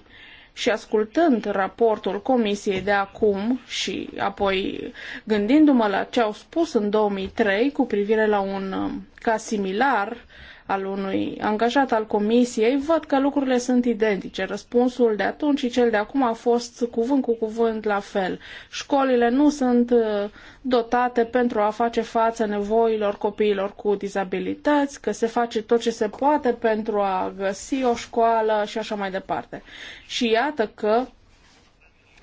și ascultând raportul comisiei de acum și apoi gândindu-mă la ce au spus în 2003 cu privire la un um, caz similar al unui angajat al comisiei, văd că lucrurile sunt identice. Răspunsul de atunci și cel de acum a fost cuvânt cu cuvânt la fel. Școlile nu sunt uh, dotate pentru a face față nevoilor copiilor cu dizabilități, că se face tot ce se poate pentru a găsi o școală și așa mai departe. Și iată că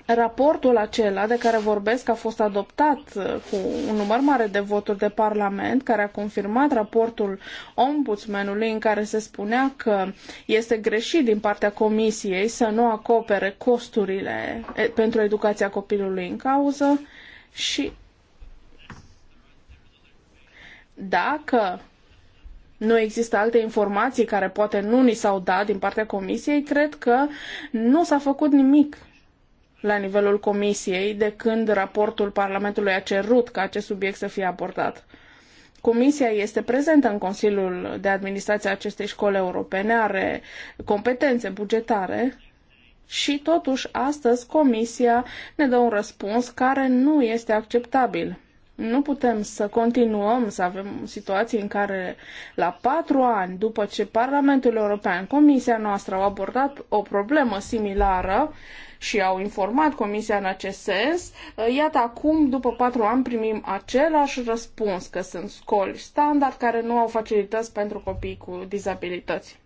Raportul acela de care vorbesc a fost adoptat uh, cu un număr mare de voturi de Parlament, care a confirmat raportul ombudsmanului în care se spunea că este greșit din partea Comisiei să nu acopere costurile pentru educația copilului în cauză și dacă nu există alte informații care poate nu ni s-au dat din partea Comisiei, cred că nu s-a făcut nimic la nivelul Comisiei de când raportul Parlamentului a cerut ca acest subiect să fie abordat. Comisia este prezentă în Consiliul de Administrație a acestei școli europene, are competențe bugetare și totuși astăzi Comisia ne dă un răspuns care nu este acceptabil. Nu putem să continuăm să avem situații în care la patru ani după ce Parlamentul European, Comisia noastră au abordat o problemă similară, și au informat Comisia în acest sens. Uh, iată, acum, după patru ani, primim același răspuns că sunt școli standard care nu au facilități pentru copii cu dizabilități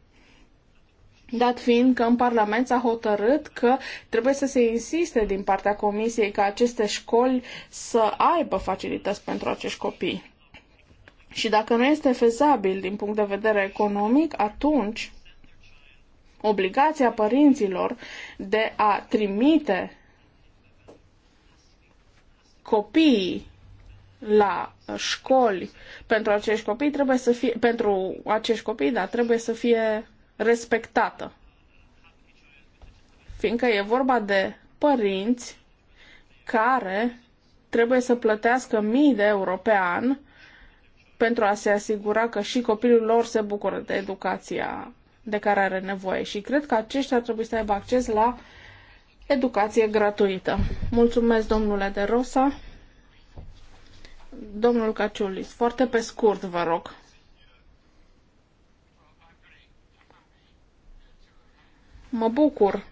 dat fiind că în Parlament s-a hotărât că trebuie să se insiste din partea Comisiei ca aceste școli să aibă facilități pentru acești copii. Și dacă nu este fezabil din punct de vedere economic, atunci obligația părinților de a trimite copiii la școli pentru acești copii trebuie să fie pentru acești copii, da, trebuie să fie respectată. Fiindcă e vorba de părinți care trebuie să plătească mii de euro pe an pentru a se asigura că și copilul lor se bucură de educația de care are nevoie și cred că aceștia ar trebui să aibă acces la educație gratuită. Mulțumesc, domnule de Rosa. Domnul Caciulis, foarte pe scurt, vă rog. Mă bucur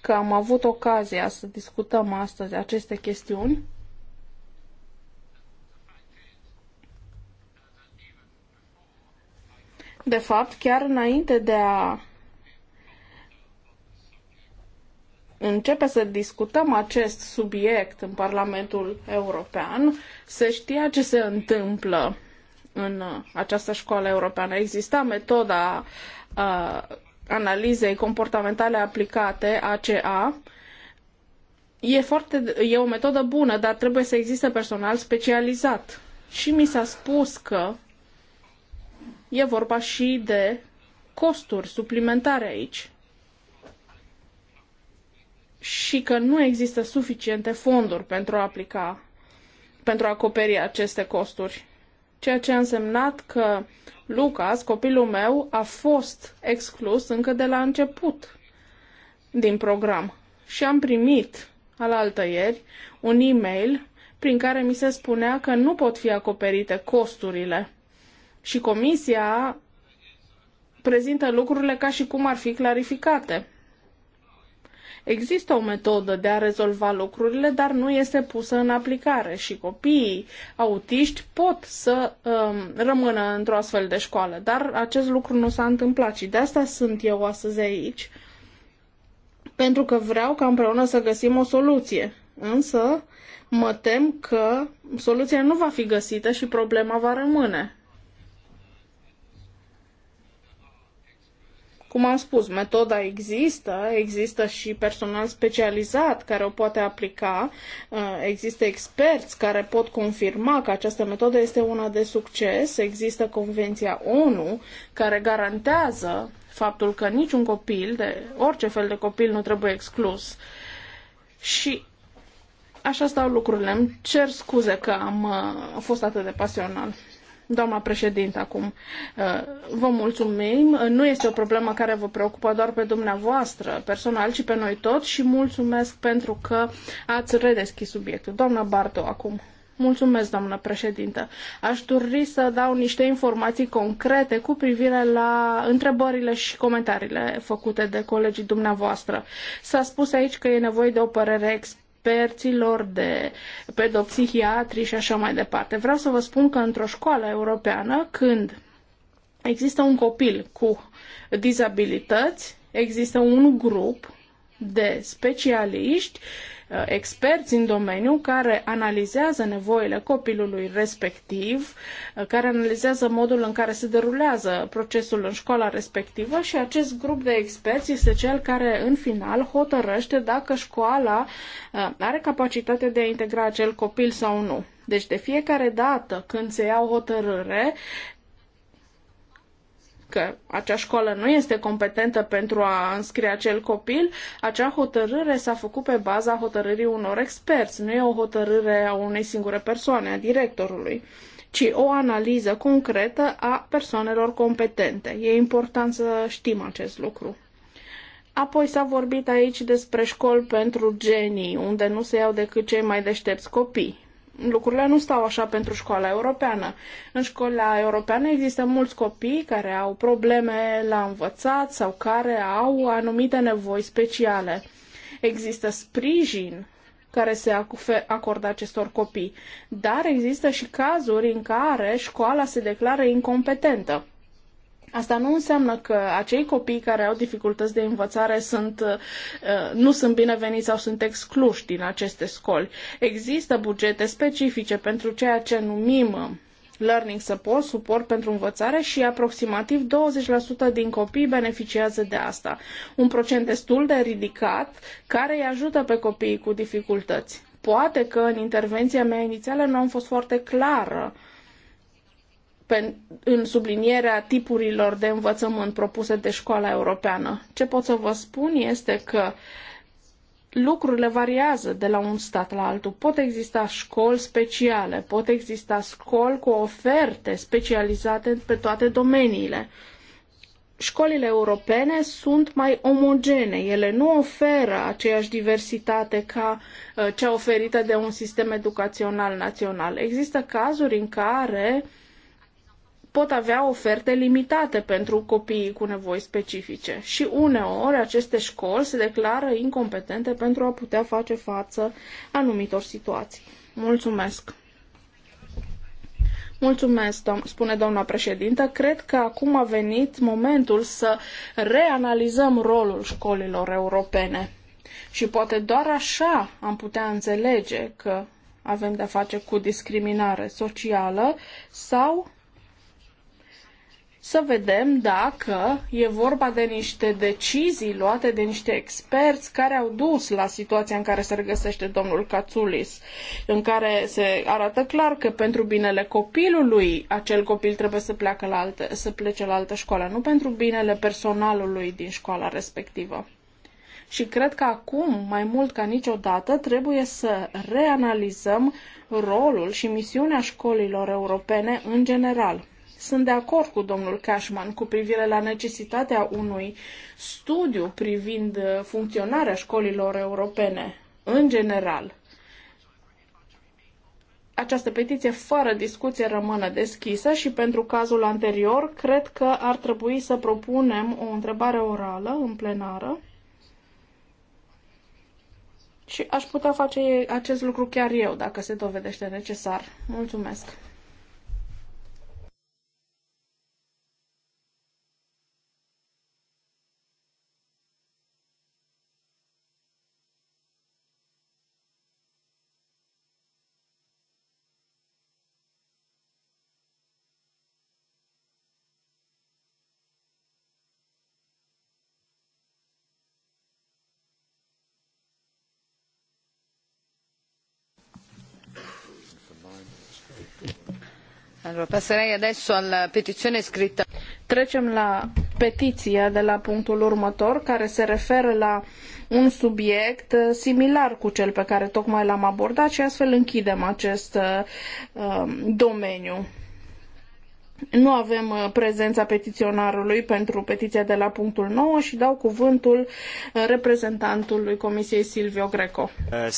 că am avut ocazia să discutăm astăzi aceste chestiuni. de fapt, chiar înainte de a începe să discutăm acest subiect în Parlamentul European, se știa ce se întâmplă în uh, această școală europeană. Exista metoda uh, analizei comportamentale aplicate, ACA. E, foarte, e o metodă bună, dar trebuie să existe personal specializat. Și mi s-a spus că E vorba și de costuri suplimentare aici. Și că nu există suficiente fonduri pentru a aplica, pentru a acoperi aceste costuri. Ceea ce a însemnat că Lucas, copilul meu, a fost exclus încă de la început din program. Și am primit alaltă ieri un e-mail prin care mi se spunea că nu pot fi acoperite costurile și comisia prezintă lucrurile ca și cum ar fi clarificate. Există o metodă de a rezolva lucrurile, dar nu este pusă în aplicare și copiii autiști pot să um, rămână într-o astfel de școală, dar acest lucru nu s-a întâmplat și de asta sunt eu astăzi aici, pentru că vreau ca împreună să găsim o soluție. Însă mă tem că soluția nu va fi găsită și problema va rămâne. Cum am spus, metoda există, există și personal specializat care o poate aplica, uh, există experți care pot confirma că această metodă este una de succes, există Convenția ONU care garantează faptul că niciun copil, de orice fel de copil, nu trebuie exclus. Și așa stau lucrurile. Îmi cer scuze că am uh, fost atât de pasional. Doamna președintă, acum uh, vă mulțumim. Nu este o problemă care vă preocupă doar pe dumneavoastră personal, ci pe noi toți și mulțumesc pentru că ați redeschis subiectul. Doamna Bardo, acum. Mulțumesc, doamnă președintă. Aș dori să dau niște informații concrete cu privire la întrebările și comentariile făcute de colegii dumneavoastră. S-a spus aici că e nevoie de o părere expertă experților, de pedopsihiatri și așa mai departe. Vreau să vă spun că într-o școală europeană, când există un copil cu dizabilități, există un grup de specialiști uh, Uh, experți în domeniu care analizează nevoile copilului respectiv, uh, care analizează modul în care se derulează procesul în școala respectivă și acest grup de experți este cel care în final hotărăște dacă școala uh, are capacitatea de a integra acel copil sau nu. Deci de fiecare dată când se ia o hotărâre, că acea școală nu este competentă pentru a înscrie acel copil, acea hotărâre s-a făcut pe baza hotărârii unor experți, nu e o hotărâre a unei singure persoane, a directorului ci o analiză concretă a persoanelor competente. E important să știm acest lucru. Apoi s-a vorbit aici despre școli pentru genii, unde nu se iau decât cei mai deștepți copii lucrurile nu stau așa pentru școala europeană. În școala europeană există mulți copii care au probleme la învățat sau care au anumite nevoi speciale. Există sprijin care se acordă acestor copii, dar există și cazuri în care școala se declară incompetentă. Asta nu înseamnă că acei copii care au dificultăți de învățare sunt, uh, nu sunt bineveniți sau sunt excluși din aceste școli. Există bugete specifice pentru ceea ce numim uh, Learning Support, suport pentru învățare și aproximativ 20% din copii beneficiază de asta. Un procent destul de ridicat care îi ajută pe copiii cu dificultăți. Poate că în intervenția mea inițială nu am fost foarte clară în sublinierea tipurilor de învățământ propuse de școala europeană. Ce pot să vă spun este că lucrurile variază de la un stat la altul. Pot exista școli speciale, pot exista școli cu oferte specializate pe toate domeniile. Școlile europene sunt mai omogene, ele nu oferă aceeași diversitate ca uh, cea oferită de un sistem educațional național. Există cazuri în care uh, pot avea oferte limitate pentru copiii cu nevoi specifice și uneori aceste școli se declară incompetente pentru a putea face față anumitor situații. Mulțumesc! Mulțumesc, do spune doamna președintă. Cred că acum a venit momentul să reanalizăm rolul școlilor europene. Și poate doar așa am putea înțelege că avem de-a face cu discriminare socială sau să vedem dacă e vorba de niște decizii luate de niște experți care au dus la situația în care se regăsește domnul Cațulis, în care se arată clar că pentru binele copilului acel copil trebuie să, pleacă la alte, să plece la altă școală, nu pentru binele personalului din școala respectivă. Și cred că acum, mai mult ca niciodată, trebuie să reanalizăm rolul și misiunea școlilor europene în general sunt de acord cu domnul Cashman cu privire la necesitatea unui studiu privind uh, funcționarea școlilor europene în general. Această petiție fără discuție rămână deschisă și pentru cazul anterior cred că ar trebui să propunem o întrebare orală în plenară și aș putea face acest lucru chiar eu, dacă se dovedește necesar. Mulțumesc! Passerei adesso alla petizione scritta. Trecem la petiția de la punctul următor, care se referă la un subiect similar cu cel pe care tocmai l-am abordat și astfel închidem acest uh, domeniu. Nu avem uh, prezența petiționarului pentru petiția de la punctul 9 și dau cuvântul uh, reprezentantului Comisiei Silvio Greco. Uh,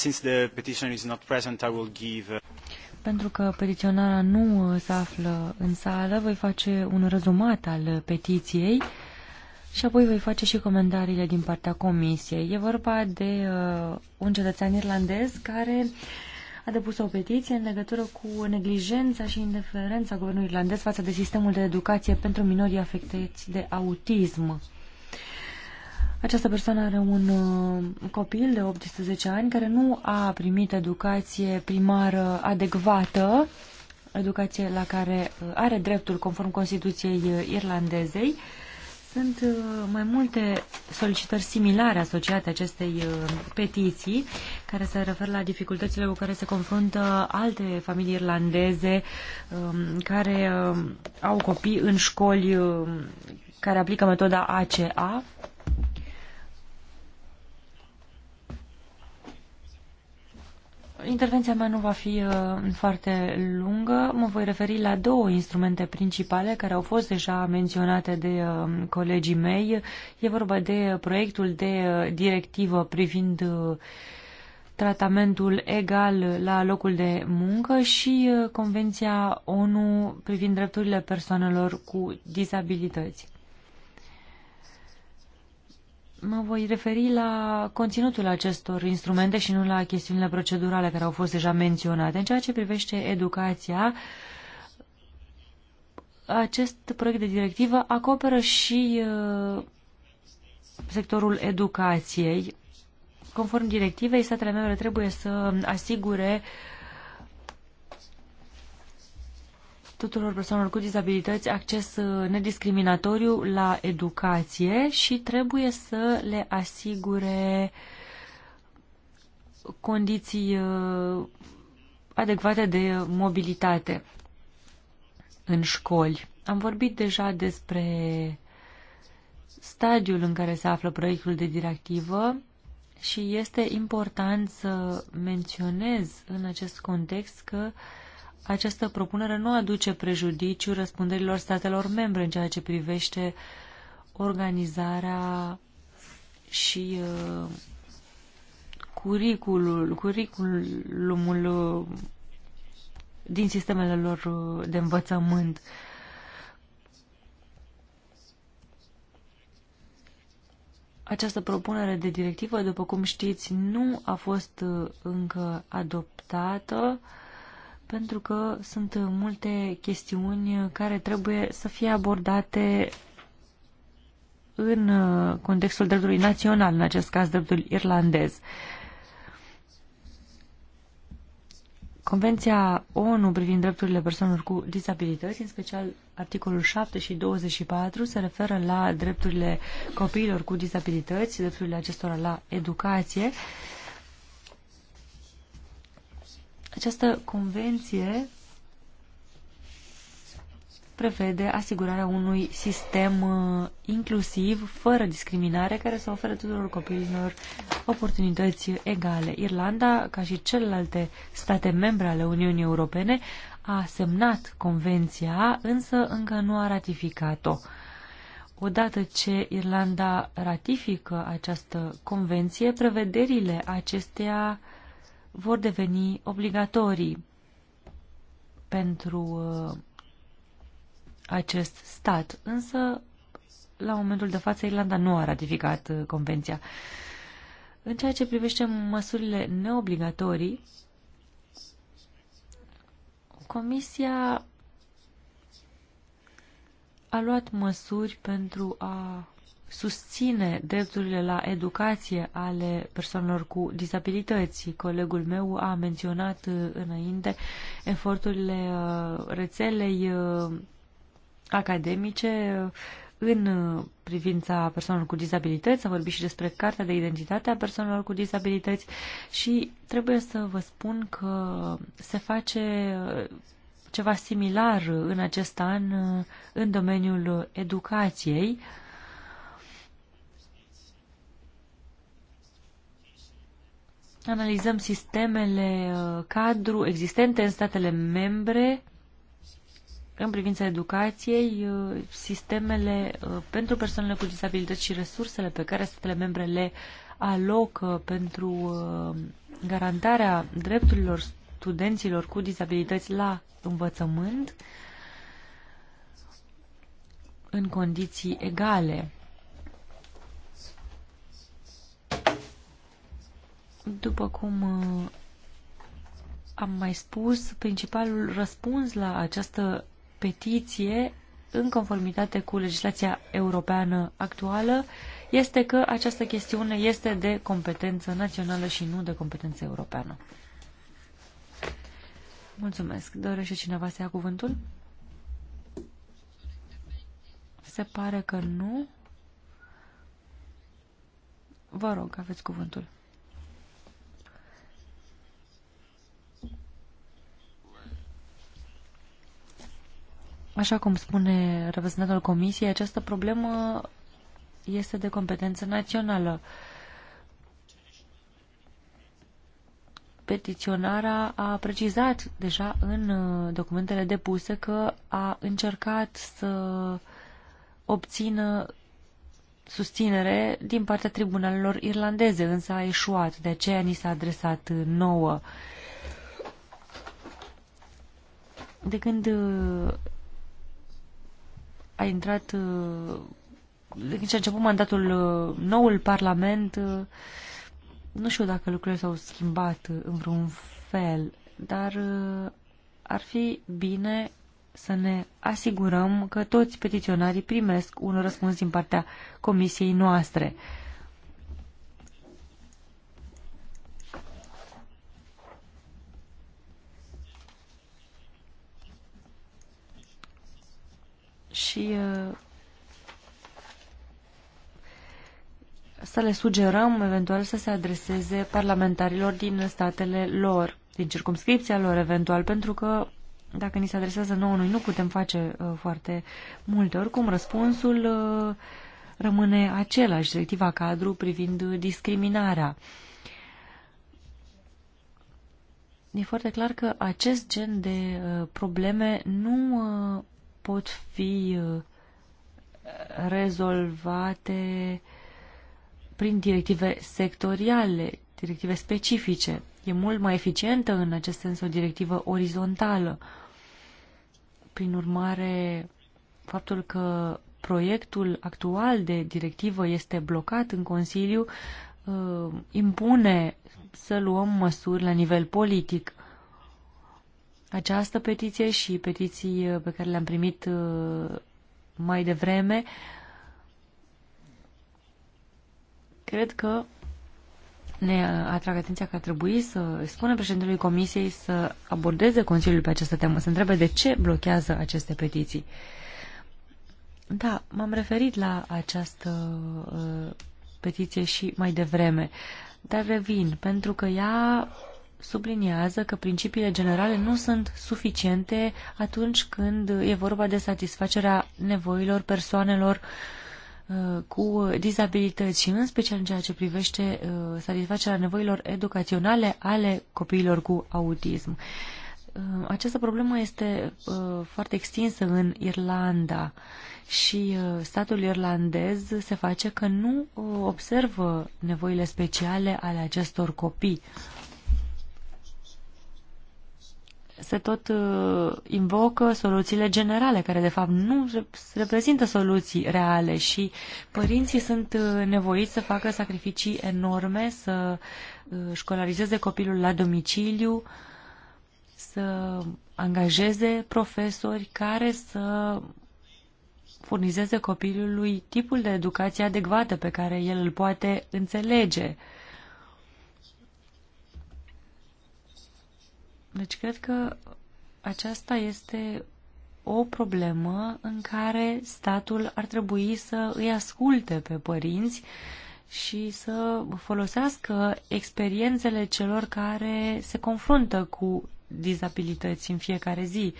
pentru că petiționarea nu uh, se află în sală, voi face un rezumat al uh, petiției și apoi voi face și comentariile din partea comisiei. E vorba de uh, un cetățean irlandez care a depus o petiție în legătură cu neglijența și indiferența guvernului irlandez față de sistemul de educație pentru minorii afectați de autism. Această persoană are un uh, copil de 18 ani care nu a primit educație primară adecvată, educație la care uh, are dreptul conform Constituției uh, irlandezei. Sunt mai multe solicitări similare asociate acestei petiții, care se referă la dificultățile cu care se confruntă alte familii irlandeze um, care um, au copii în școli um, care aplică metoda ACA, Intervenția mea nu va fi uh, foarte lungă. Mă voi referi la două instrumente principale care au fost deja menționate de uh, colegii mei. E vorba de proiectul de uh, directivă privind tratamentul egal la locul de muncă și Convenția ONU privind drepturile persoanelor cu dizabilități. Mă voi referi la conținutul acestor instrumente și nu la chestiunile procedurale care au fost deja menționate. În ceea ce privește educația, acest proiect de directivă acoperă și uh, sectorul educației. Conform directivei, statele membre trebuie să asigure uh, tuturor persoanelor cu dizabilități acces uh, nediscriminatoriu la educație și trebuie să le asigure condiții uh, adecvate de mobilitate în școli. Am vorbit deja despre stadiul în care se află proiectul de directivă și este important să menționez în acest context că uh, această propunere nu aduce prejudiciu răspunderilor statelor membre în ceea ce privește organizarea și uh, curiculul, curiculumul uh, din sistemele lor uh, de învățământ. Această propunere de directivă, după cum știți, nu a fost uh, încă adoptată uh, pentru că sunt multe chestiuni care trebuie să fie abordate în uh, contextul dreptului național, în acest caz dreptul irlandez. Convenția ONU privind drepturile persoanelor cu dizabilități, în special articolul 7 și 24, se referă la drepturile copiilor cu dizabilități, drepturile acestora la educație această convenție prevede asigurarea unui sistem uh, inclusiv, fără discriminare, care să ofere tuturor copiilor oportunități egale. Irlanda, ca și celelalte state membre ale Uniunii Europene, a semnat convenția, însă încă nu a ratificat-o. Odată ce Irlanda ratifică această convenție, prevederile acesteia vor deveni obligatorii pentru uh, acest stat, însă la momentul de față Irlanda nu a ratificat uh, convenția. În ceea ce privește măsurile neobligatorii, Comisia a luat măsuri pentru a susține drepturile la educație ale persoanelor cu dizabilități. Colegul meu a menționat uh, înainte eforturile uh, rețelei uh, academice în privința persoanelor cu dizabilități, a vorbit și despre Cartea de Identitate a persoanelor cu dizabilități și trebuie să vă spun că se face ceva similar în acest an în domeniul educației, analizăm sistemele uh, cadru existente în statele membre în privința educației, uh, sistemele uh, pentru persoanele cu dizabilități și resursele pe care statele membre le alocă pentru garantarea drepturilor studenților cu dizabilități la învățământ în condiții egale. După cum uh, am mai spus, principalul răspuns la această petiție, în conformitate cu legislația europeană actuală, este că această chestiune este de competență națională și nu de competență europeană. Mulțumesc. Dorește cineva să ia cuvântul? Se pare că nu. Vă rog, aveți cuvântul. Așa cum spune reprezentantul Comisiei, această problemă este de competență națională. Petiționara a precizat deja în uh, documentele depuse că a încercat să obțină susținere din partea tribunalelor irlandeze, însă a eșuat, de aceea ni s-a adresat uh, nouă. De când uh, a intrat, uh, de când a început mandatul uh, noul Parlament, uh, nu știu dacă lucrurile s-au schimbat în vreun fel, dar ar fi bine să ne asigurăm că toți petiționarii primesc un răspuns din partea comisiei noastre. Uh, și uh, să le sugerăm eventual să se adreseze parlamentarilor din statele lor, din circumscripția lor eventual, pentru că dacă ni se adresează nouă, noi nu putem face uh, foarte multe. Oricum, răspunsul uh, rămâne același, directiva cadru privind discriminarea. E foarte clar că acest gen de uh, probleme nu uh, pot fi uh, rezolvate prin directive sectoriale, directive specifice. E mult mai eficientă în acest sens o directivă orizontală. Prin urmare, faptul că proiectul actual de directivă este blocat în Consiliu uh, impune să luăm măsuri la nivel politic această petiție și petiții uh, pe care le-am primit uh, mai devreme, cred că ne atrag atenția că ar trebui să spună președintelui Comisiei să abordeze Consiliul pe această temă, să întrebe de ce blochează aceste petiții. Da, m-am referit la această uh, petiție și mai devreme, dar revin, pentru că ea subliniază că principiile generale nu sunt suficiente atunci când e vorba de satisfacerea nevoilor persoanelor uh, cu dizabilități și în special în ceea ce privește uh, satisfacerea nevoilor educaționale ale copiilor cu autism. Uh, această problemă este foarte extinsă în Irlanda și statul irlandez se face că nu observă nevoile speciale ale acestor copii se tot uh, invocă soluțiile generale, care de fapt nu reprezintă soluții reale și părinții sunt uh, nevoiți să facă sacrificii enorme, să uh, școlarizeze copilul la domiciliu, să angajeze profesori care să furnizeze copilului tipul de educație adecvată pe care el îl poate înțelege. Uh, Deci cred că aceasta este o problemă în care statul ar trebui să îi asculte pe părinți și să folosească experiențele celor care se confruntă cu dizabilități în fiecare zi.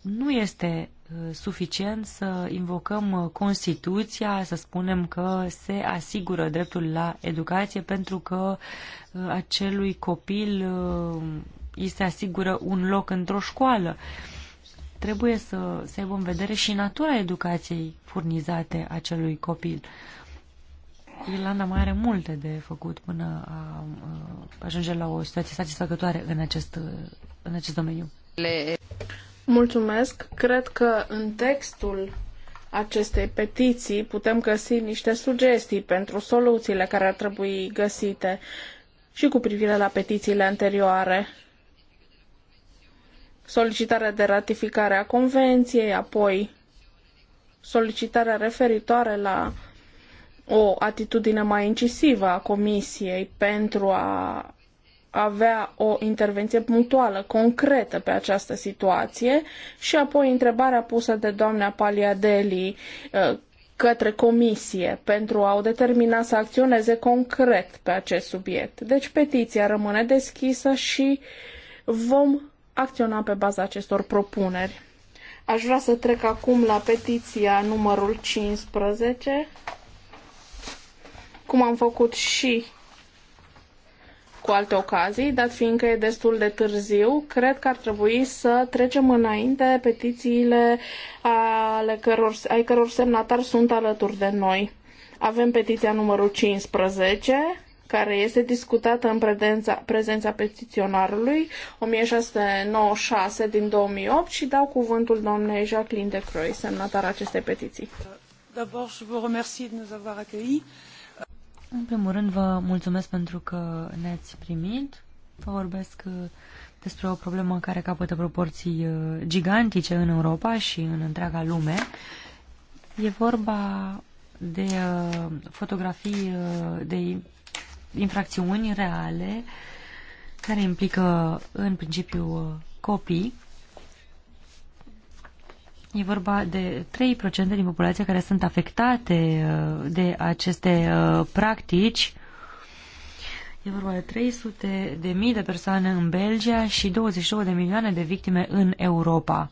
Nu este uh, suficient să invocăm uh, Constituția, să spunem că se asigură dreptul la educație pentru că uh, acelui copil îi se asigură un loc într-o școală. Trebuie să, să aibă în vedere și natura educației furnizate acelui copil. Irlanda mai are multe de făcut până a, ajunge la o situație satisfăcătoare în acest, în acest domeniu. Le... Mulțumesc. Cred că în textul acestei petiții putem găsi niște sugestii pentru soluțiile care ar trebui găsite și cu privire la petițiile anterioare solicitarea de ratificare a convenției, apoi solicitarea referitoare la o atitudine mai incisivă a Comisiei pentru a avea o intervenție punctuală, concretă pe această situație și apoi întrebarea pusă de doamna Paliadeli uh, către comisie pentru a o determina să acționeze concret pe acest subiect. Deci petiția rămâne deschisă și vom acționa pe baza acestor propuneri. Aș vrea să trec acum la petiția numărul 15, cum am făcut și cu alte ocazii, dat fiindcă e destul de târziu, cred că ar trebui să trecem înainte petițiile ale căror, ai căror semnatari sunt alături de noi. Avem petiția numărul 15, care este discutată în prezența, prezența petiționarului 1696 din 2008 și dau cuvântul doamnei Jacqueline de Croy, semnatar acestei petiții. În primul rând vă mulțumesc pentru că ne-ați primit. Vă vorbesc uh, despre o problemă care capătă proporții uh, gigantice în Europa și în întreaga lume. E vorba de uh, fotografii de infracțiuni reale care implică în principiu copii. E vorba de 3% din populație care sunt afectate uh, de aceste uh, practici. E vorba de 300 de mii de persoane în Belgia și 22 de milioane de victime în Europa.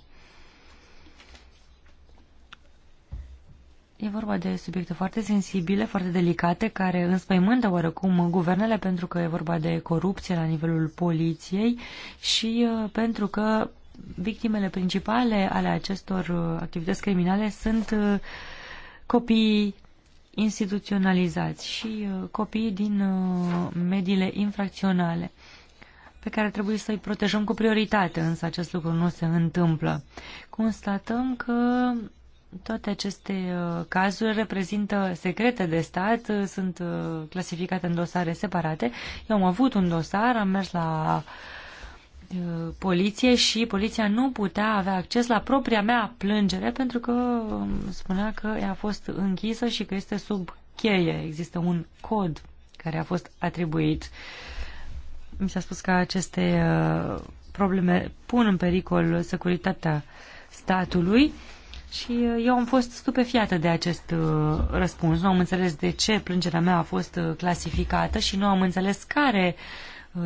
E vorba de subiecte foarte sensibile, foarte delicate, care înspăimântă oarecum guvernele pentru că e vorba de corupție la nivelul poliției și uh, pentru că victimele principale ale acestor uh, activități criminale sunt uh, copiii instituționalizați și copiii din mediile infracționale pe care trebuie să-i protejăm cu prioritate, însă acest lucru nu se întâmplă. Constatăm că toate aceste uh, cazuri reprezintă secrete de stat, uh, sunt uh, clasificate în dosare separate. Eu am avut un dosar, am mers la poliție și poliția nu putea avea acces la propria mea plângere pentru că um, spunea că ea a fost închisă și că este sub cheie. Există un cod care a fost atribuit. Mi s-a spus că aceste probleme pun în pericol securitatea statului și uh, eu am fost stupefiată de acest uh, răspuns. Nu am înțeles de ce plângerea mea a fost uh, clasificată și nu am înțeles care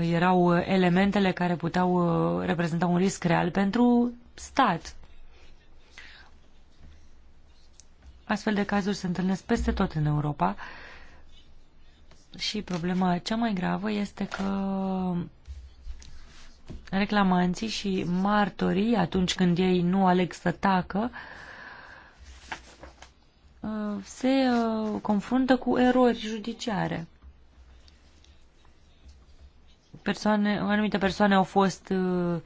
erau elementele care puteau reprezenta un risc real pentru stat. Astfel de cazuri se întâlnesc peste tot în Europa și problema cea mai gravă este că reclamanții și martorii, atunci când ei nu aleg să tacă, uh, Uh, se uh, confruntă cu erori judiciare. Persoane, anumite persoane au fost uh,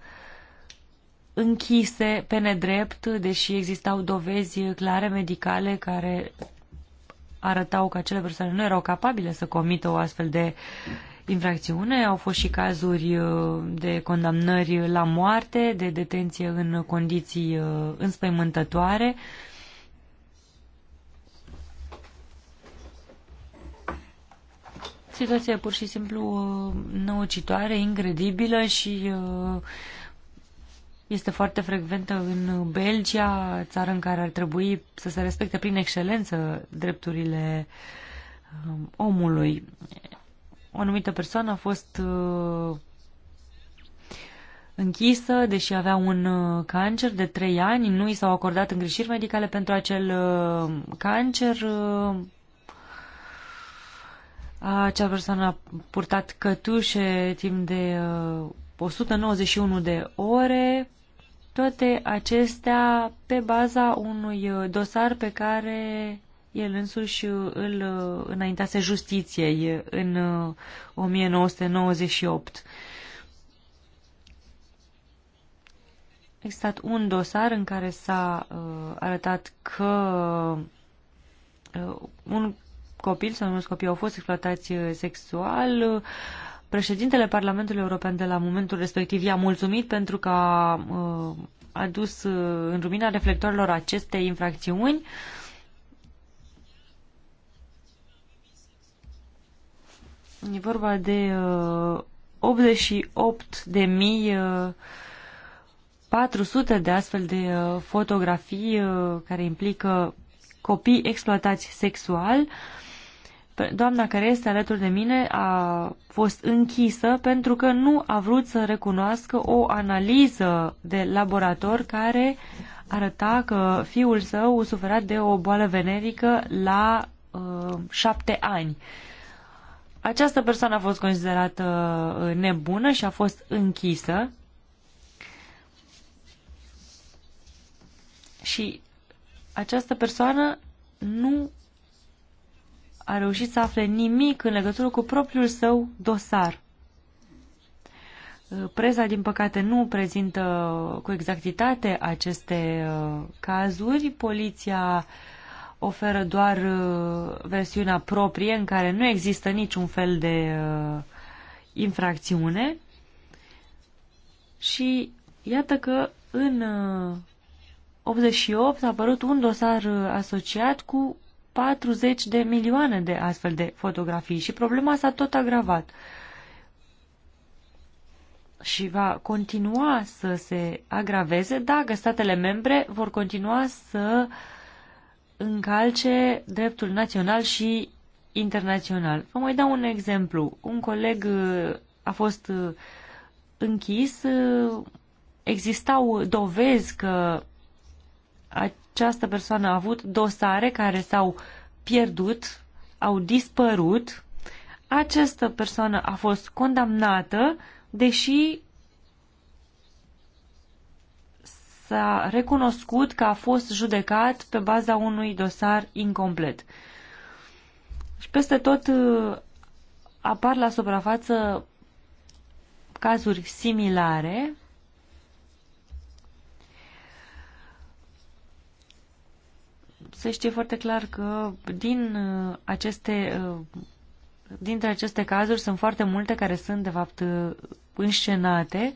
închise pe nedrept, deși existau dovezi clare medicale care arătau că acele persoane nu erau capabile să comită o astfel de infracțiune. Au fost și cazuri de condamnări la moarte, de detenție în condiții înspăimântătoare. Situația e pur și simplu uh, năucitoare, incredibilă și uh, este foarte frecventă în Belgia, țară în care ar trebui să se respecte prin excelență drepturile uh, omului. O anumită persoană a fost închisă, deși avea un cancer de 3 ani, nu i s-au acordat îngrijiri medicale pentru acel cancer, acea persoană a purtat cătușe timp de 191 uh, de ore, toate acestea pe baza unui uh, dosar pe care el însuși uh, îl înaintase justiției în 1998. Existat un dosar în care s-a arătat că un copil sau mulți copii au fost exploatați uh, sexual. Președintele Parlamentului European de la momentul respectiv i-a mulțumit pentru că a uh, adus uh, în lumina reflectorilor aceste infracțiuni. E vorba de 88.400 88 de mii 400 de astfel de fotografii care implică copii exploatați sexual doamna care este alături de mine a fost închisă pentru că nu a vrut să recunoască o analiză de laborator care arăta că fiul său suferea de o boală venerică la uh, șapte ani. Această persoană a fost considerată uh, nebună și a fost închisă. Și această persoană nu a reușit să afle nimic în legătură cu propriul său dosar. Uh, presa, din păcate, nu prezintă cu exactitate aceste uh, cazuri. Poliția oferă doar uh, versiunea proprie în care nu există niciun fel de infracțiune. Și iată că în 88 a apărut un dosar asociat cu 40 de milioane de astfel de fotografii și problema s-a tot agravat și va continua să se agraveze dacă statele membre vor continua să încalce dreptul național și internațional. Vă mai dau un exemplu. Un coleg uh, a fost uh, închis, uh, existau dovezi că această persoană a avut dosare care s-au pierdut, au dispărut. Această persoană a fost condamnată, deși s-a recunoscut că a fost judecat pe baza unui dosar incomplet. Și peste tot uh, apar la suprafață cazuri similare se știe foarte clar că din uh, aceste, uh, dintre aceste cazuri sunt foarte multe care sunt, de fapt, uh, înșenate.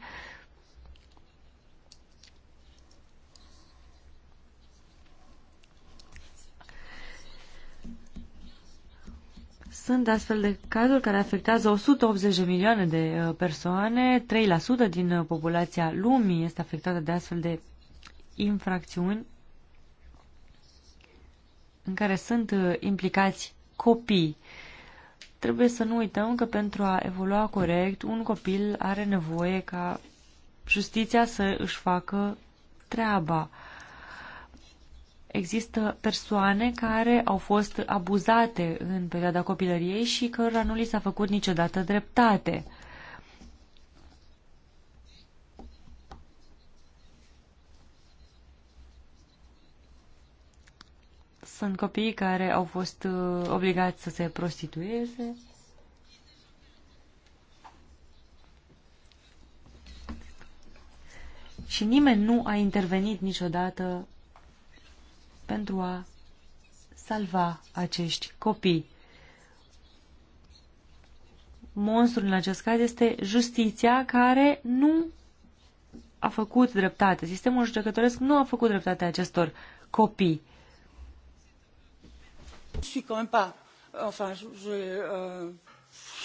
Sunt astfel de cazuri care afectează 180 de milioane de persoane, 3% din populația lumii este afectată de astfel de infracțiuni în care sunt uh, implicați copii. Trebuie să nu uităm că pentru a evolua corect, un copil are nevoie ca justiția să își facă treaba. Există persoane care au fost abuzate în perioada copilăriei și cărora nu li s-a făcut niciodată dreptate. Sunt copiii care au fost uh, obligați să se prostitueze. Și nimeni nu a intervenit niciodată pentru a salva acești copii. Monstrul în acest caz este justiția care nu a făcut dreptate. Sistemul judecătoresc nu a făcut dreptate acestor copii. Și quand même pas. Enfin, je, euh...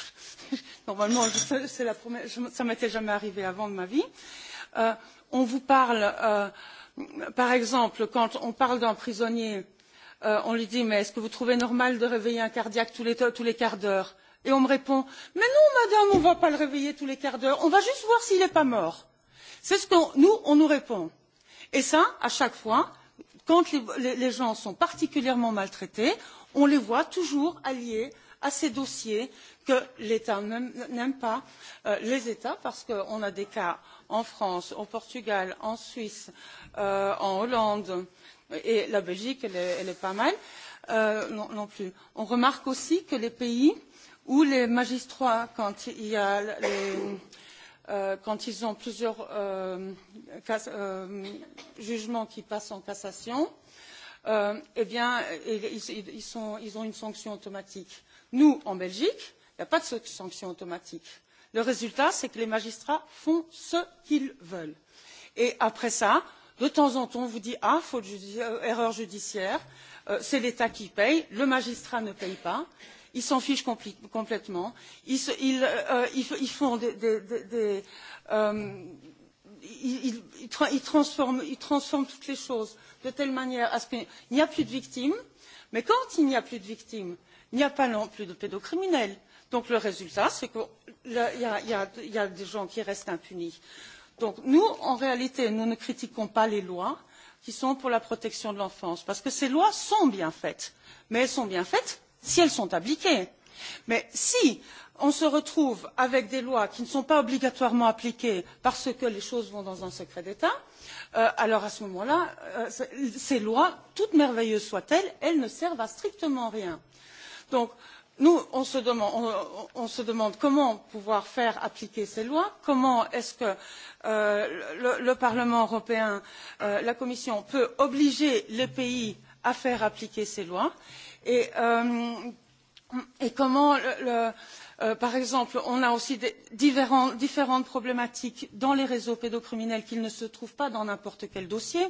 (laughs) normalement, je, la première, je, ça m'était jamais arrivé avant de ma vie. Euh, on vous parle, euh, par exemple, quand on parle d'un prisonnier, euh, on lui dit mais est-ce que vous trouvez normal de réveiller un cardiaque tous les, tous les quarts d'heure Et on me répond mais non, madame, on ne va pas le réveiller tous les quarts d'heure, on va juste voir s'il n'est pas mort. C'est ce que nous, on nous répond. Et ça, à chaque fois, quand les, les, les gens sont particulièrement maltraités, on les voit toujours alliés à ces dossiers que l'état n'aime pas euh, les états parce qu'on a des cas en france au portugal en suisse euh, en hollande et la belgique elle est, pas mal euh, non, plus. on remarque aussi que les pays où les magistrats quand ils ont plusieurs jugements qui passent en cassation Euh, eh bien, eh, ils, sont, ils ont une sanction automatique. nous en belgique il n'y a pas de sanction automatique. le résultat c'est que les magistrats font ce qu'ils veulent. et après cela de temps en temps on vous dit ah faute judiciaire, euh, erreur judiciaire euh, c'est l'état qui paie le magistrat ne paie pas ils s'en fichent compl complètement ils, se, ils, euh, ils, ils font des, des, des, euh, il, il, transforme, il transforme toutes les choses de telle manière à ce qu'il n'y a plus de victimes. Mais quand il n'y a plus de victimes, il n'y a pas non plus de pédocriminels. Donc le résultat, c'est qu'il y, y, y a des gens qui restent impunis. Donc nous, en réalité, nous ne critiquons pas les lois qui sont pour la protection de l'enfance, parce que ces lois sont bien faites. Mais elles sont bien faites si elles sont appliquées. Mais si on se retrouve avec des lois qui ne sont pas obligatoirement appliquées parce que les choses vont dans un secret d'état euh, alors à ce moment là euh, ces lois toutes merveilleuses soient elles elles ne servent à strictement rien. donc nous on se demande, on, on se demande comment pouvoir faire appliquer ces lois comment est ce que euh, le, le parlement européen euh, la commission peut obliger les pays à faire appliquer ces lois et, euh, et comment le, le Euh, par exemple on a aussi différentes problématiques dans les réseaux pédocriminels qui ne se trouvent pas dans n'importe quel dossier.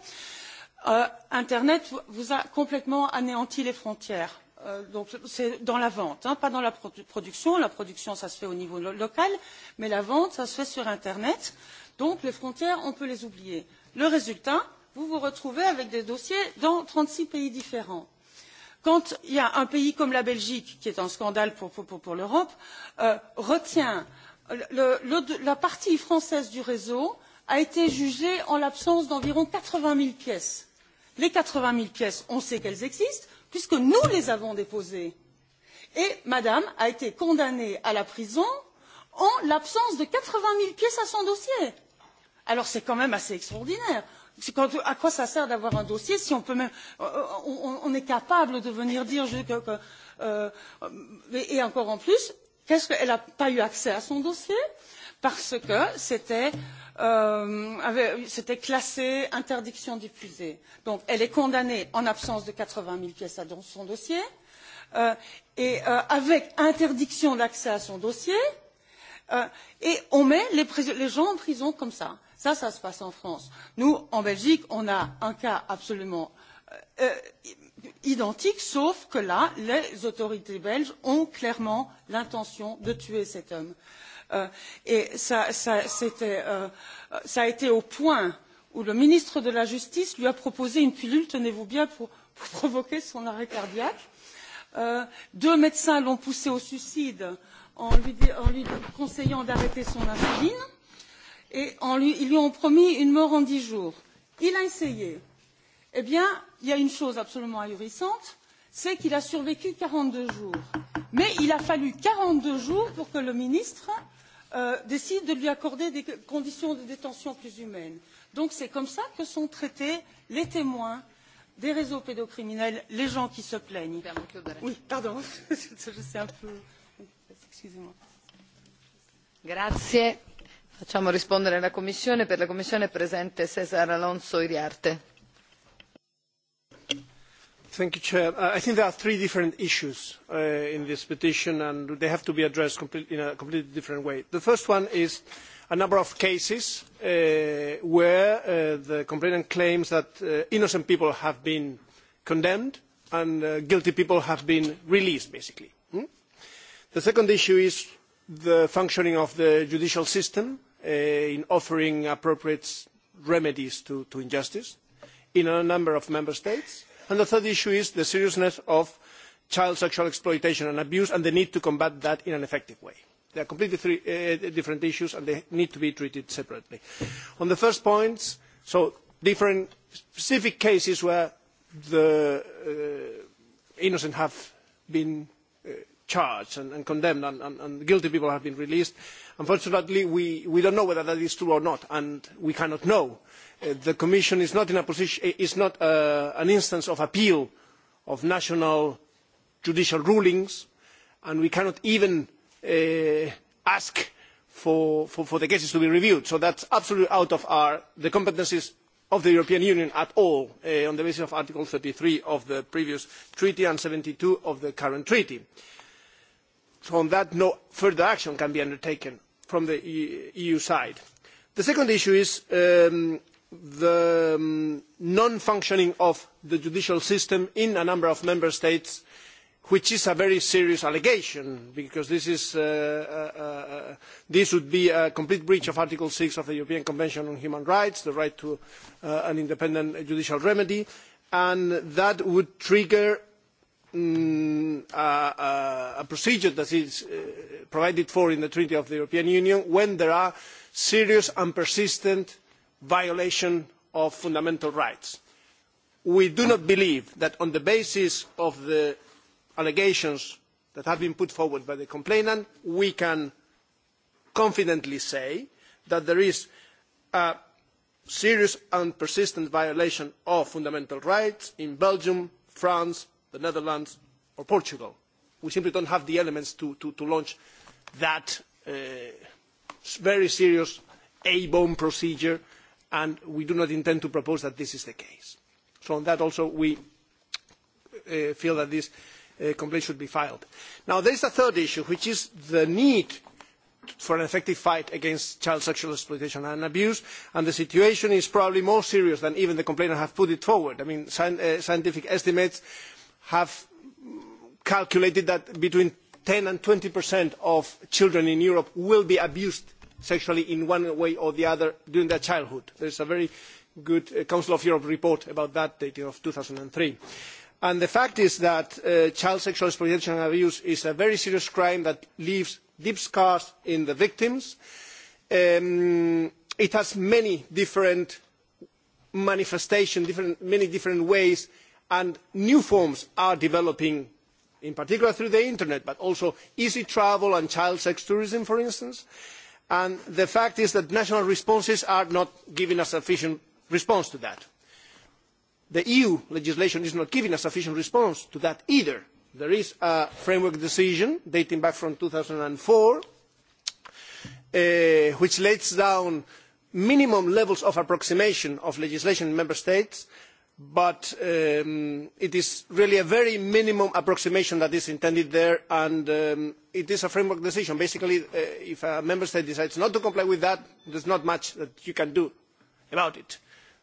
l'internet euh, a complètement anéanti les frontières euh, c'est dans la vente hein, pas dans la production la production se fait au niveau local mais la vente se fait sur internet donc les frontières on peut les oublier. le résultat vous vous retrouvez avec des dossiers dans trente six pays différents quand un pays comme la belgique qui est un scandale pour, l'europe euh, retient la partie française du réseau a été jugée en l'absence d'environ quatre vingts zéro pièces. les quatre vingts zéro pièces on sait qu'elles existent puisque nous les avons déposées et madame a été condamnée à la prison en l'absence de quatre vingts zéro pièces à son dossier. alors c'est quand même assez extraordinaire. Quand, à quoi ça sert d'avoir un dossier si on, peut même, euh, euh, on, on est capable de venir dire que, que, euh, et, encore en plus qu'est-ce qu'elle n'a pas eu accès à son dossier parce que c'était euh, c'était classé interdiction diffusée. Donc elle est condamnée en absence de 80 000 pièces dans son dossier euh, et euh, avec interdiction d'accès à son dossier euh, et on met les, les gens en prison comme ça. Ça, ça se passe en France. Nous, en Belgique, on a un cas absolument euh, euh, identique, sauf que là, les autorités belges ont clairement l'intention de tuer cet homme. Euh, et ça, ça, euh, ça a été au point où le ministre de la Justice lui a proposé une pilule, tenez-vous bien, pour, pour (laughs) provoquer son arrêt cardiaque. Euh, deux médecins l'ont poussé au suicide en lui, en lui conseillant d'arrêter son insuline et lui, ils lui ont promis une mort en dix jours. Il a essayé. Eh bien, il y a une chose absolument ahurissante, c'est qu'il a survécu 42 jours. Mais il a fallu 42 jours pour que le ministre euh, décide de lui accorder des conditions de détention plus humaines. Donc c'est comme ça que sont traités les témoins des réseaux pédocriminels, les gens qui se plaignent. Oui, pardon, (laughs) je sais un peu... Excusez-moi. Grazie facciamo rispondere la commissione per la commissione presente cesar alonso iriarte. Thank you, Chair. Uh, I think there are three different issues uh, in this petition, and they have to be addressed in a completely different way. The first one is a number of cases uh, where uh, the complainant claims that uh, innocent people have been condemned and guilty people have been released, basically. Hmm? The second issue is the functioning of the judicial system Uh, in offering appropriate remedies to, to injustice in a number of member states. And the third issue is the seriousness of child sexual exploitation and abuse and the need to combat that in an effective way. They are completely three, uh, different issues and they need to be treated separately. On the first point, so different specific cases where the uh, innocent have been uh, charged and, and condemned and, and, and, guilty people have been released. Unfortunately, we, we don't know whether that is true or not, and we cannot know. Uh, the Commission is not, in a position, is not uh, an instance of appeal of national judicial rulings, and we cannot even uh, ask for, for, for, the cases to be reviewed. So that's absolutely out of our, the competencies of the European Union at all uh, on the basis of Article 33 of the previous treaty and 72 of the current treaty. Uh, So on that, no further action can be undertaken from the EU side. The second issue is um, the um, non-functioning of the judicial system in a number of member states, which is a very serious allegation, because this, is, uh, uh, uh, this would be a complete breach of Article 6 of the European Convention on Human Rights, the right to uh, an independent judicial remedy, and that would trigger Mm, a, a, procedure that is uh, provided for in the Treaty of the European Union when there are serious and persistent violations of fundamental rights. We do not believe that on the basis of the allegations that have been put forward by the complainant, we can confidently say that there is a serious and persistent violation of fundamental rights in Belgium, France, the Netherlands or Portugal. We simply don't have the elements to, to, to launch that uh, very serious A-bomb procedure, and we do not intend to propose that this is the case. So on that also, we uh, feel that this uh, complaint should be filed. Now, there is a third issue, which is the need for an effective fight against child sexual exploitation and abuse and the situation is probably more serious than even the complainant has put it forward. I mean, uh, scientific estimates uh, have calculated that between 10 and 20 percent of children in Europe will be abused sexually in one way or the other during their childhood. There is a very good uh, Council of Europe report about that dating of 2003. And the fact is that uh, child sexual exploitation and abuse is a very serious crime that leaves deep scars in the victims. Um, it has many different manifestations, different, many different ways and new forms are developing in particular through the internet but also easy travel and child sex tourism for instance and the fact is that national responses are not giving a sufficient response to that. The EU legislation is not giving a sufficient response to that either. There is a framework decision dating back from 2004 uh, eh, which lays down minimum levels of approximation of legislation in member states but um, it is really a very minimum approximation that is intended there and um, it is a framework decision. Basically, uh, if a member state decides not to comply with that, there is not much that you can do about it.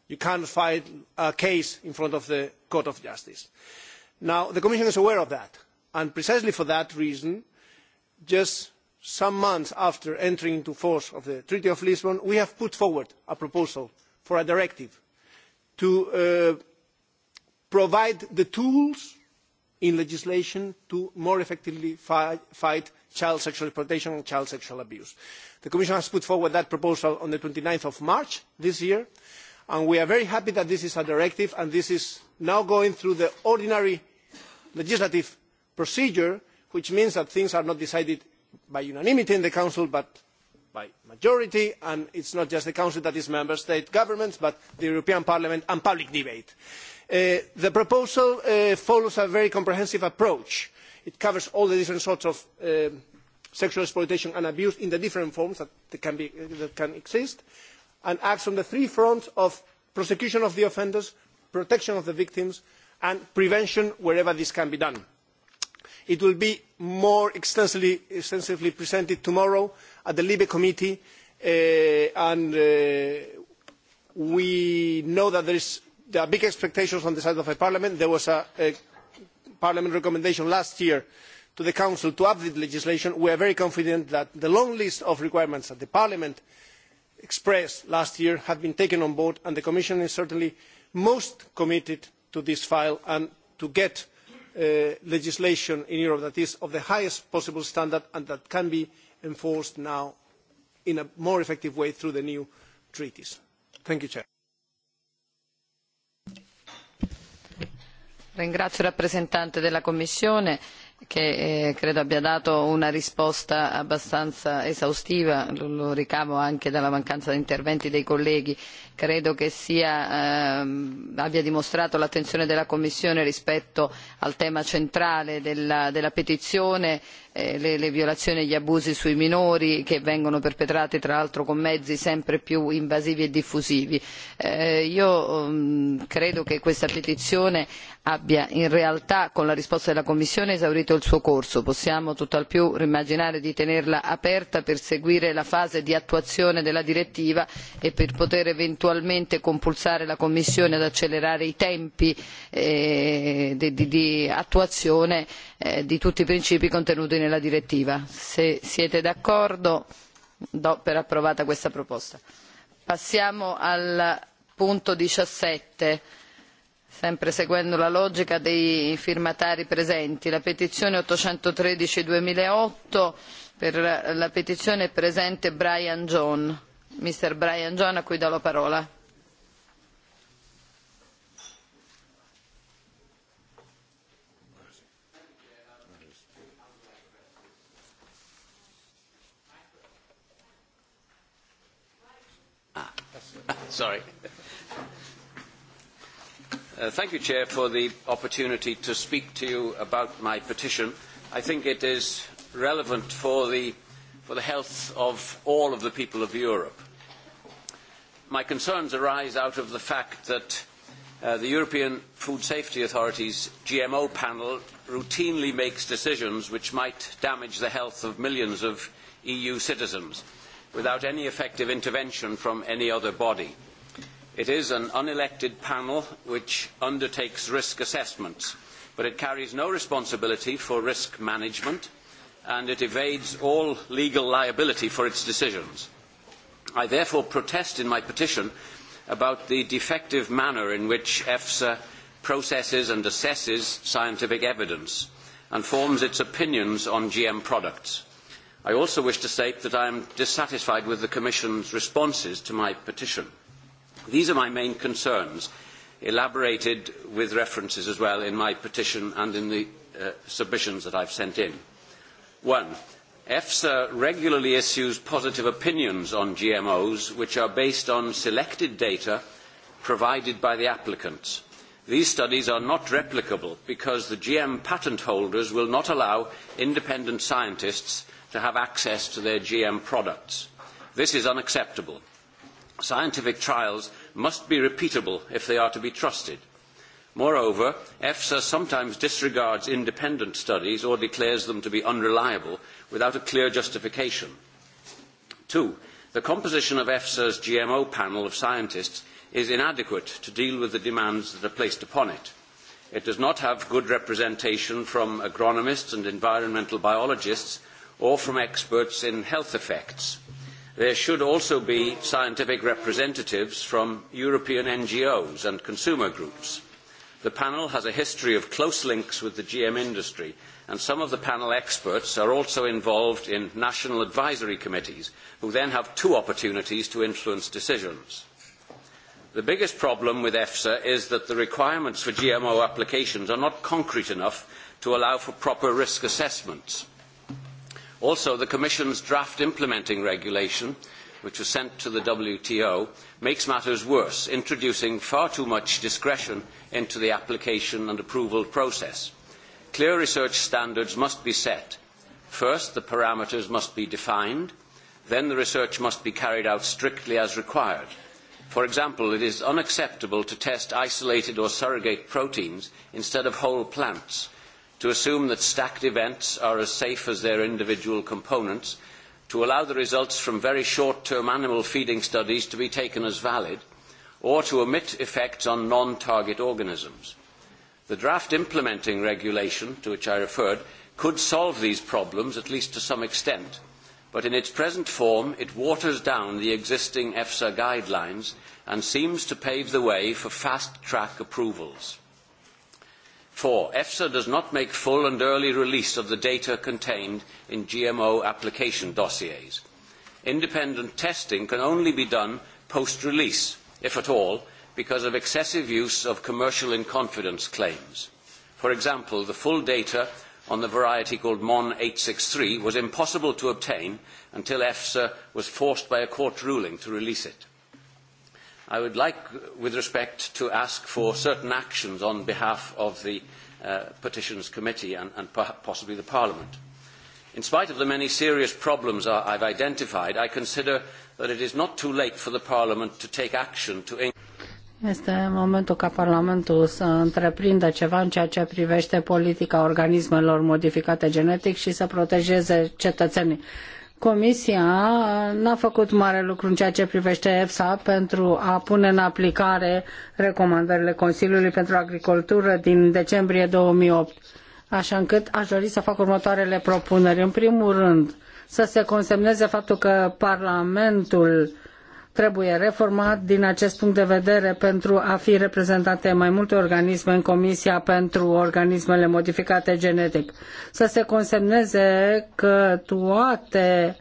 You can't file a case in front of the Court of Justice. Now, the Commission is aware of that and precisely for that reason, just some months after entering into force of the Treaty of Lisbon, we have put forward a proposal for a directive to uh, provide the tools in legislation to more effectively fight, fight child sexual exploitation and child sexual abuse. The Commission has put forward that proposal on the 29th of March this year, and we are very happy that this is a directive and this is now going through the ordinary legislative procedure, which means that things are not decided by unanimity in the Council, but by majority, and it's not just the Council that is member state governments, but the European Parliament and public debate. Uh, the proposal uh, follows a very comprehensive approach. It covers all the different sorts of um, sexual exploitation and abuse in the different forms that can, exist and acts on the three fronts of prosecution of the offenders, protection of the victims and prevention wherever this can be done. It will be more extensively, presented tomorrow at the LIBE committee uh, and we know that there is there are big expectations on the side of parliament. there was a, parliament recommendation last year to the council to update legislation. we are very confident that the long list of requirements that parliament expressed last year have been taken on board and the commission is certainly most committed to this file and to getting uh, legislation in europe that is of the highest possible standard and that can be enforced now in a more effective way through the new treaties. thank you chair. ringrazio il rappresentante della commissione che eh, credo abbia dato una risposta abbastanza esaustiva lo, lo ricavo anche dalla mancanza di interventi dei colleghi credo che sia, ehm, abbia dimostrato l'attenzione della commissione rispetto al tema centrale della, della petizione Eh, le, le violazioni e gli abusi sui minori che vengono perpetrati tra l'altro con mezzi sempre più invasivi e diffusivi. Eh, io mh, mm, credo che questa petizione abbia in realtà con la risposta della commissione esaurito il suo corso possiamo tutt'al più immaginare di tenerla aperta per seguire la fase di attuazione della direttiva e per poter eventualmente compulsare la commissione ad accelerare i tempi eh, di, di, di attuazione Eh, di tutti i principi contenuti nella direttiva. se siete d'accordo do per approvata questa proposta. passiamo al punto diciassette sempre seguendo la logica dei firmatari presenti la petizione ottocentotredici duemilaotto per la petizione è presente brian john mister brian john a cui do la parola. (laughs) Sorry. Uh, thank you, Chair, for the opportunity to speak to you about my petition. I think it is relevant for the, for the health of all of the people of Europe. My concerns arise out of the fact that uh, the European Food Safety Authority's GMO panel routinely makes decisions which might damage the health of millions of EU citizens without any effective intervention from any other body. It is an unelected panel which undertakes risk assessments, but it carries no responsibility for risk management and it evades all legal liability for its decisions. I therefore protest in my petition about the defective manner in which EFSA processes and assesses scientific evidence and forms its opinions on GM products. I also wish to state that I am dissatisfied with the Commission's responses to my petition. These are my main concerns, elaborated with references as well in my petition and in the uh, submissions that I've sent in. One, EFSA regularly issues positive opinions on GMOs, which are based on selected data provided by the applicants. These studies are not replicable because the GM patent holders will not allow independent scientists to have access to their GM products. This is unacceptable. Scientific trials must be repeatable if they are to be trusted. Moreover, EFSA sometimes disregards independent studies or declares them to be unreliable without a clear justification. Two, the composition of EFSA's GMO panel of scientists is inadequate to deal with the demands that are placed upon it. It does not have good representation from agronomists and environmental biologists or from experts in health effects. There should also be scientific representatives from European NGOs and consumer groups. The panel has a history of close links with the GM industry and some of the panel experts are also involved in national advisory committees who then have two opportunities to influence decisions. The biggest problem with EFSA is that the requirements for GMO applications are not concrete enough to allow for proper risk assessments. Also, the Commission's draft implementing regulation, which was sent to the WTO, makes matters worse, introducing far too much discretion into the application and approval process. Clear research standards must be set. First, the parameters must be defined. Then the research must be carried out strictly as required. For example, it is unacceptable to test isolated or surrogate proteins instead of whole plants to assume that stacked events are as safe as their individual components, to allow the results from very short-term animal feeding studies to be taken as valid, or to omit effects on non-target organisms. The draft implementing regulation, to which I referred, could solve these problems, at least to some extent, but in its present form it waters down the existing EFSA guidelines and seems to pave the way for fast-track approvals. 4. EFSA does not make full and early release of the data contained in GMO application dossiers. Independent testing can only be done post-release, if at all, because of excessive use of commercial in confidence claims. For example, the full data on the variety called MON 863 was impossible to obtain until EFSA was forced by a court ruling to release it. I would like, with respect, to ask for certain actions on behalf of the uh, Petitions Committee and, and possibly the Parliament. In spite of the many serious problems I have identified, I consider that it is not too late for the Parliament to take action to este momentul ca Parlamentul să întreprindă ceva în ceea ce privește politica organismelor modificate genetic și să protejeze cetățenii. Comisia n-a făcut mare lucru în ceea ce privește EFSA pentru a pune în aplicare recomandările Consiliului pentru Agricultură din decembrie 2008, așa încât aș dori să fac următoarele propuneri. În primul rând, să se consemneze faptul că Parlamentul trebuie reformat din acest punct de vedere pentru a fi reprezentate mai multe organisme în Comisia pentru organismele modificate genetic. Să se consemneze că toate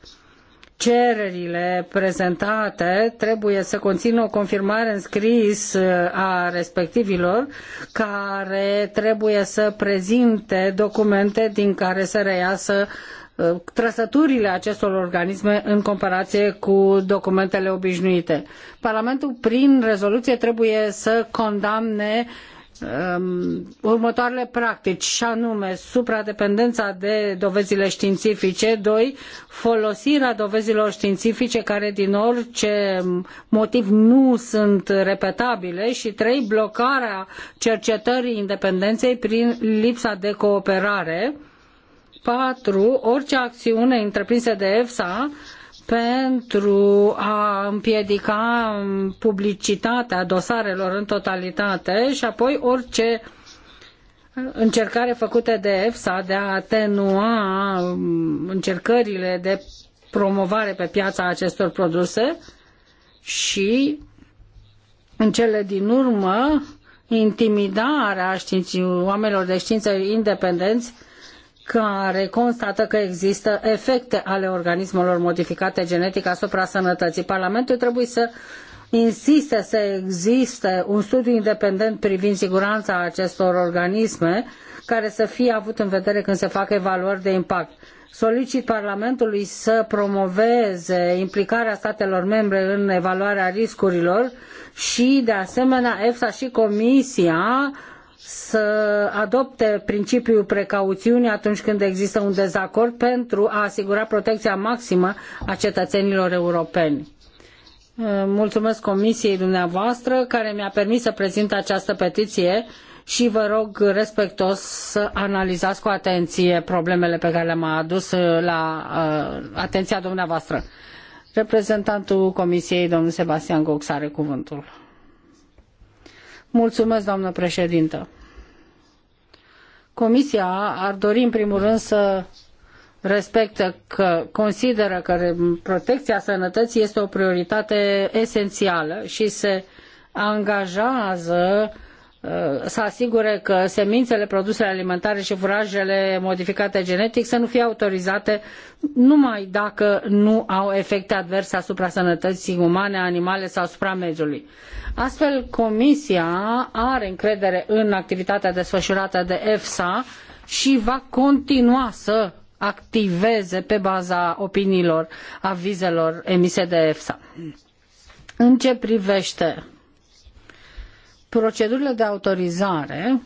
cererile prezentate trebuie să conțină o confirmare în scris uh, a respectivilor care trebuie să prezinte documente din care să reiasă trăsăturile acestor organisme în comparație cu documentele obișnuite. Parlamentul, prin rezoluție, trebuie să condamne um, următoarele practici, și anume supradependența de dovezile științifice, doi, folosirea dovezilor științifice care din orice motiv nu sunt repetabile și trei, blocarea cercetării independenței prin lipsa de cooperare 4. Orice acțiune întreprinsă de EFSA pentru a împiedica publicitatea dosarelor în totalitate și apoi orice încercare făcută de EFSA de a atenua um, încercările de promovare pe piața acestor produse și în cele din urmă intimidarea științii, oamenilor de știință independenți care constată că există efecte ale organismelor modificate genetic asupra sănătății. Parlamentul trebuie să insiste să existe un studiu independent privind siguranța acestor organisme care să fie avut în vedere când se fac evaluări de impact. Solicit Parlamentului să promoveze implicarea statelor membre în evaluarea riscurilor și, de asemenea, EFSA și Comisia să adopte principiul precauțiunii atunci când există un dezacord pentru a asigura protecția maximă a cetățenilor europeni. Uh, mulțumesc comisiei dumneavoastră care mi-a permis să prezint această petiție și vă rog respectos să analizați cu atenție problemele pe care le-am adus uh, la uh, atenția dumneavoastră. Reprezentantul comisiei, domnul Sebastian Gox, are cuvântul. Mulțumesc, doamnă președintă. Comisia ar dori în primul rând să respectă că consideră că protecția sănătății este o prioritate esențială și se angajează uh, Uh, să asigure că semințele, produsele alimentare și furajele modificate genetic să nu fie autorizate numai dacă nu au efecte adverse asupra sănătății umane, animale sau asupra mediului. Astfel, Comisia are încredere în activitatea desfășurată de EFSA și va continua să activeze pe baza opiniilor, avizelor emise de EFSA. În ce privește procedurile de autorizare,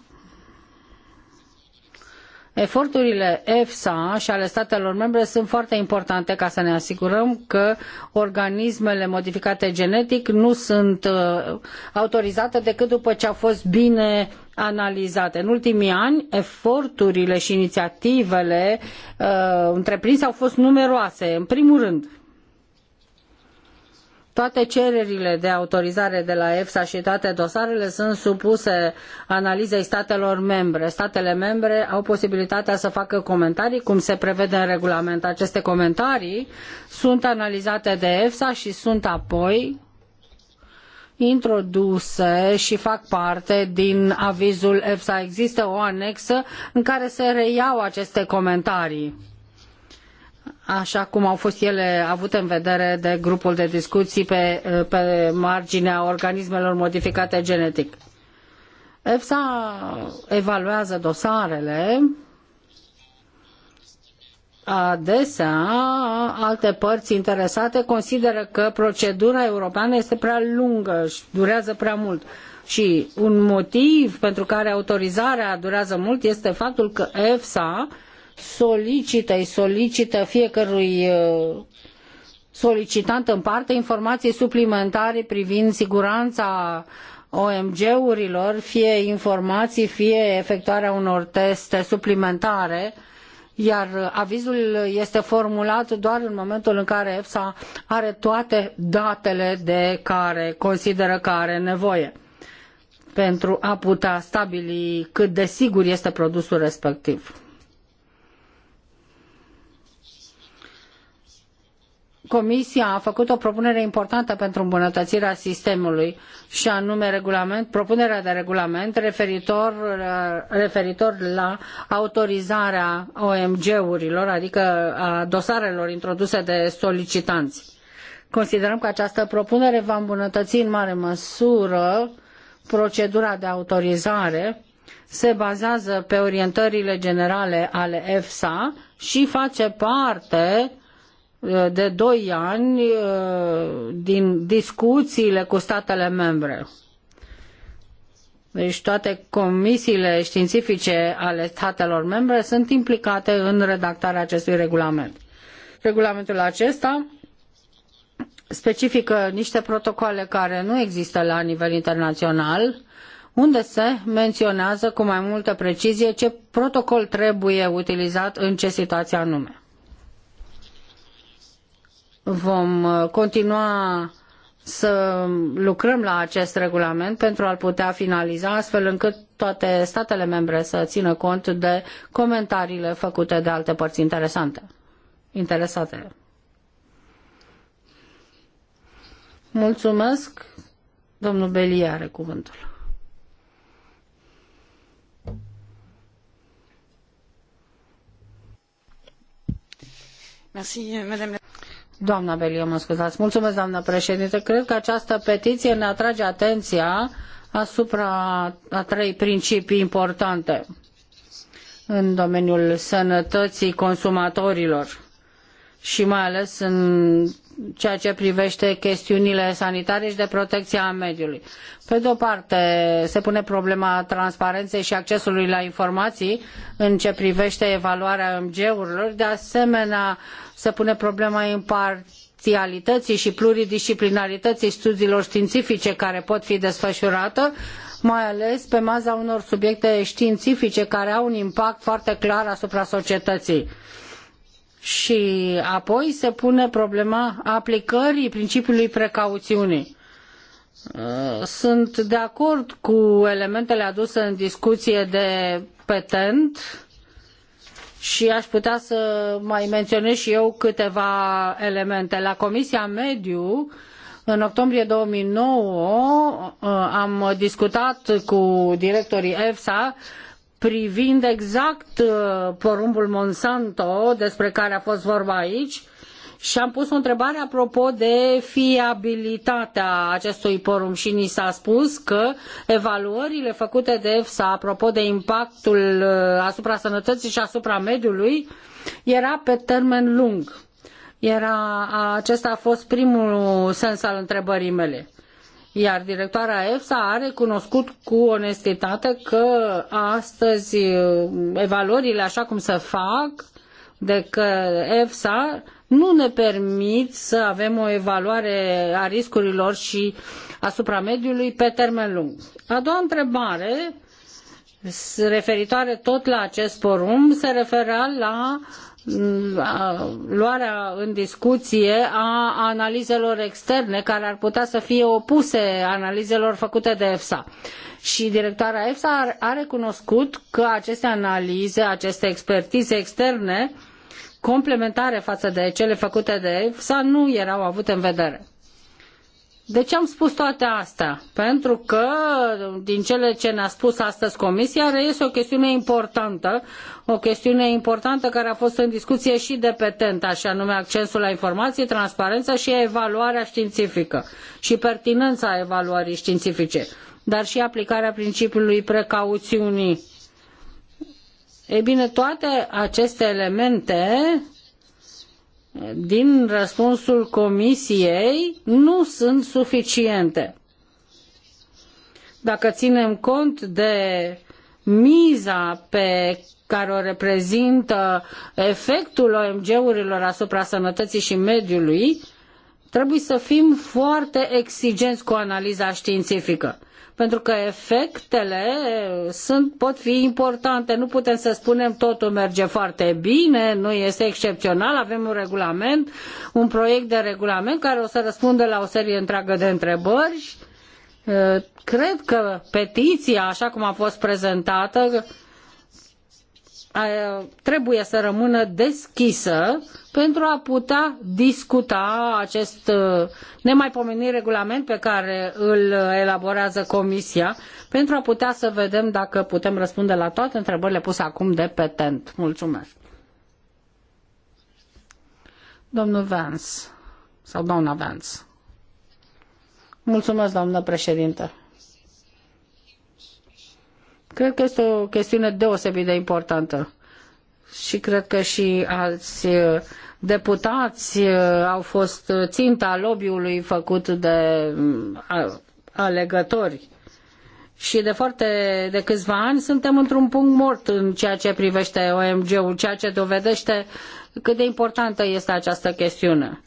eforturile EFSA și ale statelor membre sunt foarte importante ca să ne asigurăm că organismele modificate genetic nu sunt uh, autorizate decât după ce au fost bine analizate. În ultimii ani, eforturile și inițiativele uh, întreprinse au fost numeroase. În primul rând, toate cererile de autorizare de la EFSA și toate dosarele sunt supuse analizei statelor membre. Statele membre au posibilitatea să facă comentarii, cum se prevede în regulament. Aceste comentarii sunt analizate de EFSA și sunt apoi introduse și fac parte din avizul EFSA. Există o anexă în care se reiau aceste comentarii așa cum au fost ele avute în vedere de grupul de discuții pe, pe marginea organismelor modificate genetic. EFSA evaluează dosarele adesea alte părți interesate consideră că procedura europeană este prea lungă și durează prea mult. Și un motiv pentru care autorizarea durează mult este faptul că EFSA uh, solicită, îi solicită fiecărui uh, solicitant în parte informații suplimentare privind siguranța OMG-urilor, fie informații, fie efectuarea unor teste suplimentare, iar avizul este formulat doar în momentul în care EFSA are toate datele de care consideră că are nevoie pentru a putea stabili cât de sigur este produsul respectiv. Comisia a făcut o propunere importantă pentru îmbunătățirea sistemului și anume regulament, propunerea de regulament referitor, referitor la autorizarea OMG-urilor, adică a dosarelor introduse de solicitanți. Considerăm că această propunere va îmbunătăți în mare măsură procedura de autorizare, se bazează pe orientările generale ale EFSA și face parte de doi ani uh, din discuțiile cu statele membre. Deci toate comisiile științifice ale statelor membre sunt implicate în redactarea acestui regulament. Regulamentul acesta specifică niște protocoale care nu există la nivel internațional, unde se menționează cu mai multă precizie ce protocol trebuie utilizat în ce situație anume. Vom uh, continua să lucrăm la acest regulament pentru a-l putea finaliza, astfel încât toate statele membre să țină cont de comentariile făcute de alte părți interesante, interesate. Mulțumesc. Domnul Belie are cuvântul. Merci, madame Doamna Belie, mă scuzați. Mulțumesc, președinte. Cred că această petiție ne atrage atenția asupra a trei principii importante în domeniul sănătății consumatorilor și mai ales în ceea ce privește chestiunile sanitare și de protecția a mediului. Pe de o parte, se pune problema transparenței și accesului la informații în ceea ce privește evaluarea OMG-urilor, de asemenea se pune problema imparțialității și pluridisciplinarității studiilor științifice care pot fi desfășurate, mai ales pe baza unor subiecte științifice care au un impact foarte clar asupra societății și apoi se pune problema aplicării principiului precauțiunii. Uh, sunt de acord cu elementele aduse în discuție de petent și aș putea să mai menționez și eu câteva elemente. La Comisia Mediu, în octombrie 2009, uh, am discutat cu directorii EFSA privind exact uh, porumbul Monsanto despre care a fost vorba aici și am pus o întrebare apropo de fiabilitatea acestui porumb și ni s-a spus că evaluările făcute de EFSA apropo de impactul uh, asupra sănătății și asupra mediului era pe termen lung. Era, acesta a fost primul sens al întrebării mele. Iar directoarea EFSA a recunoscut cu onestitate că astăzi uh, evaluările așa cum se fac de că EFSA nu ne permit să avem o evaluare a riscurilor și asupra mediului pe termen lung. A doua întrebare referitoare tot la acest forum se referea la luarea în discuție a analizelor externe care ar putea să fie opuse analizelor făcute de EFSA. Și directoarea EFSA a recunoscut că aceste analize, aceste expertize externe complementare față de cele făcute de EFSA nu erau avute în vedere. De ce am spus toate astea? Pentru că din cele ce ne-a spus astăzi Comisia reiese o chestiune importantă, o chestiune importantă care a fost în discuție și de petent, așa nume accesul la informații, transparența și evaluarea științifică și pertinența evaluării științifice, dar și aplicarea principiului precauțiunii. Ei bine, toate aceste elemente din răspunsul comisiei nu sunt suficiente. Dacă ținem cont de miza pe care o reprezintă efectul OMG-urilor asupra sănătății și mediului, trebuie să fim foarte exigenți cu analiza științifică pentru că efectele sunt, pot fi importante. Nu putem să spunem totul merge foarte bine, nu este excepțional, avem un regulament, un proiect de regulament care o să răspundă la o serie întreagă de întrebări. Cred că petiția, așa cum a fost prezentată, trebuie să rămână deschisă pentru a putea discuta acest uh, nemaipomenit regulament pe care îl elaborează Comisia, pentru a putea să vedem dacă putem răspunde la toate întrebările puse acum de petent. Mulțumesc. Domnul Vance, sau doamna Vance. Mulțumesc, doamnă președintă. Cred că este o chestiune deosebit de importantă și cred că și alți uh, deputați uh, au fost uh, ținta lobby-ului făcut de mm, alegători. Și de foarte de câțiva ani suntem într-un punct mort în ceea ce privește OMG-ul, ceea ce dovedește cât de importantă este această chestiune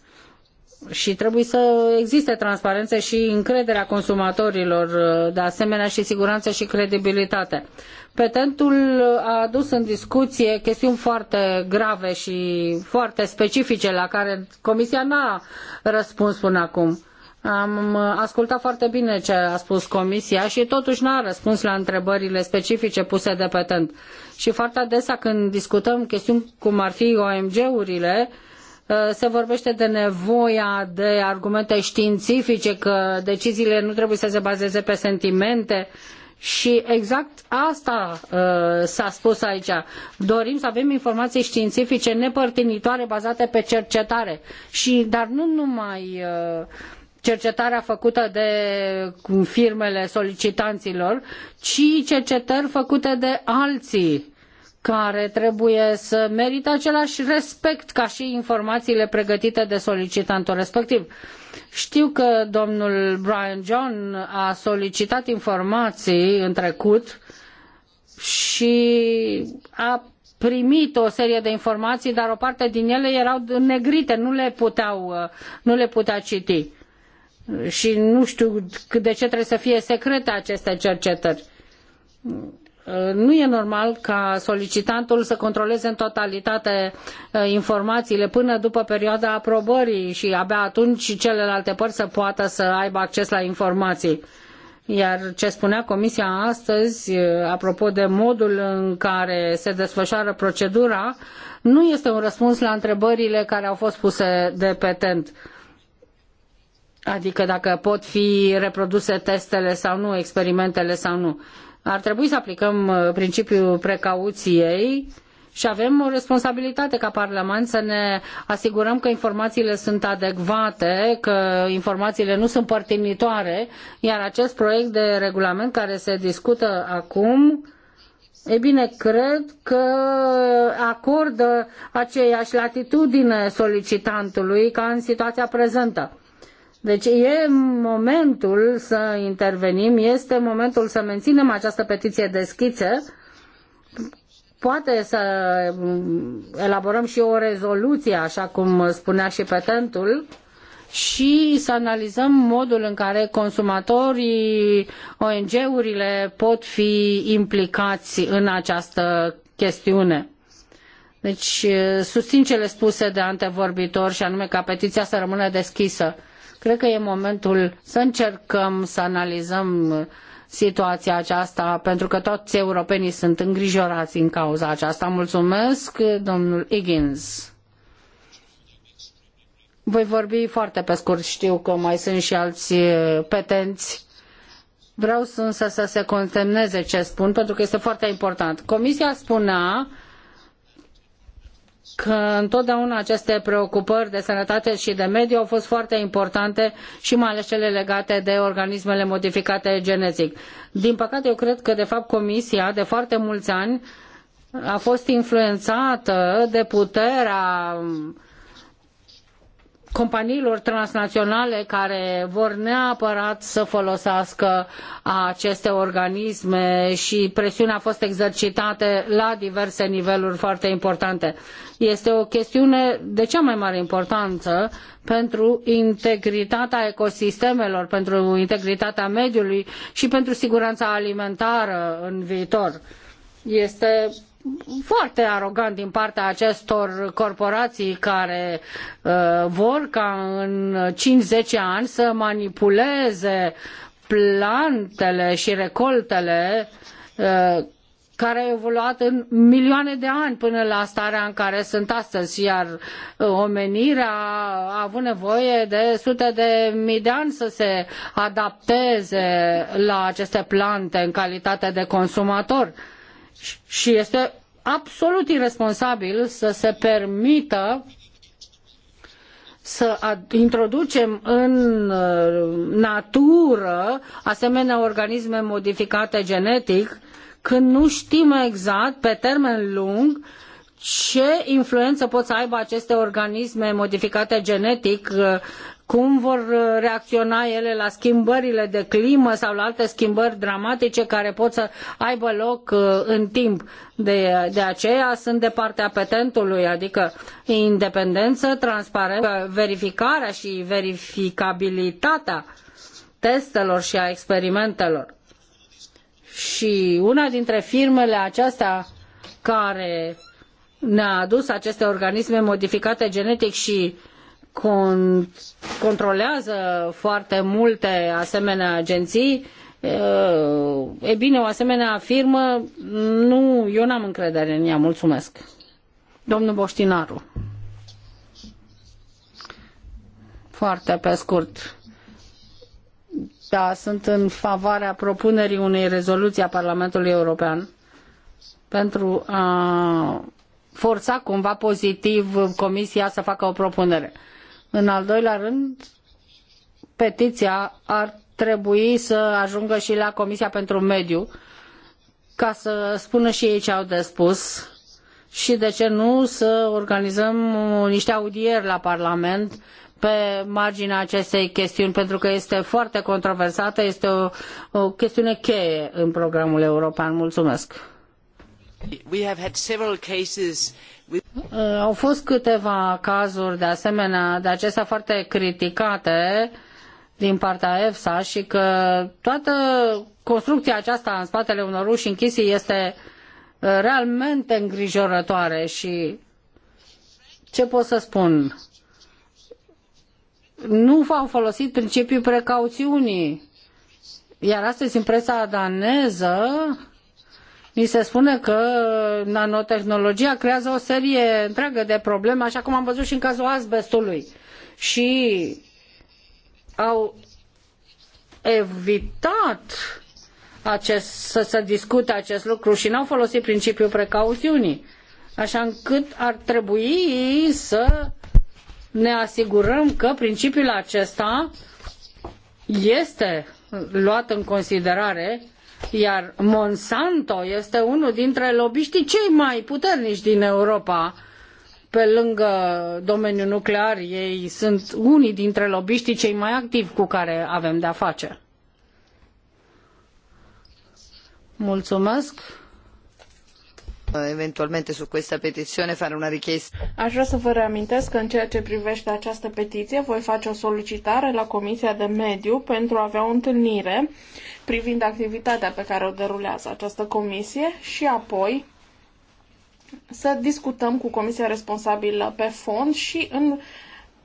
și trebuie să existe transparență și încrederea consumatorilor, uh, de asemenea și siguranță și credibilitate. Petentul a adus în discuție chestiuni foarte grave și foarte specifice la care Comisia n-a răspuns până acum. Am uh, ascultat foarte bine ce a spus comisia și totuși n-a răspuns la întrebările specifice puse de petent. Și foarte adesea când discutăm chestiuni cum ar fi OMG-urile, uh, Uh, se vorbește de nevoia de argumente științifice, că deciziile nu trebuie să se bazeze pe sentimente și exact asta uh, s-a spus aici. Dorim să avem informații științifice nepărtinitoare bazate pe cercetare. Și, dar nu numai uh, cercetarea făcută de firmele solicitanților, ci cercetări făcute de alții care trebuie să merită același respect ca și informațiile pregătite de solicitantul respectiv. Știu că domnul Brian John a solicitat informații în trecut și a primit o serie de informații, dar o parte din ele erau negrite, nu le, puteau, nu le putea citi. Și nu știu de ce trebuie să fie secrete aceste cercetări Uh, nu e normal ca solicitantul să controleze în totalitate uh, informațiile până după perioada aprobării și abia atunci celelalte părți să poată să aibă acces la informații. Iar ce spunea Comisia astăzi, uh, apropo de modul în care se desfășoară procedura, nu este un răspuns la întrebările care au fost puse de petent. Adică dacă pot fi reproduse testele sau nu, experimentele sau nu. Ar trebui să aplicăm uh, principiul precauției și avem o responsabilitate ca Parlament să ne asigurăm că informațiile sunt adecvate, că informațiile nu sunt părtinitoare, iar acest proiect de regulament care se discută acum E bine, cred că acordă aceeași latitudine solicitantului ca în situația prezentă. Deci e momentul să intervenim, este momentul să menținem această petiție deschisă. Poate să elaborăm și o rezoluție, așa cum spunea și petentul, și să analizăm modul în care consumatorii, ONG-urile pot fi implicați în această chestiune. Deci susțin cele spuse de antevorbitor și anume ca petiția să rămână deschisă Cred că e momentul să încercăm să analizăm situația aceasta, pentru că toți europenii sunt îngrijorați în cauza aceasta. Mulțumesc, domnul Higgins. Voi vorbi foarte pe scurt, știu că mai sunt și alți eh, petenți. Vreau însă să se consemneze ce spun, pentru că este foarte important. Comisia spunea că întotdeauna aceste preocupări de sănătate și de mediu au fost foarte importante și mai ales cele legate de organismele modificate genetic. Din păcate, eu cred că, de fapt, Comisia, de foarte mulți ani, a fost influențată de puterea uh, companiilor transnaționale care vor neapărat să folosească aceste organisme și presiunea a fost exercitată la diverse niveluri foarte importante. Este o chestiune de cea mai mare importanță pentru integritatea ecosistemelor, pentru integritatea mediului și pentru siguranța alimentară în viitor. Este foarte arogant din partea acestor corporații care uh, vor ca în 5-10 ani să manipuleze plantele și recoltele uh, care au evoluat în milioane de ani până la starea în care sunt astăzi, iar uh, omenirea a avut nevoie de sute de mii de ani să se adapteze la aceste plante în calitate de consumator. Uh, și este absolut irresponsabil să se permită să introducem în uh, natură asemenea organisme modificate genetic când nu știm exact pe termen lung ce influență pot să aibă aceste organisme modificate genetic uh, cum vor uh, reacționa ele la schimbările de climă sau la alte schimbări dramatice care pot să aibă loc uh, în timp. De, de aceea sunt de partea petentului, adică independență, transparență, verificarea și verificabilitatea testelor și a experimentelor. Și una dintre firmele acestea care ne-a adus aceste organisme modificate genetic și uh, controlează foarte multe asemenea agenții, eh, e bine, o asemenea firmă, nu, eu n-am încredere în ea, mulțumesc. Domnul Boștinaru. Foarte pe scurt. Da, sunt în favoarea propunerii unei rezoluții a Parlamentului European pentru a forța cumva pozitiv Comisia să facă o propunere. În al doilea rând, petiția ar trebui să ajungă și la Comisia pentru Mediu ca să spună și ei ce au de spus și de ce nu să organizăm niște audieri la Parlament pe marginea acestei chestiuni, pentru că este foarte controversată, este o, o chestiune cheie în programul european. Mulțumesc! Uh, au fost câteva cazuri de asemenea, de acestea foarte criticate din partea EFSA și că toată construcția aceasta în spatele unor uși închise este uh, realmente îngrijorătoare și ce pot să spun? Nu au folosit principiul precauțiunii. Iar astăzi în presa daneză Ni se spune că nanotehnologia creează o serie întreagă de probleme, așa cum am văzut și în cazul asbestului. Și au evitat acest, să se discute acest lucru și n-au folosit principiul precauțiunii. Așa încât ar trebui să ne asigurăm că principiul acesta este luat în considerare iar Monsanto este unul dintre lobiștii cei mai puternici din Europa. Pe lângă domeniul nuclear, ei sunt unii dintre lobiștii cei mai activi cu care avem de-a face. Mulțumesc! Eh, eventualmente su questa petizione fare una richiesta. Aș vrea să vă reamintesc că în ceea ce privește această petiție voi face o solicitare la Comisia de Mediu pentru a avea o întâlnire privind activitatea pe care o derulează această comisie și apoi să discutăm cu comisia responsabilă pe fond și în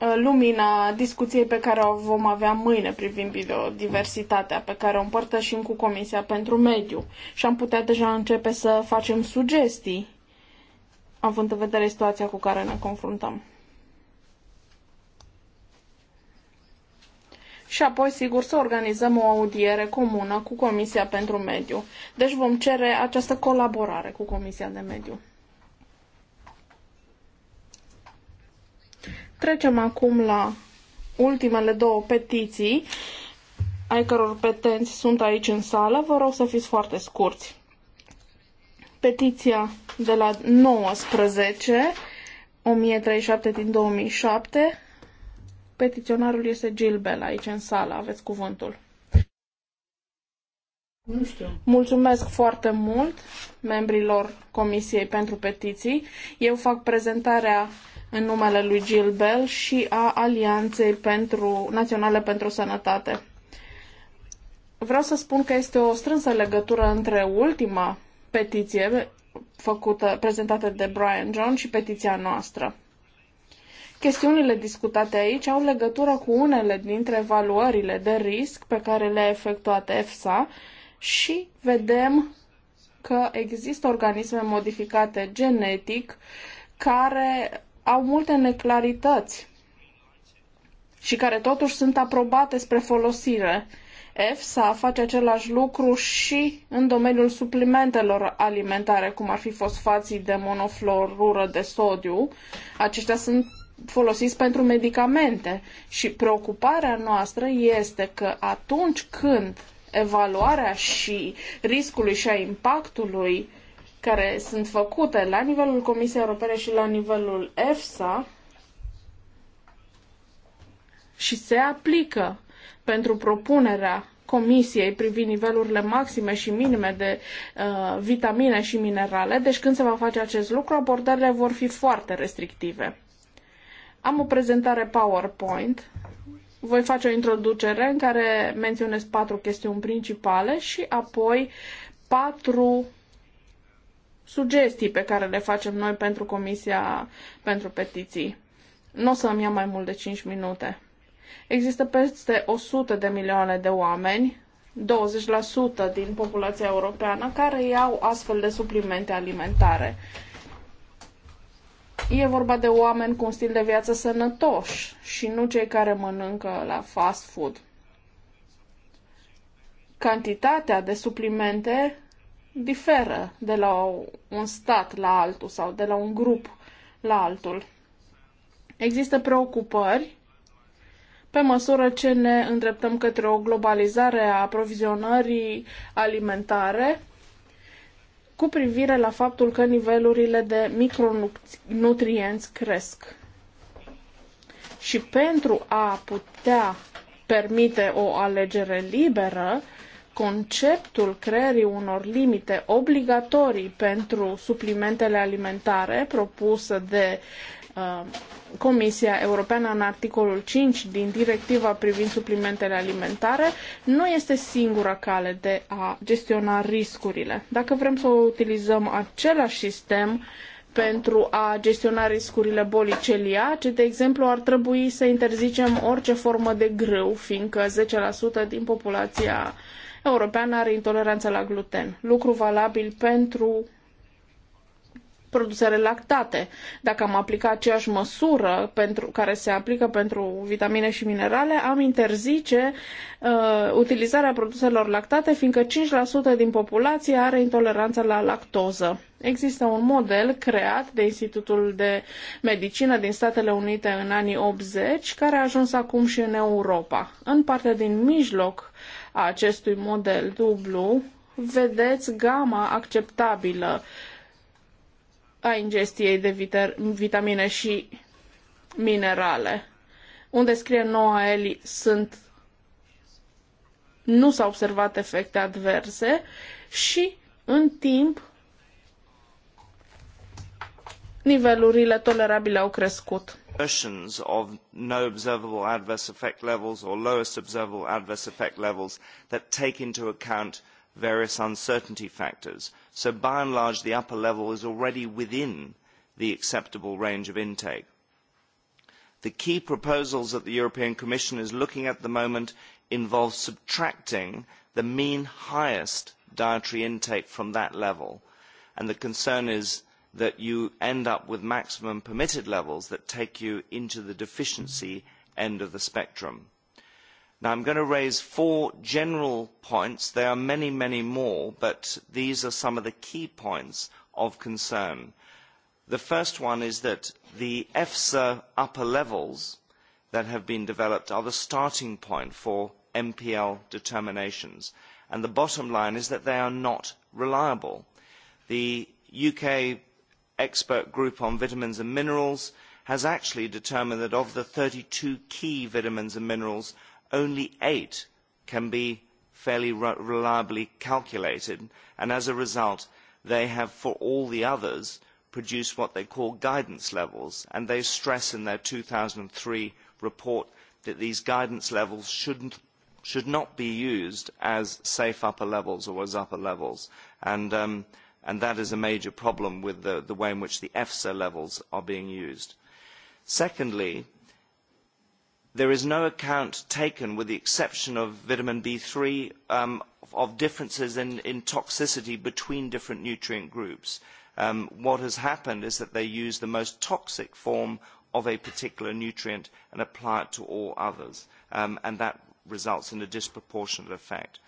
Uh, lumina discuției pe care o vom avea mâine privind biodiversitatea, pe care o împărtășim cu Comisia pentru Mediu. Și am putea deja începe să facem sugestii, având în vedere situația cu care ne confruntăm. și apoi, sigur, să organizăm o audiere comună cu Comisia pentru Mediu. Deci vom cere această colaborare cu Comisia de Mediu. Trecem acum la ultimele două petiții, ai căror petenți sunt aici în sală. Vă rog să fiți foarte scurți. Petiția de la 19, 1037 din 2007, Petiționarul este Gilbel aici în sală, aveți cuvântul. Nu știu. Mulțumesc foarte mult membrilor Comisiei pentru Petiții. Eu fac prezentarea în numele lui Jill Bell și a Alianței pentru, Naționale pentru Sănătate. Vreau să spun că este o strânsă legătură între ultima petiție făcută, prezentată de Brian John și petiția noastră. Chestiunile discutate aici au legătură cu unele dintre evaluările de risc pe care le-a efectuat EFSA și vedem că există organisme modificate genetic care au multe neclarități și care totuși sunt aprobate spre folosire. EFSA face același lucru și în domeniul suplimentelor alimentare, cum ar fi fosfații de monoflorură de sodiu. Aceștia sunt folosiți pentru medicamente și preocuparea noastră este că atunci când evaluarea și riscului și a impactului care sunt făcute la nivelul Comisiei Europene și la nivelul EFSA și se aplică pentru propunerea Comisiei privind nivelurile maxime și minime de uh, vitamine și minerale. Deci când se va face acest lucru, abordările vor fi foarte restrictive. Am o prezentare PowerPoint. Voi face o introducere în care menționez patru chestiuni principale și apoi patru sugestii pe care le facem noi pentru Comisia pentru Petiții. Nu o să îmi ia mai mult de 5 minute. Există peste 100 de milioane de oameni, 20% din populația europeană, care iau astfel de suplimente alimentare. E vorba de oameni cu un stil de viață sănătoși și nu cei care mănâncă la fast food. Cantitatea de suplimente diferă de la un stat la altul sau de la un grup la altul. Există preocupări pe măsură ce ne îndreptăm către o globalizare a aprovizionării alimentare cu privire la faptul că nivelurile de micronutrienți cresc. Și pentru a putea permite o alegere liberă, conceptul creării unor limite obligatorii pentru suplimentele alimentare propusă de uh, Comisia Europeană în articolul 5 din directiva privind suplimentele alimentare nu este singura cale de a gestiona riscurile. Dacă vrem să utilizăm același sistem pentru a gestiona riscurile bolii celiace, de exemplu, ar trebui să interzicem orice formă de grâu, fiindcă 10% din populația uh, european are intoleranță la gluten, lucru valabil pentru produsele lactate. Dacă am aplica aceeași măsură pentru, care se aplică pentru vitamine și minerale, am interzice uh, utilizarea produselor lactate, fiindcă 5% din populație are intoleranță la lactoză. Există un model creat de Institutul de Medicină din Statele Unite în anii 80, care a ajuns acum și în Europa. În partea din mijloc a acestui model dublu, vedeți gama acceptabilă a ingestiei de vitamine și minerale. Unde scrie noua Eli sunt nu s-au observat efecte adverse și în timp nivelurile tolerabile au crescut versions of no observable adverse effect levels or lowest observable adverse effect levels that take into account various uncertainty factors. So by and large, the upper level is already within the acceptable range of intake. The key proposals that the European Commission is looking at the moment involve subtracting the mean highest dietary intake from that level. And the concern is that you end up with maximum permitted levels that take you into the deficiency end of the spectrum. Now I'm going to raise four general points. There are many, many more, but these are some of the key points of concern. The first one is that the EFSA upper levels that have been developed are the starting point for MPL determinations. And the bottom line is that they are not reliable. The UK expert group on vitamins and minerals has actually determined that of the thirty two key vitamins and minerals only eight can be fairly reliably calculated and as a result they have for all the others produced what they call guidance levels and they stress in their two thousand and three report that these guidance levels shouldn't should not be used as safe upper levels or as upper levels and um, and that is a major problem with the, the way in which the EFSA levels are being used. Secondly, there is no account taken, with the exception of vitamin B3, um, of differences in, in, toxicity between different nutrient groups. Um, what has happened is that they use the most toxic form of a particular nutrient and apply it to all others, um, and that results in a disproportionate effect.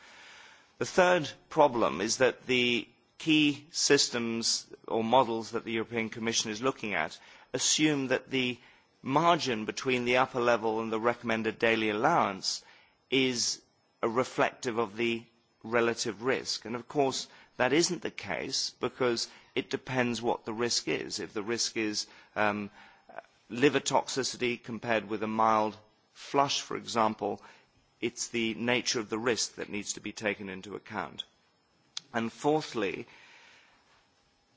The third problem is that the key systems or models that the European Commission is looking at assume that the margin between the upper level and the recommended daily allowance is reflective of the relative risk. And of course, that isn't the case because it depends what the risk is. If the risk is um, liver toxicity compared with a mild flush, for example, it's the nature of the risk that needs to be taken into account. And fourthly,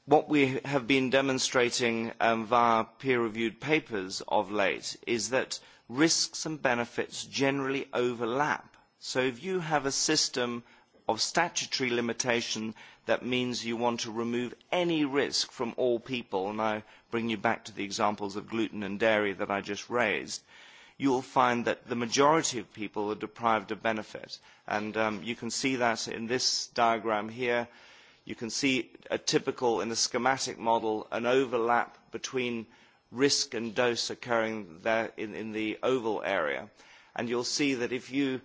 what we have been demonstrating um, via peer-reviewed papers of late is that risks and benefits generally overlap. So if you have a system of statutory limitation that means you want to remove any risk from all people, and I bring you back to the examples of gluten and dairy that I just raised, you will find that the majority of people are deprived of benefit. And um, you can see that in this diagram here. You can see a typical, in a schematic model, an overlap between risk and dose occurring there in, in the oval area. And you'll see that if you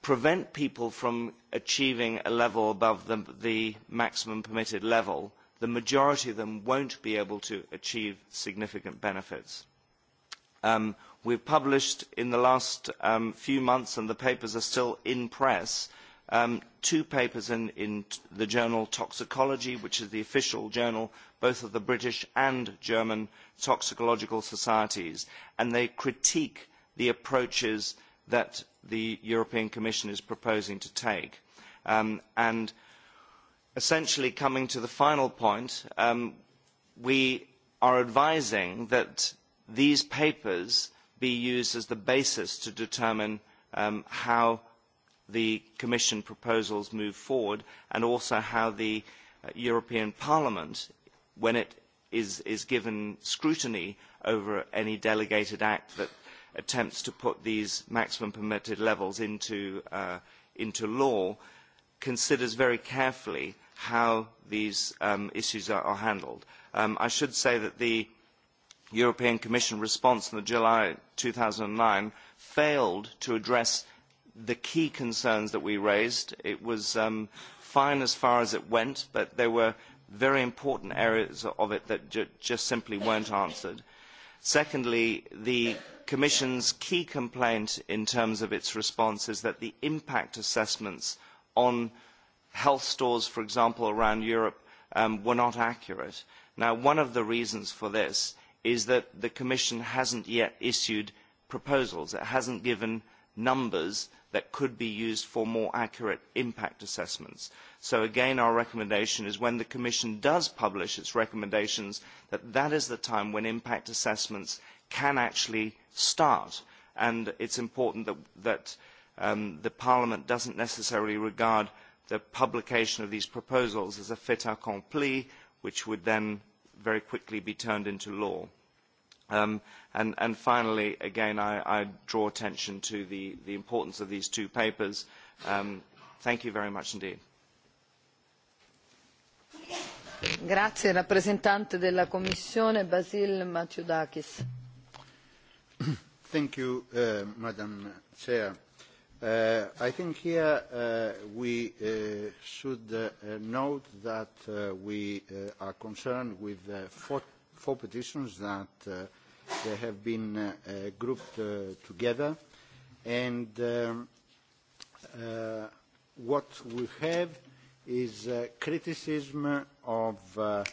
prevent people from achieving a level above the, the maximum permitted level, the majority of them won't be able to achieve significant benefits. Um, we published in the last um, few months, and the papers are still in press, um, two papers in, the journal Toxicology, which is the official journal both of the British and German toxicological societies, and they critique the approaches that the European Commission is proposing to take. Um, and essentially coming to the final point, we are advising that these papers be used as the basis to determine um, how the Commission proposals move forward and also how the uh, European Parliament, when it is, is given scrutiny over any delegated act that attempts to put these maximum permitted levels into, uh, into law, considers very carefully how these um, issues are, are handled. Um, I should say that the European Commission response in July 2009 failed to address the key concerns that we raised. It was um, fine as far as it went, but there were very important areas of it that just simply weren't answered. Secondly, the Commission's key complaint in terms of its response is that the impact assessments on health stores, for example, around Europe um, were not accurate. Now, one of the reasons for this is that the Commission hasn't yet issued proposals. It hasn't given numbers that could be used for more accurate impact assessments. So again, our recommendation is when the Commission does publish its recommendations, that that is the time when impact assessments can actually start. And it's important that, that um, the Parliament doesn't necessarily regard the publication of these proposals as a fait accompli, which would then very quickly be turned into law. Um, and, and finally, again, I, I draw attention to the, the importance of these two papers. Um, thank you very much indeed. Grazie, rappresentante della Commissione, Basil Mathiudakis. Thank you, uh, Madam Chair. Uh, I think here uh, we uh, should uh, note that uh, we are concerned with four, four, petitions that they have been grouped together. And um, what we have is criticism of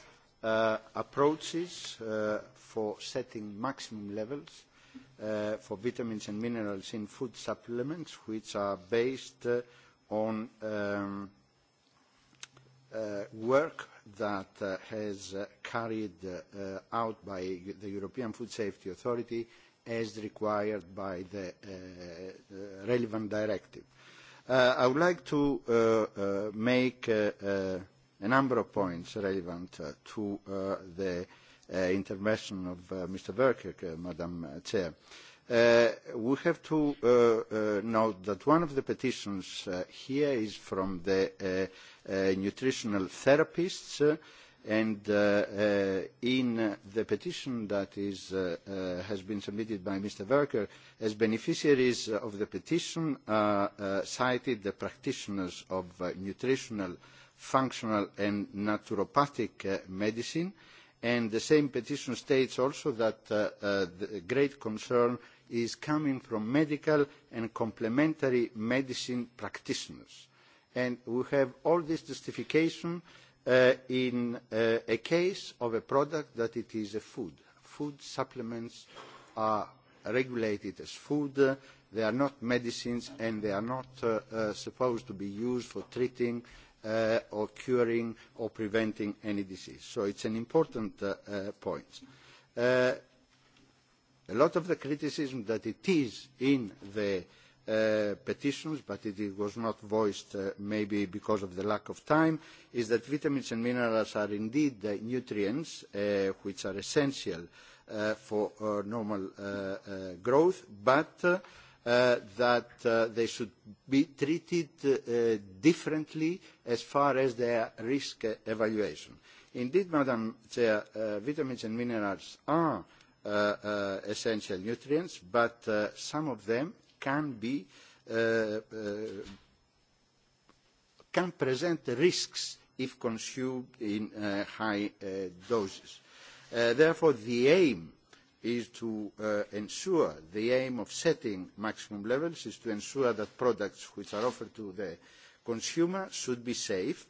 approaches for setting maximum levels uh, for vitamins and minerals in food supplements, which are based uh, on um, uh, work that uh, has uh, carried uh, out by the European Food Safety Authority as required by the uh, uh, relevant directive. Uh, I would like to make a number of points relevant to the Uh, intervention of uh, Mr. Verkirk, uh, Madam Chair. we have to note that one of the petitions here is from the nutritional therapists and uh, uh, in the petition that is, uh, has been submitted by Mr. Werker, as beneficiaries of the petition cited the practitioners of nutritional, functional and naturopathic medicine and the same petition states also that uh, uh great concern is coming from medical and complementary medicine practitioners. And we have all this justification uh, in uh, a case of a product that it is a food. Food supplements are regulated as food. They are not medicines and they are not uh, uh, supposed to be used for treating uh, uh, or curing or preventing any disease. So it's an important uh, uh, point. Uh, a lot of the criticism that it is in the uh, petitions, but it, it was not voiced uh, maybe because of the lack of time, is that vitamins and minerals are indeed the nutrients uh, which are essential uh, for uh, normal uh, uh, growth, but uh, uh, that uh, they should be treated uh, differently as far as their risk uh, evaluation. Indeed, Madam Chair, uh, vitamins and minerals are uh, uh, essential nutrients, but uh, some of them can be uh, uh, can present risks if consumed in uh, high uh, doses. Uh, therefore, the aim is to uh, ensure the aim of setting maximum levels is to ensure that products which are offered to the consumer should be safe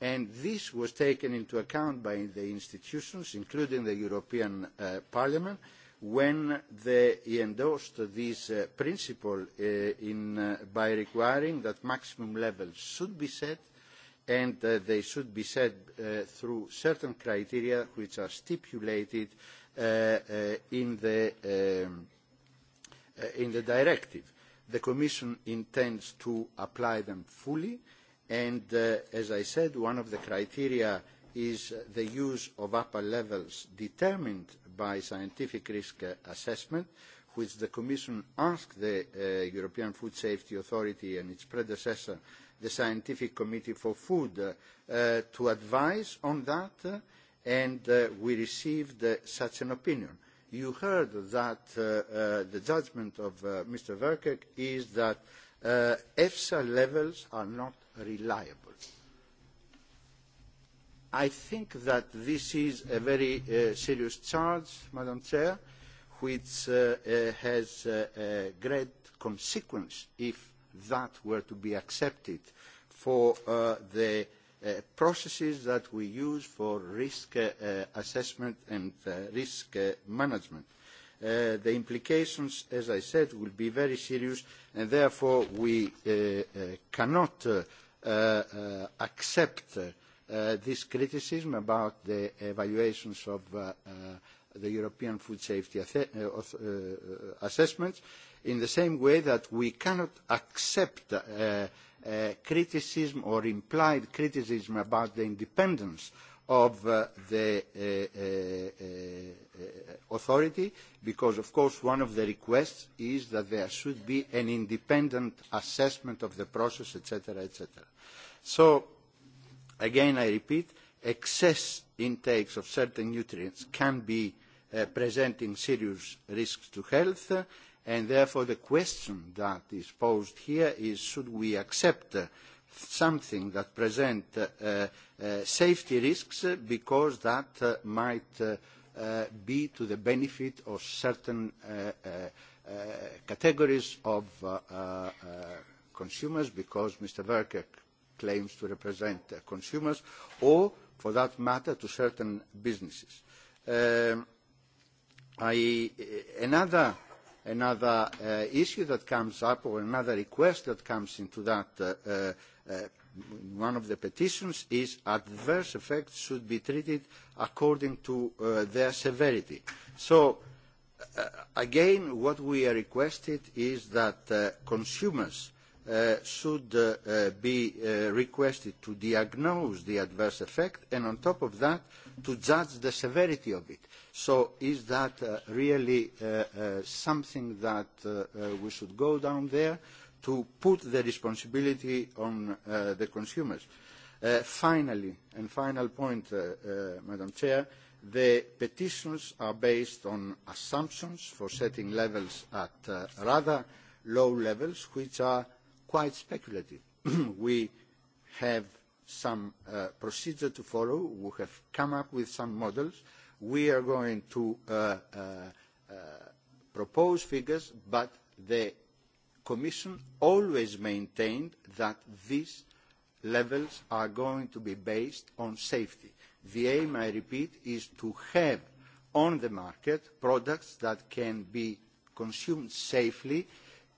and this was taken into account by the institutions including the European uh, Parliament when they endorsed this uh, principle uh, in, uh, by requiring that maximum levels should be set and uh, they should be set through certain criteria which are stipulated uh, Uh, uh, in the, um, uh, in the directive. The Commission intends to apply them fully and, as I said, one of the criteria is the use of upper levels determined by scientific risk assessment, which the Commission asked the uh, European Food Safety Authority and its predecessor, the Scientific Committee for Food, uh, to advise on that and uh, we received uh, such an opinion. You heard that uh, uh the judgment of uh, Mr. Verkek is that uh, EFSA levels are not reliable. I think that this is a very serious charge, Madam Chair, which has a great consequence if that were to be accepted for the Uh, processes that we use for risk uh, uh, assessment and uh, risk uh, management. Uh, the implications, as I said, will be very serious, and therefore we uh, uh, cannot uh, uh, accept uh, this criticism about the evaluations of uh, uh, the European Food Safety uh, Assessments in the same way that we cannot accept uh, Uh, criticism or implied criticism about the independence of uh, the uh, uh, uh, authority because of course one of the requests is that there should be an independent assessment of the process etc. etc. So again I repeat excess intakes of certain nutrients can be presenting serious risks to health And therefore, the question that is posed here is, should we accept uh, something that presents uh, uh, uh, safety risks uh, because that uh, might be to the benefit of certain categories of consumers, because Mr. Werker claims to represent consumers, or, for that matter, to certain businesses. Um, I, another another uh, issue that comes up or another request that comes into that uh, uh, uh one of the petitions is adverse effects should be treated according to uh, their severity. So uh, again, what we are requested is that consumers Uh, should uh, uh be uh, requested to diagnose the adverse effect and on top of that to judge the severity of it. So is that really something that we should go down there to put the responsibility on the consumers? finally, and final point, Madam Chair, The petitions are based on assumptions for setting levels at uh, rather low levels, which are quite speculative. (clears throat) we have some uh, procedure to follow. We have come up with some models. We are going to uh, uh, uh, propose figures, but the Commission always maintained that these levels are going to be based on safety. The aim, I repeat, is to have on the market products that can be consumed safely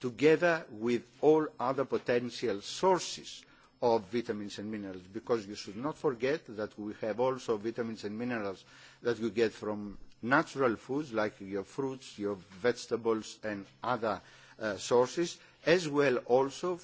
together with all other potential sources of vitamins and minerals, because you should not forget that we have also vitamins and minerals that we get from natural foods like your fruits, your vegetables and other uh, sources, as well also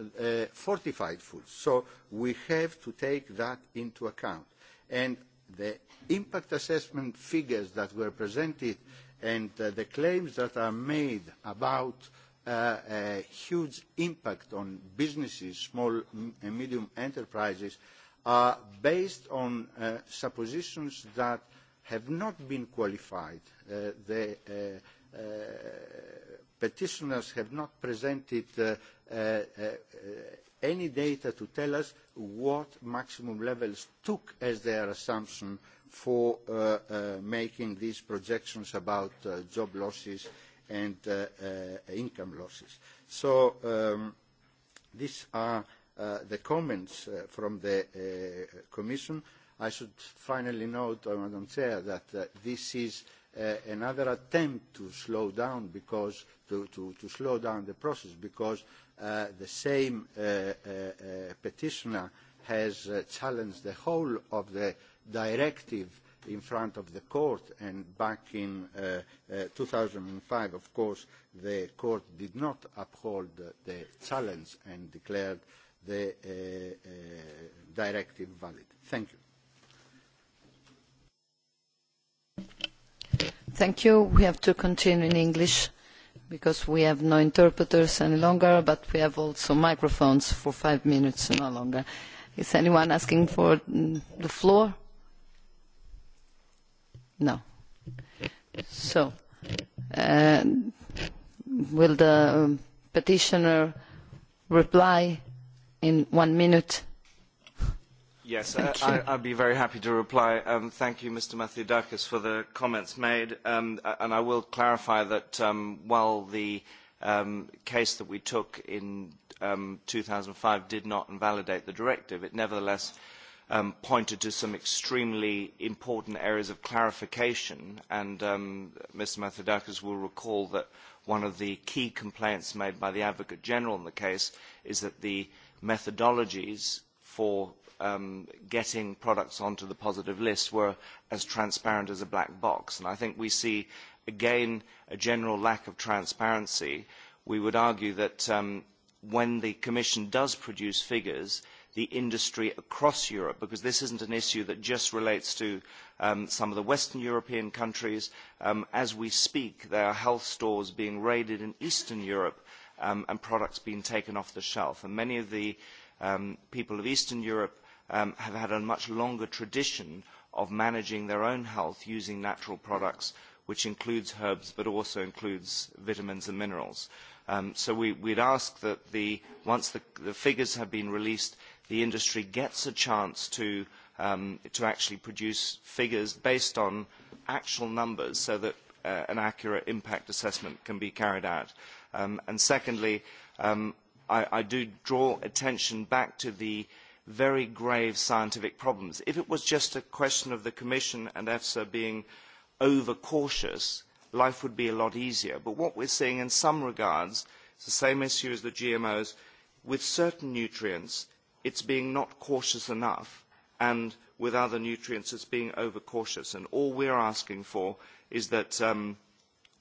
uh, fortified foods. So we have to take that into account. And the impact assessment figures that were presented and uh, the claims that are made about uh, uh, a huge impact on businesses, small and medium enterprises, are uh, based on uh, suppositions that have not been qualified. Uh, the uh, uh, petitioners have not presented uh, uh, uh, any data to tell us what maximum levels took as their assumption for uh, uh, making these projections about uh, job losses uh, and uh, uh, income losses. So um, these are uh, the comments from the Commission. I should finally note, Madam Chair, that this is Uh, another attempt to slow down because to, to, to slow down the process because uh, the same uh, petitioner has challenged the whole of the directive in front of the court and back in uh, uh, 2005 of course the court did not uphold the challenge and declared the uh, uh, directive valid. Thank you. Thank you. We have to continue in English because we have no interpreters any longer, but we have also microphones for five minutes no longer. Is anyone asking for mm, the floor? No. So, uh, will the um, petitioner reply in one minute? Yes, I, I, I'd be very happy to reply. Um, thank you, Mr. Mathiodakis, for the comments made. Um, and I will clarify that um, while the um, case that we took in um, 2005 did not invalidate the directive, it nevertheless uh, um, pointed to some extremely important areas of clarification. And um, Mr. Mathodakis will recall that one of the key complaints made by the Advocate General in the case is that the methodologies for um, getting products onto the positive list were as transparent as a black box. And I think we see, again, a general lack of transparency. We would argue that um, when the Commission does produce figures, the industry across Europe, because this isn't an issue that just relates to um, some of the Western European countries. Um, as we speak, there are health stores being raided in Eastern Europe um, and products being taken off the shelf. And many of the um, people of Eastern Europe um, have had a much longer tradition of managing their own health using natural products, which includes herbs but also includes vitamins and minerals. Um, so we, we'd ask that the, once the, the figures have been released, the industry gets a chance to, um, to actually produce figures based on actual numbers so that uh, an accurate impact assessment can be carried out. Um, and secondly, um, I, I do draw attention back to the very grave scientific problems. If it was just a question of the Commission and EFSA being overcautious, life would be a lot easier. But what we're seeing in some regards, it's the same issue as the GMOs, with certain nutrients, it's being not cautious enough and with other nutrients it's being overcautious. And all we're asking for is that um,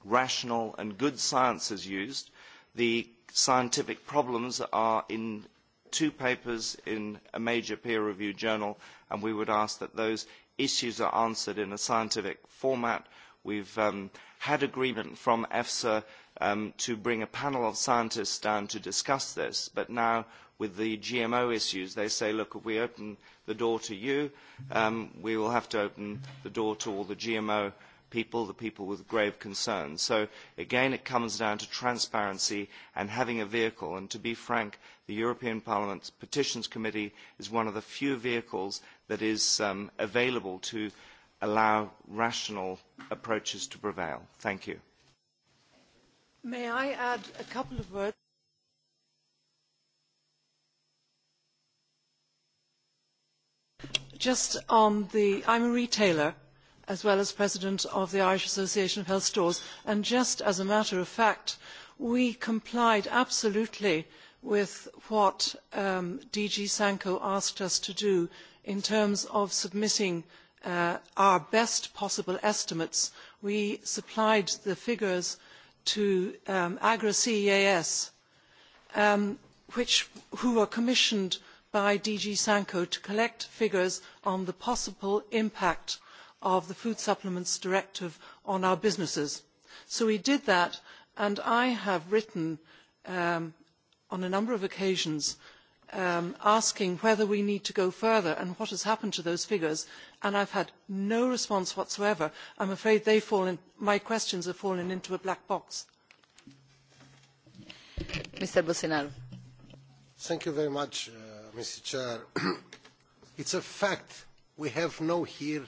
rational and good science is used. The scientific problems are in two papers in a major peer-reviewed journal, and we would ask that those issues are answered in a scientific format. We've um, had agreement from EFSA um, to bring a panel of scientists down to discuss this, but now with the GMO issues. They say, look, if we open the door to you, um, we will have to open the door to all the GMO people, the people with grave concerns. So again, it comes down to transparency and having a vehicle. And to be frank, the European Parliament's Petitions Committee is one of the few vehicles that is um, available to allow rational approaches to prevail. Thank you. May I add a couple of words? just on the, I'm a retailer as well as president of the Irish Association of Health Stores, and just as a matter of fact, we complied absolutely with what um, DG Sanco asked us to do in terms of submitting uh, our best possible estimates. We supplied the figures to um, Agra CEAS, um, which, who were commissioned by dg sanco to collect figures on the possible impact of the food supplements directive on our businesses. so we did that and i have written um, on a number of occasions um, asking whether we need to go further and what has happened to those figures and i have had no response whatsoever. i am afraid my questions have fallen into a black box. Mr. Chair. (clears throat) It's a fact. We have no here,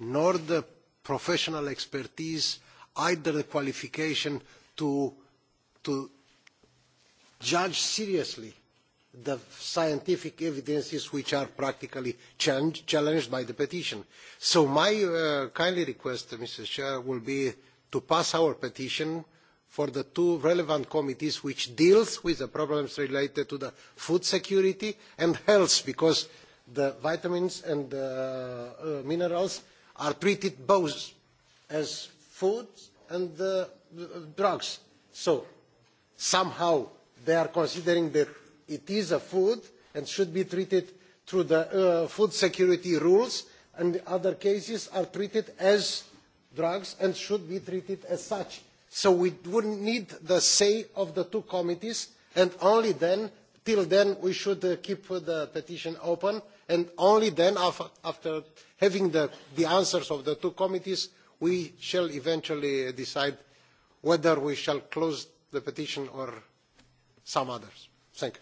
nor the professional expertise, either the qualification to, to judge seriously the scientific evidences which are practically challenged by the petition. So my uh, kindly request, Mr. Chair, will be to pass our petition for the two relevant committees which deal with the problems related to food security and health because the vitamins and the, uh, minerals are treated both as food and uh, drugs. So somehow they are considering that it is a food and should be treated through the uh, food security rules and other cases are treated as drugs and should be treated as such so we would need the say of the two committees and only then till then we should uh, keep the petition open and only then after having the, answers of the two committees we shall eventually decide whether we shall close the petition or some others. thank you.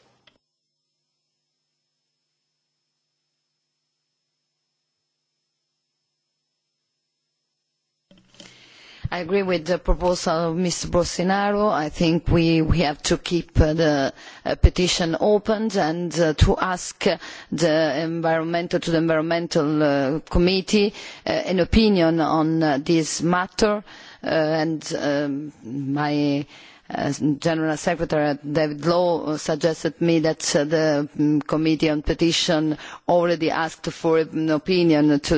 I agree with the proposal of Mr. Bolsonaro. I think we, we have to keep uh, the uh, petition open and uh, to ask the environmental, to the environmental committee an opinion on this matter. and um, my General Secretary David Law suggested me that the mm, Committee on Petition already asked for an opinion to